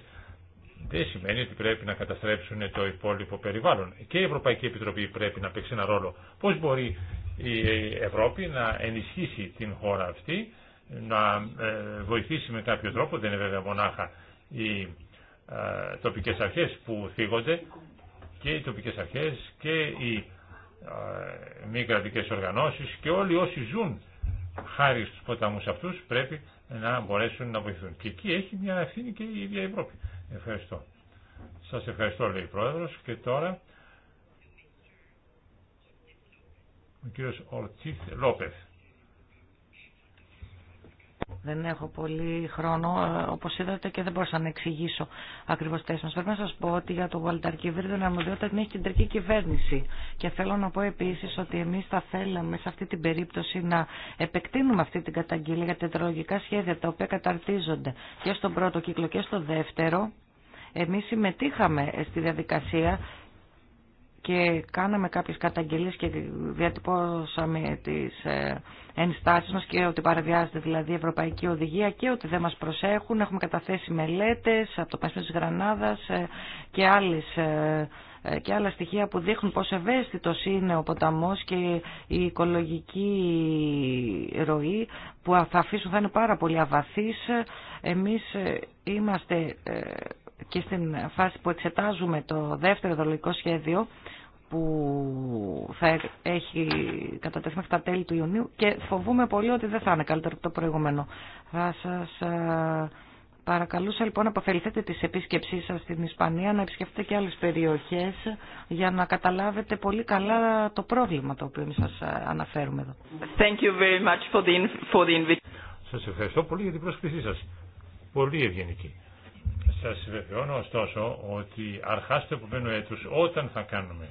δεν σημαίνει ότι πρέπει να καταστρέψουν το υπόλοιπο περιβάλλον. Και η Ευρωπαϊκή Επιτροπή πρέπει να παίξει ένα ρόλο. Πώ μπορεί η Ευρώπη να ενισχύσει την χώρα αυτή, να ε, βοηθήσει με κάποιο τρόπο, δεν είναι βέβαια μονάχα οι ε, τοπικές αρχές που θίγονται, και οι τοπικές αρχές και οι μη κρατικέ οργανώσεις και όλοι όσοι ζουν χάρη στους ποταμούς αυτούς πρέπει να μπορέσουν να βοηθούν. Και εκεί έχει μια ευθύνη και η ίδια η Ευρώπη. Ευχαριστώ. Σας ευχαριστώ λέει η Πρόεδρος και τώρα ο κύριος Ορτσίθ Λόπεθ. Δεν έχω πολύ χρόνο, ε, όπως είδατε και δεν μπορούσα να εξηγήσω ακριβώς τέσσερα. μας. Πρέπει να σας πω ότι για το Γουαλταρκιβίρι η αρμοδιότητα την έχει κεντρική κυβέρνηση. Και θέλω να πω επίσης ότι εμείς θα θέλαμε σε αυτή την περίπτωση να επεκτείνουμε αυτή την καταγγελία για τετραλογικά σχέδια τα οποία καταρτίζονται και στον πρώτο κύκλο και στο δεύτερο. Εμείς συμμετείχαμε στη διαδικασία και κάναμε κάποιες καταγγελίες και διατυπώσαμε τις ε, ενστάσεις μας και ότι παραβιάζεται δηλαδή η Ευρωπαϊκή Οδηγία και ότι δεν μας προσέχουν. Έχουμε καταθέσει μελέτες από το Πανεπιστήμιο της Γρανάδας ε, και άλλες ε, και άλλα στοιχεία που δείχνουν πόσο ευαίσθητος είναι ο ποταμός και η οικολογική ροή που θα αφήσουν θα είναι πάρα πολύ αβαθής. Εμείς είμαστε και στην φάση που εξετάζουμε το δεύτερο δολογικό σχέδιο που θα έχει κατατεθεί μέχρι τα τέλη του Ιουνίου και φοβούμε πολύ ότι δεν θα είναι καλύτερο από το προηγούμενο. Θα σας ε, παρακαλούσα λοιπόν να αποφεληθείτε τις επίσκεψή σας στην Ισπανία, να επισκεφτείτε και άλλες περιοχές για να καταλάβετε πολύ καλά το πρόβλημα το οποίο σας ε, αναφέρουμε εδώ. Thank Σας ευχαριστώ πολύ για την πρόσκλησή σας. Πολύ ευγενική. Σας βεβαιώνω ωστόσο ότι αρχάς του επομένου έτους όταν θα κάνουμε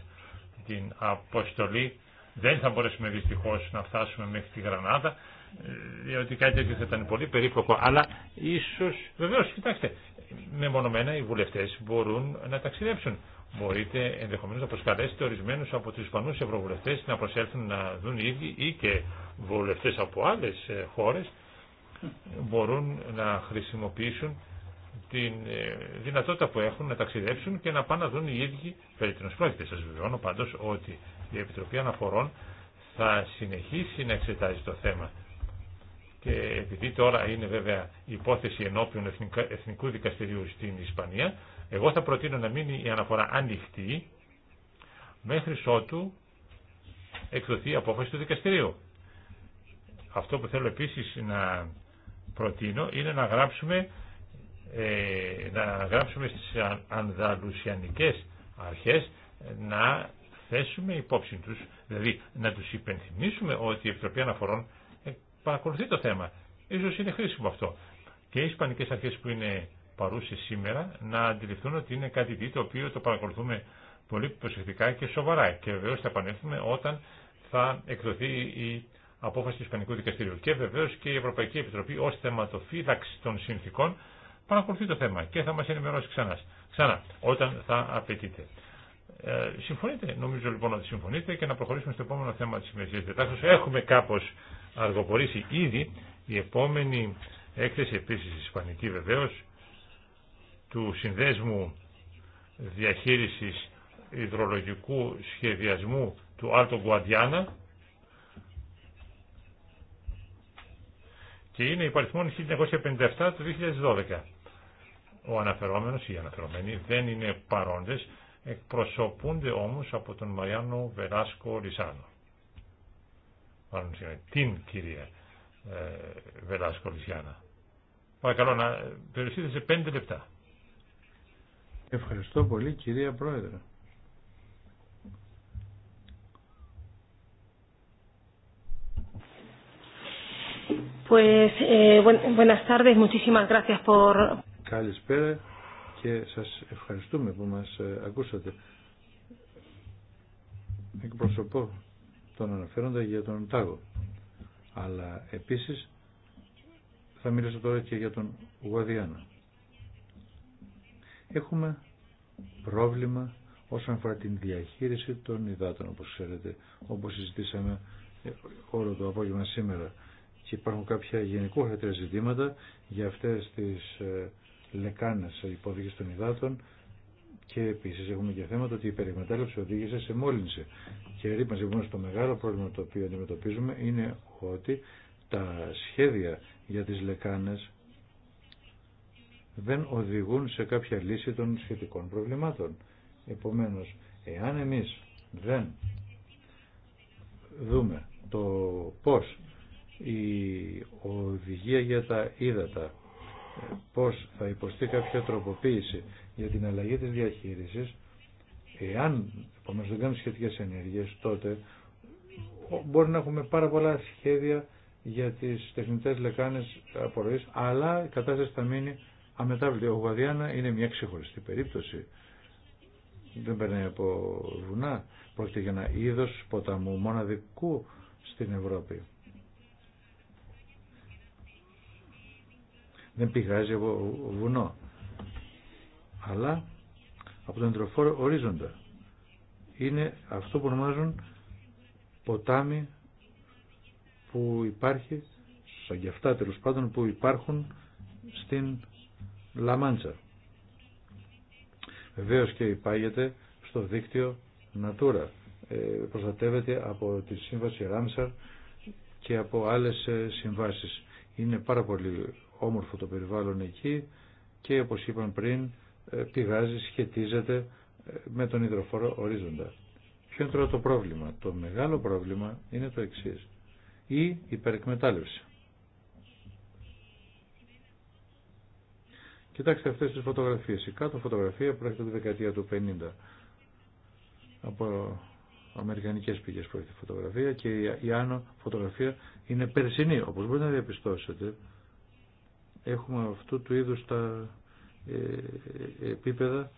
την αποστολή δεν θα μπορέσουμε δυστυχώς να φτάσουμε μέχρι τη Γρανάδα διότι κάτι τέτοιο θα ήταν πολύ περίπλοκο αλλά ίσως βεβαίως κοιτάξτε μεμονωμένα οι βουλευτές μπορούν να ταξιδέψουν μπορείτε ενδεχομένως να προσκαλέσετε ορισμένους από τους Ισπανούς Ευρωβουλευτές να προσέλθουν να δουν οι ίδιοι ή και βουλευτές από άλλες ε, χώρες μπορούν να χρησιμοποιήσουν την ε, δυνατότητα που έχουν να ταξιδέψουν και να πάνε να δουν οι ίδιοι περί πρόκειται. Σας βεβαιώνω πάντως ότι η Επιτροπή Αναφορών θα συνεχίσει να εξετάζει το θέμα. Και επειδή τώρα είναι βέβαια η υπόθεση ενώπιον Εθνικού Δικαστηρίου στην Ισπανία, εγώ θα προτείνω να μείνει η αναφορά ανοιχτή μέχρι ότου εκδοθεί η απόφαση του δικαστηρίου. Αυτό που θέλω επίσης να προτείνω είναι να γράψουμε ε, να γράψουμε στις ανδαλουσιανικές αρχές να θέσουμε υπόψη τους, δηλαδή να τους υπενθυμίσουμε ότι η Επιτροπή Αναφορών ε, παρακολουθεί το θέμα. Ίσως είναι χρήσιμο αυτό. Και οι Ισπανικές αρχές που είναι παρούσες σήμερα να αντιληφθούν ότι είναι κάτι το οποίο το παρακολουθούμε πολύ προσεκτικά και σοβαρά. Και βεβαίως θα επανέλθουμε όταν θα εκδοθεί η απόφαση του Ισπανικού Δικαστηρίου. Και βεβαίως και η Ευρωπαϊκή Επιτροπή ως θεματοφύλαξη των συνθήκων παρακολουθεί το θέμα και θα μας ενημερώσει ξανά, ξανά όταν θα απαιτείται. Ε, συμφωνείτε, νομίζω λοιπόν ότι συμφωνείτε και να προχωρήσουμε στο επόμενο θέμα της σημερινής διατάξεως. Έχουμε κάπως αργοπορήσει ήδη η επόμενη έκθεση επίσης ισπανική βεβαίως του Συνδέσμου Διαχείρισης υδρολογικού Σχεδιασμού του Άρτο Γκουαντιάνα και είναι υπαριθμόν 1957 του 2012. Ο αναφερόμενος ή οι αναφερόμενοι δεν είναι παρόντες, εκπροσωπούνται όμως από τον Μαριάνο Βελάσκο Λισάνο. Μάλλον σημαίνει την κυρία ε, Βελάσκο Ρισιάνα. Παρακαλώ να περιοριστείτε σε πέντε λεπτά. Ευχαριστώ πολύ κυρία Πρόεδρε. Pues, eh, buenas tardes, muchísimas Καλησπέρα και σας ευχαριστούμε που μας ε, ακούσατε. Εκπροσωπώ τον αναφέροντα για τον Τάγο. Αλλά επίσης θα μιλήσω τώρα και για τον Γουαδιάνα. Έχουμε πρόβλημα όσον αφορά την διαχείριση των υδάτων, όπως ξέρετε, όπως συζητήσαμε ε, όλο το απόγευμα σήμερα και υπάρχουν κάποια γενικού χαρακτήρα ζητήματα για αυτές τις ε, λεκάνες υπόδειξη των υδάτων και επίσης έχουμε και θέματα ότι η περιμετάλλευση οδήγησε σε μόλυνση. Και ρίπανση λοιπόν στο μεγάλο πρόβλημα το οποίο αντιμετωπίζουμε είναι ότι τα σχέδια για τις λεκάνες δεν οδηγούν σε κάποια λύση των σχετικών προβλημάτων. Επομένως, εάν εμείς δεν δούμε το πώς η οδηγία για τα ύδατα πώς θα υποστεί κάποια τροποποίηση για την αλλαγή της διαχείρισης εάν επομένως δεν κάνουμε σχετικές ενέργειες τότε μπορεί να έχουμε πάρα πολλά σχέδια για τις τεχνητές λεκάνες απορροής αλλά η κατάσταση θα μείνει αμετάβλητη. Ο Γουαδιάνα είναι μια ξεχωριστή περίπτωση. Δεν περνάει από βουνά. Πρόκειται για ένα είδος ποταμού μοναδικού στην Ευρώπη. δεν πηγάζει από βουνό, αλλά από τον εντροφόρο ορίζοντα. Είναι αυτό που ονομάζουν ποτάμι που υπάρχει, σαν και αυτά τέλος πάντων, που υπάρχουν στην Λαμάντσα. Βεβαίω και υπάγεται στο δίκτυο Natura. Ε, προστατεύεται από τη σύμβαση Ράμσαρ και από άλλες ε, συμβάσεις. Είναι πάρα πολύ όμορφο το περιβάλλον εκεί και όπως είπαν πριν ε, πηγάζει, σχετίζεται ε, με τον υδροφόρο ορίζοντα. Ποιο είναι τώρα το πρόβλημα. Το μεγάλο πρόβλημα είναι το εξής. Η υπερεκμετάλλευση. Κοιτάξτε αυτές τις φωτογραφίες. Η κάτω φωτογραφία προέρχεται τη δεκαετία του 50. Από αμερικανικές πηγές προέρχεται η φωτογραφία και η άνω φωτογραφία είναι περσινή. Όπως μπορείτε να διαπιστώσετε, έχουμε αυτού του είδους τα ε, επίπεδα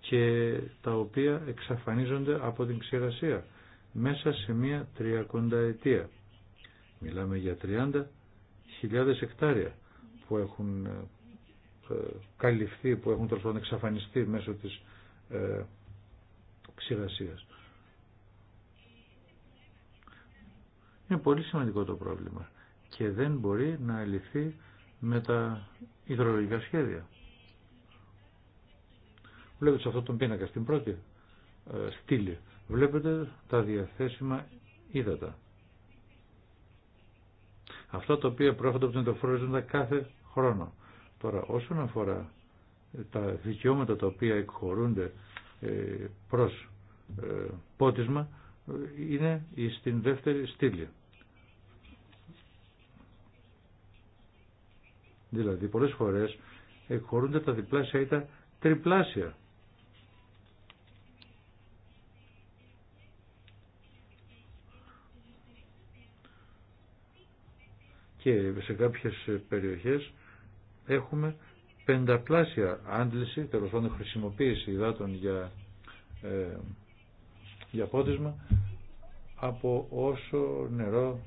και τα οποία εξαφανίζονται από την ξηρασία μέσα σε μία τριακονταετία. Μιλάμε για 30.000 εκτάρια που έχουν ε, ε, καλυφθεί, που έχουν τελικά εξαφανιστεί μέσω της ε, ξηρασίας. Είναι πολύ σημαντικό το πρόβλημα και δεν μπορεί να λυθεί με τα υδρολογικά σχέδια. Βλέπετε σε αυτόν τον πίνακα, στην πρώτη ε, στήλη, βλέπετε τα διαθέσιμα ύδατα. Αυτά τα οποία προέρχονται από την εντοφόρεζοντα κάθε χρόνο. Τώρα, όσον αφορά ε, τα δικαιώματα τα οποία εκχωρούνται ε, προς πότισμα, είναι στην δεύτερη στήλη. Δηλαδή πολλές φορές εκχωρούνται τα διπλάσια ή τα τριπλάσια. Και σε κάποιες περιοχές έχουμε πενταπλάσια άντληση, τέλο πάντων χρησιμοποίηση υδάτων για, ε, για από όσο νερό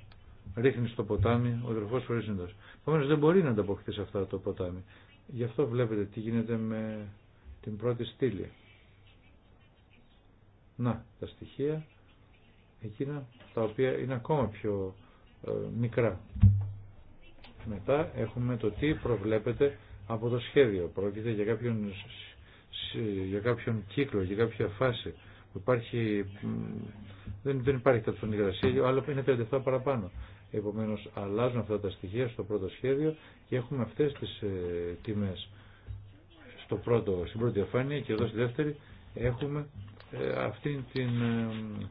ρίχνει στο ποτάμι ο δροφός φορέσιντας. Επομένω δεν μπορεί να ανταποκριθεί σε αυτά το ποτάμι. Γι' αυτό βλέπετε τι γίνεται με την πρώτη στήλη. Να, τα στοιχεία εκείνα τα οποία είναι ακόμα πιο ε, μικρά. Μετά έχουμε το τι προβλέπεται από το σχέδιο. Πρόκειται για κάποιον, κύκλο, για κάποια φάση που υπάρχει, δεν, δεν υπάρχει το υγρασία, αλλά είναι 37 παραπάνω. Επομένως αλλάζουν αυτά τα στοιχεία στο πρώτο σχέδιο και έχουμε αυτές τις ε, τιμές. Στο πρώτο, στην πρώτη εφάνεια, και εδώ στη δεύτερη έχουμε ε, αυτήν ε,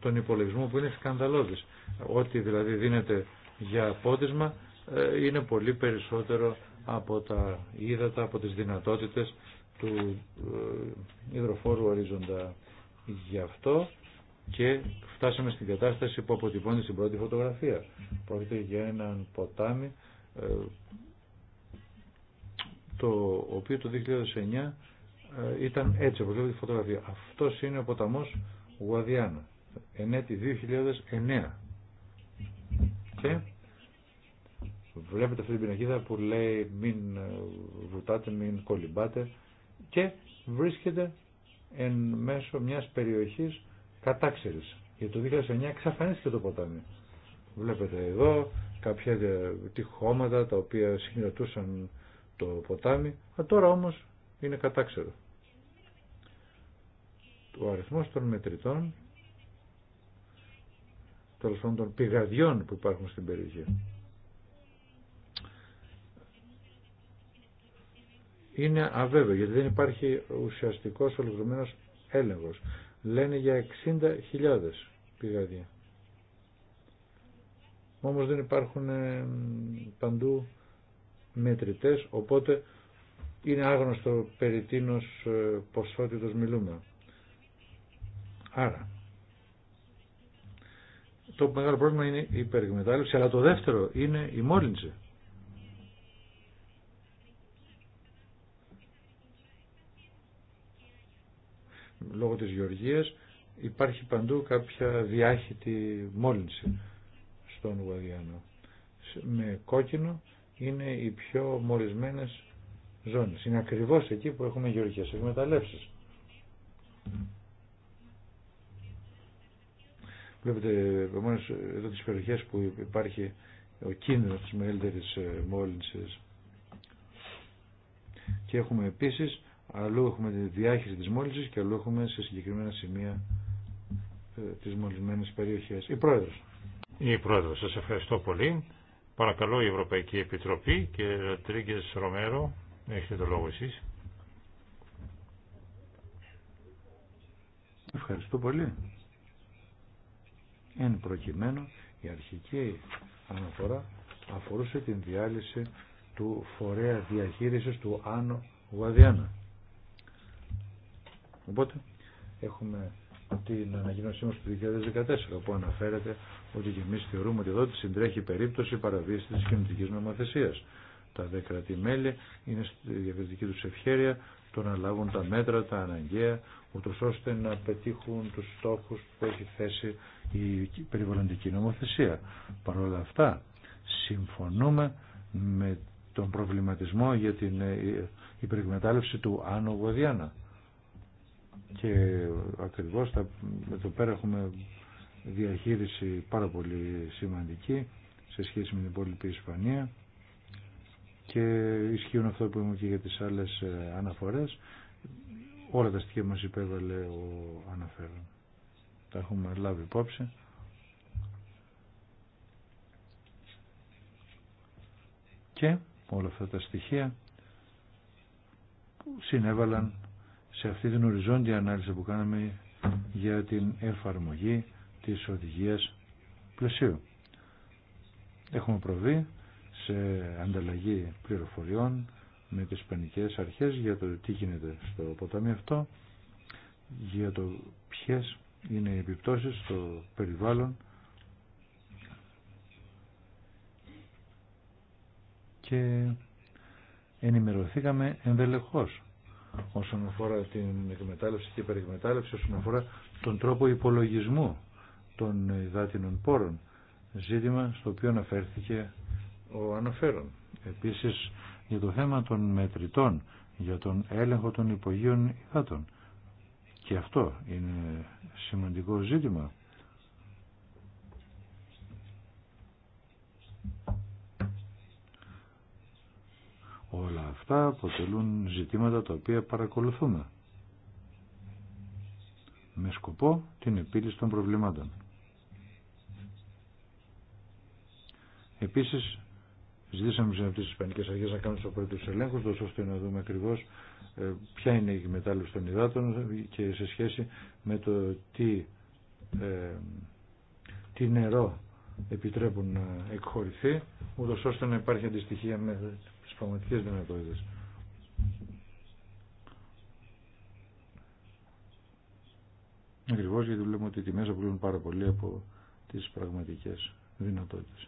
τον υπολογισμό που είναι σκανδαλώδης. Ό,τι δηλαδή δίνεται για πότισμα ε, είναι πολύ περισσότερο από τα ύδατα, από τις δυνατότητες του υδροφόρου ορίζοντα. Γι' αυτό και φτάσαμε στην κατάσταση που αποτυπώνει στην πρώτη φωτογραφία. Πρόκειται για έναν ποτάμι ε, το οποίο το 2009 ε, ήταν έτσι από τη φωτογραφία. Αυτός είναι ο ποταμός Γουαδιάνα. Ενέτη 2009. Και βλέπετε αυτή την πινακίδα που λέει μην ε, βουτάτε, μην κολυμπάτε και βρίσκεται εν μέσω μιας περιοχής Κατάξερες. Για το 2009 εξαφανίστηκε το ποτάμι. Βλέπετε εδώ κάποια τυχώματα τα οποία συγκρατούσαν το ποτάμι, α, τώρα όμως είναι κατάξερο. Ο αριθμός των μετρητών, των των πηγαδιών που υπάρχουν στην περιοχή, είναι αβέβαιο γιατί δεν υπάρχει ουσιαστικός ολοκληρωμένος έλεγχος λένε για 60.000 πηγαδία. Όμως δεν υπάρχουν ε, παντού μετρητές, οπότε είναι άγνωστο περί τίνος ε, ποσότητος μιλούμε. Άρα, το μεγάλο πρόβλημα είναι η υπερεκμετάλλευση, αλλά το δεύτερο είναι η μόλυνση. λόγω της γεωργίας υπάρχει παντού κάποια διάχυτη μόλυνση στον Ουαδιάνο. Με κόκκινο είναι οι πιο μορισμένες ζώνες. Είναι ακριβώς εκεί που έχουμε γεωργίες εκμεταλλεύσεις. Βλέπετε εδώ τις περιοχές που υπάρχει ο κίνδυνος της μεγαλύτερης ε, μόλυνσης. Και έχουμε επίσης αλλού έχουμε τη διάχυση της μόλυνσης και αλλού έχουμε σε συγκεκριμένα σημεία ε, τις μολυσμένες περιοχές. Η Πρόεδρος. Η Πρόεδρος, σας ευχαριστώ πολύ. Παρακαλώ η Ευρωπαϊκή Επιτροπή και Τρίγκες Ρομέρο, έχετε το λόγο εσείς. Ευχαριστώ πολύ. Εν προκειμένου η αρχική αναφορά αφορούσε την διάλυση του φορέα διαχείρισης του Άνω Γουαδιάνα. Οπότε έχουμε την ανακοίνωσή μας του 2014 που αναφέρεται ότι και εμείς θεωρούμε ότι εδώ τη συντρέχει περίπτωση παραβίαση της κοινωνικής νομοθεσίας. Τα δε μέλη είναι στη διακριτική του ευχέρεια το να λάβουν τα μέτρα, τα αναγκαία, ούτως ώστε να πετύχουν τους στόχους που έχει θέσει η περιβαλλοντική νομοθεσία. Παρ' όλα αυτά, συμφωνούμε με τον προβληματισμό για την υπερεκμετάλλευση ε, του Άνω Γουαδιάνα. Και ακριβώς εδώ πέρα έχουμε διαχείριση πάρα πολύ σημαντική σε σχέση με την υπόλοιπη Ισπανία και ισχύουν αυτό που είμαι και για τις άλλες ε, αναφορές. Όλα τα στοιχεία μας υπέβαλε ο αναφέρον. Τα έχουμε λάβει υπόψη. Και όλα αυτά τα στοιχεία συνέβαλαν σε αυτή την οριζόντια ανάλυση που κάναμε για την εφαρμογή της οδηγίας πλαισίου. Έχουμε προβεί σε ανταλλαγή πληροφοριών με τις πανικές αρχές για το τι γίνεται στο ποτάμι αυτό, για το ποιες είναι οι επιπτώσεις στο περιβάλλον και ενημερωθήκαμε ενδελεχώς όσον αφορά την εκμετάλλευση και υπερεκμετάλλευση, όσον αφορά τον τρόπο υπολογισμού των υδάτινων πόρων. Ζήτημα στο οποίο αναφέρθηκε ο αναφέρον. Επίσης για το θέμα των μετρητών, για τον έλεγχο των υπογείων υδάτων. Και αυτό είναι σημαντικό ζήτημα Όλα αυτά αποτελούν ζητήματα τα οποία παρακολουθούμε με σκοπό την επίλυση των προβλημάτων. Επίσης, ζητήσαμε από τις Ισπανικές Αρχές να κάνουν τους απαραίτητους ελέγχους, τόσο ώστε να δούμε ακριβώς ε, ποια είναι η μετάλλευση των υδάτων και σε σχέση με το τι, ε, νερό επιτρέπουν να εκχωρηθεί, ούτως ώστε να υπάρχει αντιστοιχεία με τις πραγματικές δυνατότητες. Ακριβώ γιατί βλέπουμε ότι οι τιμές απολύουν πάρα πολύ από τις πραγματικές δυνατότητες.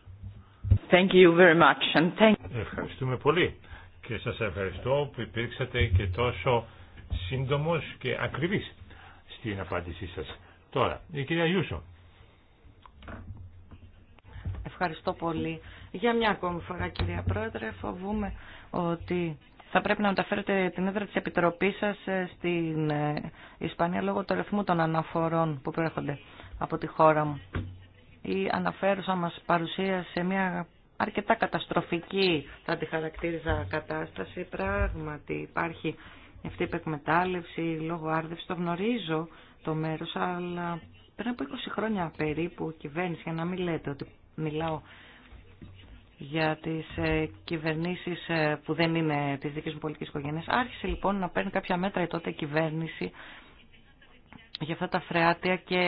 Thank you very much and thank... Ευχαριστούμε πολύ και σας ευχαριστώ που υπήρξατε και τόσο σύντομος και ακριβής στην απάντησή σας. Τώρα, η κυρία Ιούσο. Ευχαριστώ πολύ. Για μια ακόμη φορά κυρία Πρόεδρε, φοβούμε ότι θα πρέπει να μεταφέρετε την έδρα της Επιτροπής σας ε, στην ε, Ισπανία λόγω του αριθμού των αναφορών που προέρχονται από τη χώρα μου. Η αναφέρουσα μας παρουσίασε μια αρκετά καταστροφική, θα τη χαρακτήριζα, κατάσταση. Πράγματι υπάρχει αυτή η επεκμετάλλευση, λόγω άρδευση, το γνωρίζω το μέρος, αλλά πριν από 20 χρόνια περίπου κυβέρνηση, για να μην λέτε ότι μιλάω για τις ε, κυβερνήσεις ε, που δεν είναι της δικής μου πολιτικής οικογένεια. Άρχισε λοιπόν να παίρνει κάποια μέτρα η τότε κυβέρνηση για αυτά τα φρεάτια και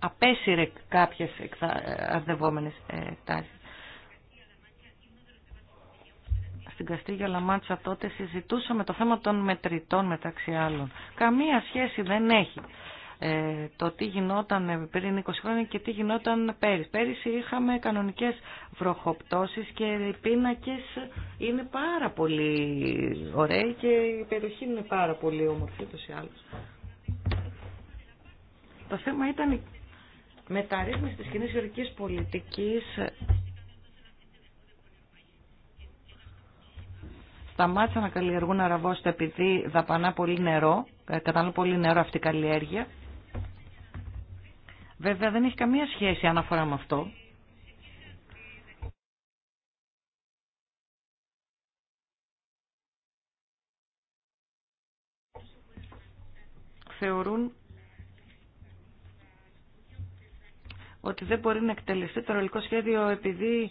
απέσυρε κάποιες ε, αρδευόμενες τάσεις. Στην Καστίγια Λαμάτσα τότε συζητούσαμε το θέμα των μετρητών μεταξύ άλλων. Καμία σχέση δεν έχει ε, το τι γινόταν ε, πριν 20 χρόνια και τι γινόταν πέρυσι. Πέρυσι είχαμε κανονικές βροχοπτώσεις και οι πίνακες είναι πάρα πολύ ωραίοι και η περιοχή είναι πάρα πολύ όμορφη ούτως ή άλλως. Το η πολιτικής σταμάτησαν να καλλιεργούν αραβόστο επειδή δαπανά πολύ νερό, ε, κατάλληλα πολύ νερό αυτή η μεταρρυθμιση της κοινης γεωρικης πολιτικης Σταμάτησα να καλλιεργουν αραβωστε επειδη δαπανα πολυ νερο καταλληλα πολυ νερο αυτη η καλλιεργεια Βέβαια δεν έχει καμία σχέση αναφορά με αυτό. Θεωρούν ότι δεν μπορεί να εκτελεστεί το ρολικό σχέδιο επειδή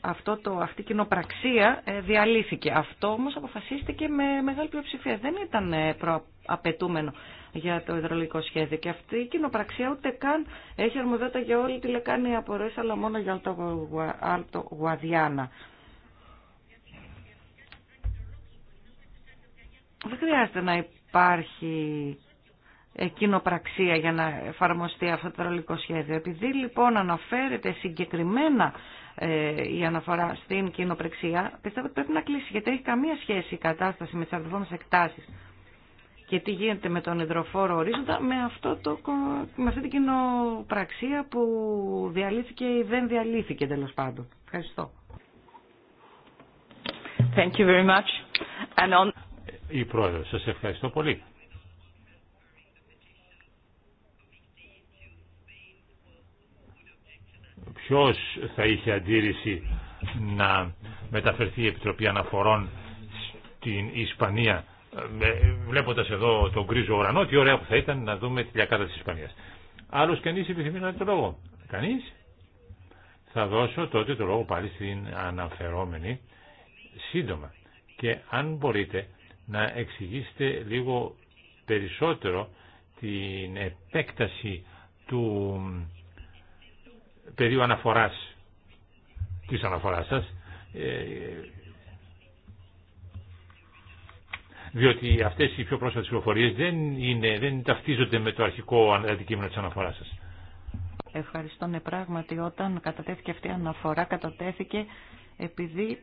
αυτό το, αυτή η κοινοπραξία ε, διαλύθηκε. Αυτό όμως αποφασίστηκε με μεγάλη πλειοψηφία. Δεν ήταν ε, προαπαιτούμενο για το υδρολογικό σχέδιο. Και αυτή η κοινοπραξία ούτε καν έχει αρμοδιότητα για όλη τη λεκάνη απορροής, αλλά μόνο για το Άλτο Γουαδιάνα. Δεν χρειάζεται να υπάρχει ε, κοινοπραξία για να εφαρμοστεί αυτό το υδρολογικό σχέδιο. Επειδή λοιπόν αναφέρεται συγκεκριμένα ε, η αναφορά στην κοινοπρεξία, πιστεύω ότι πρέπει να κλείσει, γιατί έχει καμία σχέση η κατάσταση με τι αδερφόμε εκτάσεις και τι γίνεται με τον υδροφόρο ορίζοντα με, αυτό το, με αυτή την κοινοπραξία που διαλύθηκε ή δεν διαλύθηκε τέλο πάντων. Ευχαριστώ. Thank you very much. And on... Ε, σας ευχαριστώ πολύ. ποιος θα είχε αντίρρηση να μεταφερθεί η Επιτροπή Αναφορών στην Ισπανία βλέποντας εδώ τον γκρίζο ουρανό τι ωραία που θα ήταν να δούμε τη λιακάδα της Ισπανίας άλλος κανείς επιθυμεί να το λόγο κανείς θα δώσω τότε το λόγο πάλι στην αναφερόμενη σύντομα και αν μπορείτε να εξηγήσετε λίγο περισσότερο την επέκταση του πεδίο αναφοράς της αναφοράς σας ε, διότι αυτές οι πιο πρόσφατες πληροφορίες δεν, είναι, δεν ταυτίζονται με το αρχικό αντικείμενο της αναφοράς σας. Ευχαριστώ. Ναι, πράγματι όταν κατατέθηκε αυτή η αναφορά κατατέθηκε επειδή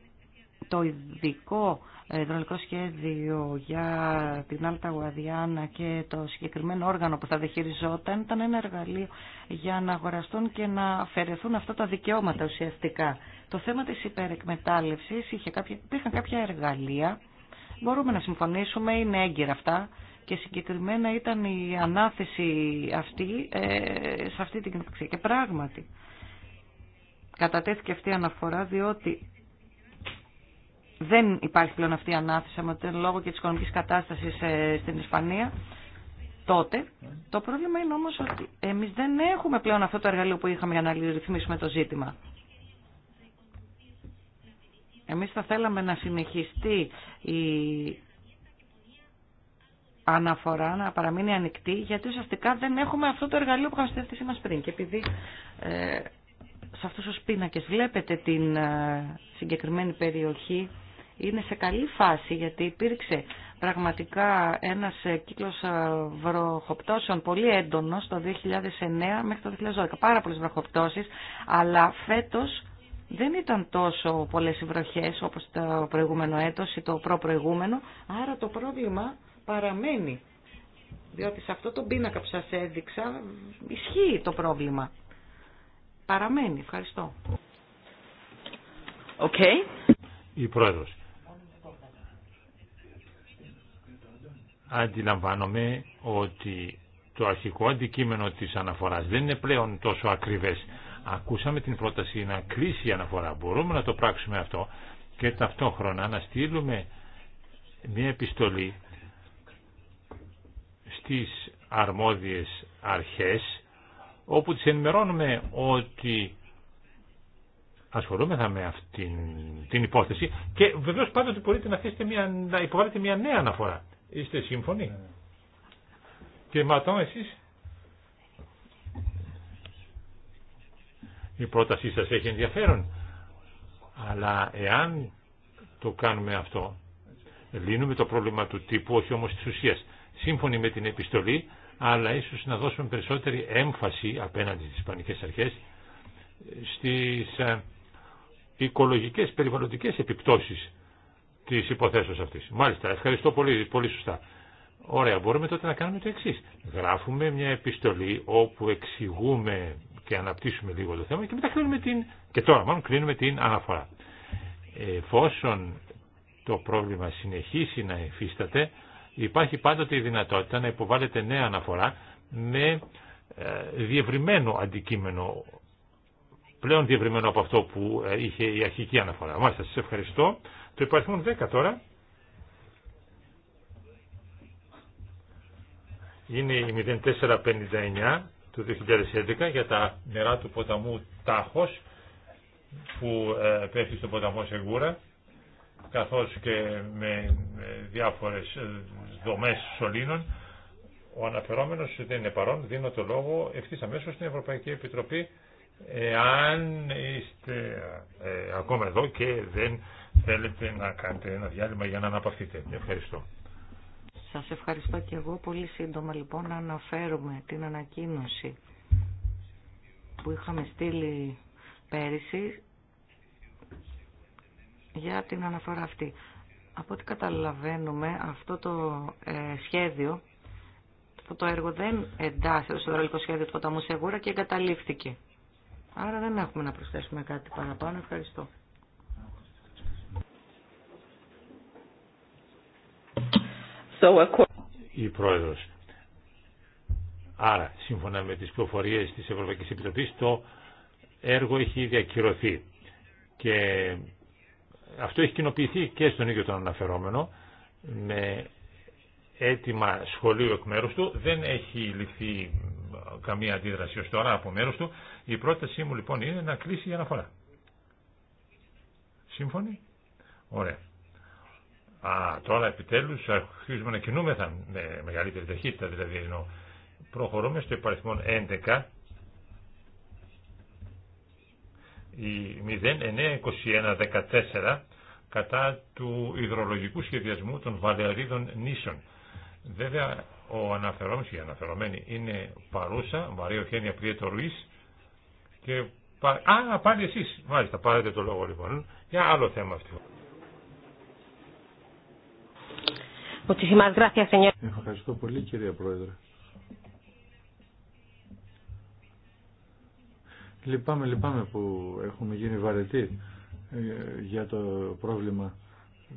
το ειδικό ε, υδρολικό σχέδιο για την Άλτα Γουαδιάνα και το συγκεκριμένο όργανο που θα διαχειριζόταν ήταν ένα εργαλείο για να αγοραστούν και να αφαιρεθούν αυτά τα δικαιώματα ουσιαστικά. Το θέμα της υπερεκμετάλλευσης είχε κάποια, υπήρχαν κάποια εργαλεία, μπορούμε να συμφωνήσουμε, είναι έγκυρα αυτά, και συγκεκριμένα ήταν η ανάθεση αυτή ε, σε αυτή την κοινωνία. Και πράγματι, κατατέθηκε αυτή η αναφορά διότι δεν υπάρχει πλέον αυτή η ανάθεση με τον λόγο και της οικονομικής κατάστασης ε, στην Ισπανία τότε. Το πρόβλημα είναι όμως ότι εμείς δεν έχουμε πλέον αυτό το εργαλείο που είχαμε για να ρυθμίσουμε το ζήτημα. Εμείς θα θέλαμε να συνεχιστεί η αναφορά, να παραμείνει ανοιχτή, γιατί ουσιαστικά δεν έχουμε αυτό το εργαλείο που είχαμε στη θέση μας πριν. Και επειδή ε, σε αυτούς τους πίνακες βλέπετε την ε, συγκεκριμένη περιοχή είναι σε καλή φάση γιατί υπήρξε πραγματικά ένας ε, κύκλος ε, βροχοπτώσεων πολύ έντονος το 2009 μέχρι το 2012. Πάρα πολλές βροχοπτώσεις, αλλά φέτος δεν ήταν τόσο πολλές οι βροχές όπως το προηγούμενο έτος ή το προπροηγούμενο, άρα το πρόβλημα παραμένει. Διότι σε αυτό το πίνακα που σας έδειξα ισχύει το πρόβλημα. Παραμένει. Ευχαριστώ. Okay. Η Πρόεδρος. αντιλαμβάνομαι ότι το αρχικό αντικείμενο της αναφοράς δεν είναι πλέον τόσο ακριβές. Ακούσαμε την πρόταση να κλείσει η αναφορά. Μπορούμε να το πράξουμε αυτό και ταυτόχρονα να στείλουμε μια επιστολή στις αρμόδιες αρχές όπου τις ενημερώνουμε ότι ασχολούμεθα με αυτή την υπόθεση και βεβαίως πάντοτε μπορείτε να, θέσετε μια, να υποβάλλετε μια νέα αναφορά. Είστε σύμφωνοι. Ναι. Και Ματών εσείς. Η πρότασή σας έχει ενδιαφέρον. Αλλά εάν το κάνουμε αυτό, λύνουμε το πρόβλημα του τύπου, όχι όμως της ουσίας. Σύμφωνοι με την επιστολή, αλλά ίσως να δώσουμε περισσότερη έμφαση απέναντι στις Ισπανικές Αρχές στις ε, οικολογικές, περιβαλλοντικές επιπτώσεις τη υποθέσεω αυτή. Μάλιστα, ευχαριστώ πολύ, πολύ σωστά. Ωραία, μπορούμε τότε να κάνουμε το εξή. Γράφουμε μια επιστολή όπου εξηγούμε και αναπτύσσουμε λίγο το θέμα και μετά κλείνουμε την. και τώρα μάλλον κλείνουμε την αναφορά. Εφόσον το πρόβλημα συνεχίσει να εμφίσταται, υπάρχει πάντοτε η δυνατότητα να υποβάλλεται νέα αναφορά με ε, διευρυμένο αντικείμενο πλέον διευρυμένο από αυτό που ε, είχε η αρχική αναφορά. Μάλιστα, σας ευχαριστώ. Το υπαριθμόν 10 τώρα. Είναι η 0459 του 2011 για τα νερά του ποταμού Τάχος που ε, πέφτει στον ποταμό Σεγούρα καθώς και με διάφορες ε, δομές σωλήνων. Ο αναφερόμενος δεν είναι παρόν, δίνω το λόγο ευθύς αμέσως στην Ευρωπαϊκή Επιτροπή εάν είστε ε, ακόμα εδώ και δεν θέλετε να κάνετε ένα διάλειμμα για να αναπαυθείτε. Ευχαριστώ. Σας ευχαριστώ και εγώ. Πολύ σύντομα λοιπόν να αναφέρουμε την ανακοίνωση που είχαμε στείλει πέρυσι για την αναφορά αυτή. Από ό,τι καταλαβαίνουμε αυτό το ε, σχέδιο, αυτό το έργο δεν εντάσσεται στο δρολικό σχέδιο του ποταμού Σεγούρα και εγκαταλείφθηκε. Άρα δεν έχουμε να προσθέσουμε κάτι παραπάνω. Ευχαριστώ. Uh, Η Πρόεδρος. Άρα, σύμφωνα με τις πληροφορίες της Ευρωπαϊκής Επιτροπής, το έργο έχει διακυρωθεί. Και αυτό έχει κοινοποιηθεί και στον ίδιο τον αναφερόμενο με έτοιμα σχολείου εκ μέρους του. Δεν έχει ληφθεί καμία αντίδραση ως τώρα από μέρους του. Η πρότασή μου λοιπόν είναι να κλείσει η αναφορά. Σύμφωνοι. Ωραία. Α, τώρα επιτέλου αρχίζουμε να κινούμεθα με μεγαλύτερη ταχύτητα δηλαδή ενώ προχωρούμε στο υπαριθμό 11 η 092114 κατά του υδρολογικού σχεδιασμού των Βαλεαρίδων νήσων. Βέβαια ο αναφερόμενος ή αναφερομένη είναι παρούσα, Μαρία Οχένια Πριέτο Ρουίς και... Α, πάλι εσείς. Μάλιστα, πάρετε το λόγο λοιπόν. Για άλλο θέμα αυτό. Ευχαριστώ πολύ κυρία Πρόεδρε. Λυπάμαι, λυπάμαι που έχουμε γίνει βαρετοί ε, για το πρόβλημα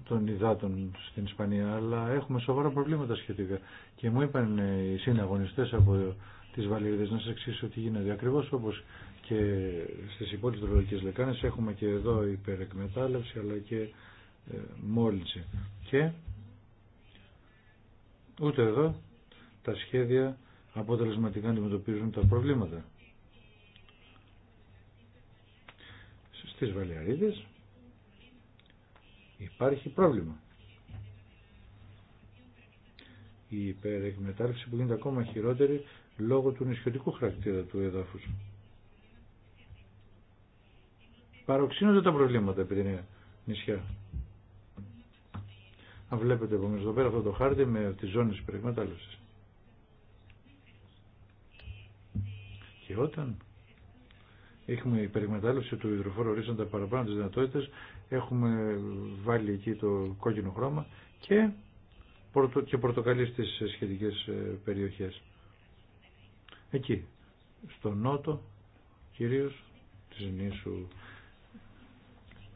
των υδάτων στην Ισπανία, αλλά έχουμε σοβαρά προβλήματα σχετικά. Και μου είπαν οι συναγωνιστέ από τις Βαλίδε να σα εξηγήσω ότι γίνεται. ακριβώ όπως και στις υπόλοιπε τρολογικές λεκάνες έχουμε και εδώ υπερεκμετάλλευση αλλά και ε, μόλυνση. Και ούτε εδώ τα σχέδια αποτελεσματικά αντιμετωπίζουν τα προβλήματα. Στις Βαλιαρίδες Υπάρχει πρόβλημα. Η υπερεκμετάλλευση που γίνεται ακόμα χειρότερη λόγω του νησιωτικού χαρακτήρα του εδάφους. Παροξύνονται τα προβλήματα επειδή είναι νησιά. Αν βλέπετε από εδώ πέρα αυτό το χάρτη με τις ζώνες υπερεκμετάλλευσης. Και όταν έχουμε υπερεκμετάλλευση του υδροφόρου ορίσαντα παραπάνω τις δυνατότητες, Έχουμε βάλει εκεί το κόκκινο χρώμα και, πορτο, και πορτοκαλί στις σχετικές ε, περιοχές. Εκεί, στο νότο, κυρίως της νήσου.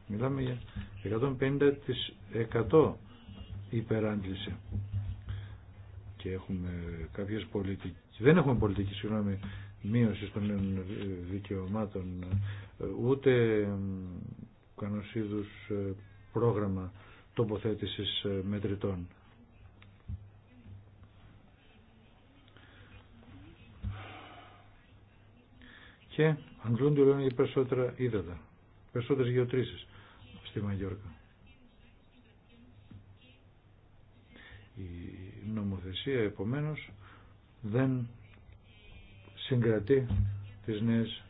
Μιλάμε για 150% υπεράντληση. Και έχουμε κάποιες πολιτικές, δεν έχουμε πολιτική, συγγνώμη, μείωση των ε, δικαιωμάτων, ε, ούτε κανένα είδους ε, πρόγραμμα τοποθέτησης ε, μετρητών. Και αντλούνται όλο για περισσότερα ύδατα, περισσότερες γεωτρήσεις στη Μαγιόρκα. Η νομοθεσία επομένως δεν συγκρατεί τις νέες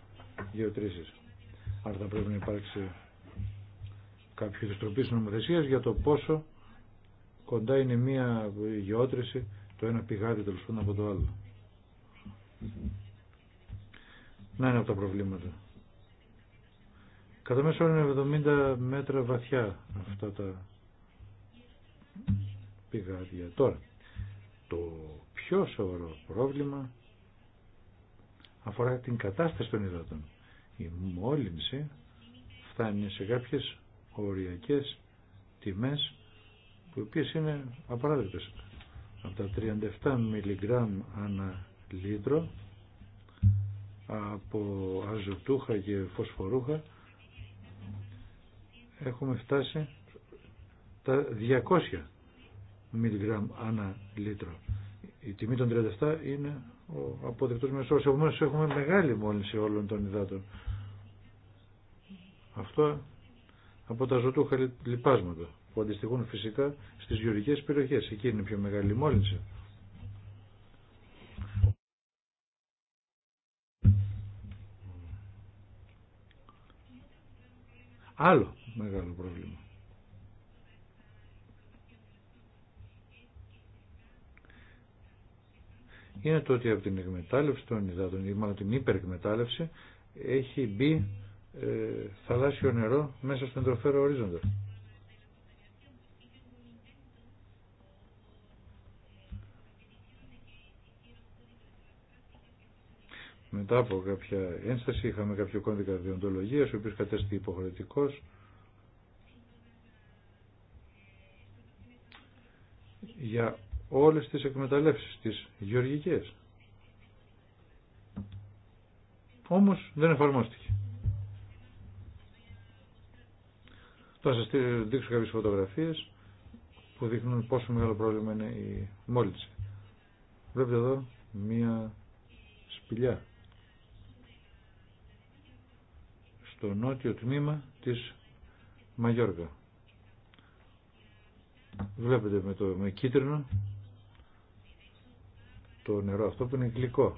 γεωτρήσεις. Άρα θα πρέπει να υπάρξει κάποιο τροπής νομοθεσίας για το πόσο κοντά είναι μία γεώτρηση το ένα πηγάδι τέλο πάντων από το άλλο. Να είναι από τα προβλήματα. Κατά μέσο όρο είναι 70 μέτρα βαθιά αυτά τα πηγάδια. Τώρα, το πιο σοβαρό πρόβλημα αφορά την κατάσταση των υδάτων. Η μόλυνση φτάνει σε κάποιες οριακές τιμές που οι οποίες είναι απαράδεκτες από τα 37 μιλιγκράμμ ανά λίτρο από αζωτούχα και φωσφορούχα έχουμε φτάσει τα 200 μιλιγκράμμ ανά λίτρο. Η τιμή των 37 είναι ο αποδεκτός μεσός. Επομένως έχουμε μεγάλη μόλυνση όλων των υδάτων. Αυτό από τα ζωτούχα λιπάσματα που αντιστοιχούν φυσικά στις γεωργικές περιοχές. Εκεί είναι η πιο μεγάλη μόλυνση. Άλλο μεγάλο πρόβλημα. Είναι το ότι από την εκμετάλλευση των υδάτων, ή μάλλον την υπερεκμετάλλευση, έχει μπει ε, θαλάσσιο νερό μέσα στον τροφέρο ορίζοντα. Μετά από κάποια ένσταση είχαμε κάποιο κώδικα διοντολογίας, ο οποίος κατέστη υποχρεωτικός. για όλες τις εκμεταλλεύσεις, τις γεωργικές. Όμως δεν εφαρμόστηκε. Θα σας δείξω κάποιες φωτογραφίες που δείχνουν πόσο μεγάλο πρόβλημα είναι η μόλυνση. Βλέπετε εδώ μία σπηλιά στο νότιο τμήμα της Μαγιόργα. Βλέπετε με το με κίτρινο το νερό αυτό που είναι γλυκό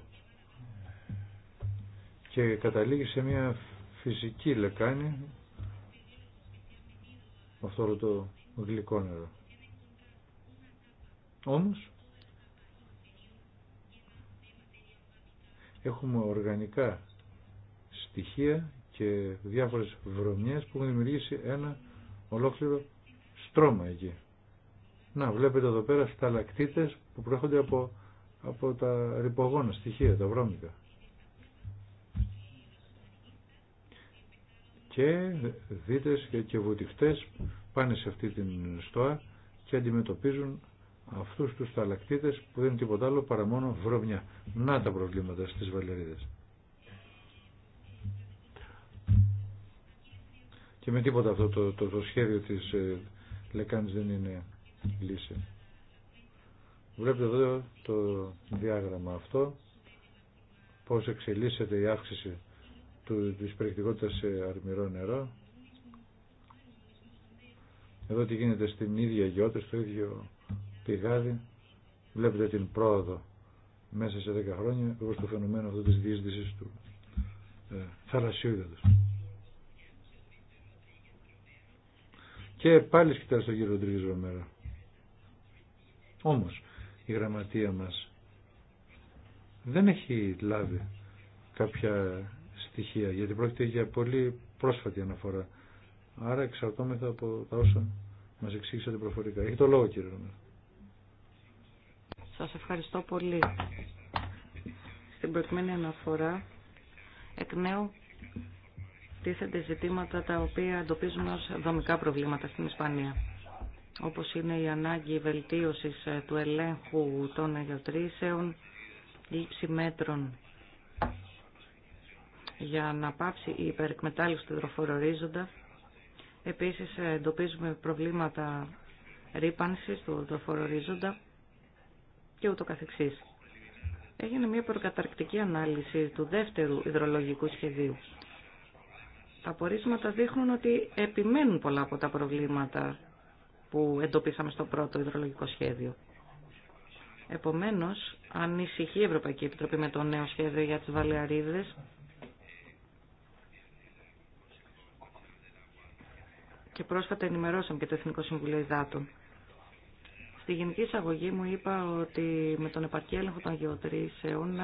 και καταλήγει σε μια φυσική λεκάνη με αυτό το γλυκό νερό. Όμως, έχουμε οργανικά στοιχεία και διάφορες βρωμιές που έχουν δημιουργήσει ένα ολόκληρο στρώμα εκεί. Να, βλέπετε εδώ πέρα σταλακτήτες που προέρχονται από, από τα ρηπογόνα στοιχεία, τα βρώμικα. και δίτες και, και πάνε σε αυτή την στόα και αντιμετωπίζουν αυτούς τους θαλακτήτες που δεν είναι τίποτα άλλο παρά μόνο βρωμιά. Να τα προβλήματα στις βαλερίδες. Και με τίποτα αυτό το, το, το σχέδιο της ε, λεκάνης δεν είναι λύση. Βλέπετε εδώ το διάγραμμα αυτό, πώς εξελίσσεται η αύξηση του, της περιεκτικότητας σε αρμυρό νερό. Εδώ τι γίνεται στην ίδια γιώτα, στο ίδιο πηγάδι. Βλέπετε την πρόοδο μέσα σε 10 χρόνια όπως το φαινομένο αυτό της του ε, θαλασσίου Και πάλι σκητά στον κύριο τρίζο μερα Όμως η γραμματεία μας δεν έχει λάβει κάποια στοιχεία, γιατί πρόκειται για πολύ πρόσφατη αναφορά. Άρα εξαρτώμεθα από τα όσα μας εξήγησατε προφορικά. Έχει το λόγο κύριε Ρωμένο. Σας ευχαριστώ πολύ. Στην προηγούμενη αναφορά εκ νέου τίθενται ζητήματα τα οποία εντοπίζουμε ως δομικά προβλήματα στην Ισπανία όπως είναι η ανάγκη βελτίωσης του ελέγχου των αγιοτρήσεων, λήψη μέτρων για να πάψει η υπερεκμετάλλευση του δροφορορίζοντα. Επίσης εντοπίζουμε προβλήματα ρήπανσης του δροφορορίζοντα και ούτω καθεξής. Έγινε μια προκαταρκτική ανάλυση του δεύτερου υδρολογικού σχεδίου. Τα πορίσματα δείχνουν ότι επιμένουν πολλά από τα προβλήματα που εντοπίσαμε στο πρώτο υδρολογικό σχέδιο. Επομένως, ανησυχεί η Ευρωπαϊκή Επιτροπή με το νέο σχέδιο για τις Βαλεαρίδες και πρόσφατα ενημερώσαμε και το Εθνικό Συμβουλίο Ιδάτων. Στη γενική εισαγωγή μου είπα ότι με τον επαρκή έλεγχο των γεωτρήσεων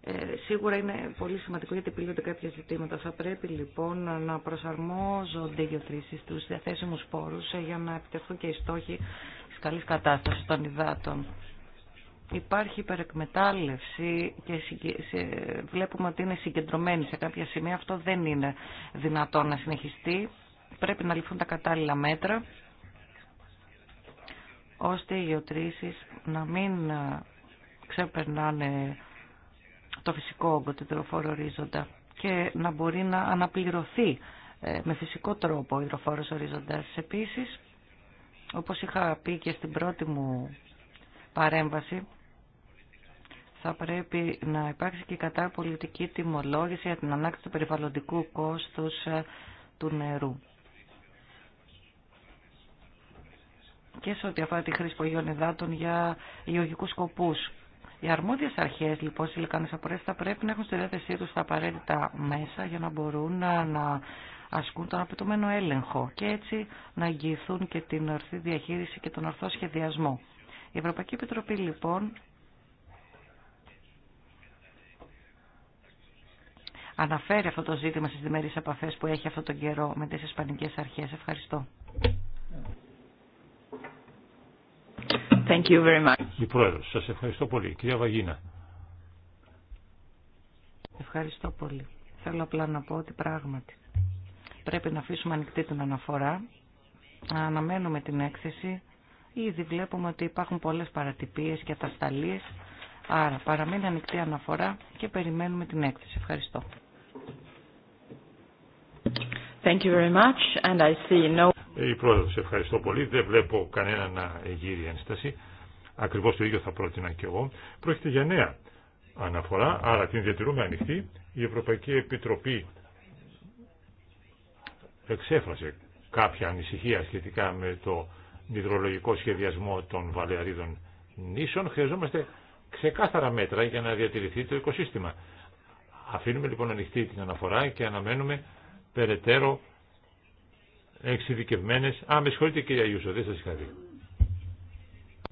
ε, σίγουρα είναι πολύ σημαντικό γιατί επιλύονται κάποια ζητήματα. Θα πρέπει λοιπόν να προσαρμόζονται οι γεωτρήσεις στου διαθέσιμου πόρου ε, για να επιτευχθούν και οι στόχοι τη καλή κατάσταση των υδάτων. Υπάρχει υπερεκμετάλλευση και βλέπουμε ότι είναι συγκεντρωμένη σε κάποια σημεία. Αυτό δεν είναι δυνατό να συνεχιστεί Πρέπει να ληφθούν τα κατάλληλα μέτρα ώστε οι ιωτρήσεις να μην ε, ξεπερνάνε το φυσικό όγκο του υδροφόρου ορίζοντα και να μπορεί να αναπληρωθεί ε, με φυσικό τρόπο ο υδροφόρος ορίζοντας. Επίσης, όπως είχα πει και στην πρώτη μου παρέμβαση, θα πρέπει να υπάρξει και κατά πολιτική τιμολόγηση για την ανάκτηση του περιβαλλοντικού κόστους ε, του νερού. και σε ό,τι αφορά τη χρήση πογείων υδάτων για υγειογικού σκοπού. Οι αρμόδιε αρχέ, λοιπόν λεκάνε απορρέσει, θα πρέπει να έχουν στη διάθεσή του τα απαραίτητα μέσα για να μπορούν να, να ασκούν τον απαιτούμενο έλεγχο και έτσι να εγγυηθούν και την ορθή διαχείριση και τον ορθό σχεδιασμό. Η Ευρωπαϊκή Επιτροπή λοιπόν αναφέρει αυτό το ζήτημα στις διμερείς επαφές που έχει αυτόν τον καιρό με τις Ισπανικές Αρχές. Ευχαριστώ. Thank you very much. Η Πρόεδρος, σας ευχαριστώ πολύ. Κυρία Βαγίνα. Ευχαριστώ πολύ. Θέλω απλά να πω ότι πράγματι πρέπει να αφήσουμε ανοιχτή την αναφορά. Αναμένουμε την έκθεση. Ήδη βλέπουμε ότι υπάρχουν πολλές παρατυπίες και ατασταλίες. Άρα παραμένει ανοιχτή αναφορά και περιμένουμε την έκθεση. Ευχαριστώ. Thank you very much and I see no... Ε, η πρόεδρος, ευχαριστώ πολύ. Δεν βλέπω κανένα να γύρει ένσταση. Ακριβώς το ίδιο θα πρότεινα και εγώ. Πρόκειται για νέα αναφορά, άρα την διατηρούμε ανοιχτή. Η Ευρωπαϊκή Επιτροπή εξέφρασε κάποια ανησυχία σχετικά με το υδρολογικό σχεδιασμό των Βαλεαρίδων νήσων. Χρειαζόμαστε ξεκάθαρα μέτρα για να διατηρηθεί το οικοσύστημα. Αφήνουμε λοιπόν ανοιχτή την αναφορά και αναμένουμε περαιτέρω εξειδικευμένες. Α, με συγχωρείτε κυρία Ιούσο, δεν σας είχα δει.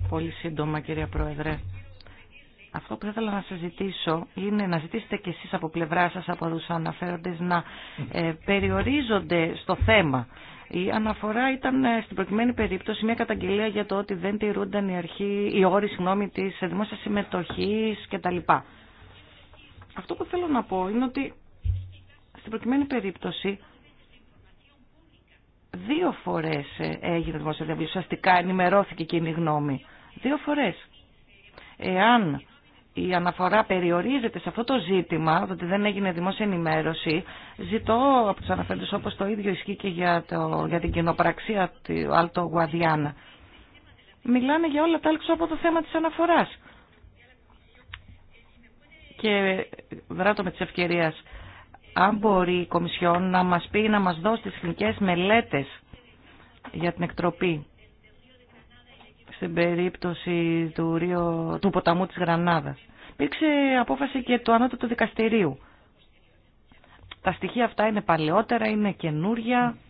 Πολύ σύντομα κυρία Πρόεδρε. Αυτό που ήθελα να ζητήσω είναι να ζητήσετε κι εσείς από πλευρά σας, από τους αναφέροντες, να ε, περιορίζονται στο θέμα. Η αναφορά ήταν ε, στην προκειμένη περίπτωση μια καταγγελία για το ότι δεν τηρούνταν οι, αρχή, οι όροι συγγνώμη, της δημόσιας συμμετοχής κτλ. Αυτό που θέλω να πω είναι ότι στην προκειμένη περίπτωση δύο φορές ε, έγινε δημοσιοδεύει, ουσιαστικά ενημερώθηκε εκείνη η γνώμη. Δύο φορές. Εάν η αναφορά περιορίζεται σε αυτό το ζήτημα, ότι δεν έγινε δημόσια ενημέρωση, ζητώ από τους αναφέντες, όπως το ίδιο ισχύει και για, το, για την κοινοπραξία του Αλτο Γουαδιάνα. Μιλάνε για όλα τα έξω από το θέμα της αναφοράς. Και δράτω με τις ευκαιρίες αν μπορεί η Κομισιόν να μας πει, να μας δώσει τις εθνικές μελέτες για την εκτροπή στην περίπτωση του, ποταμού της Γρανάδας. Υπήρξε απόφαση και του ανώτατου δικαστηρίου. Τα στοιχεία αυτά είναι παλαιότερα, είναι καινούρια.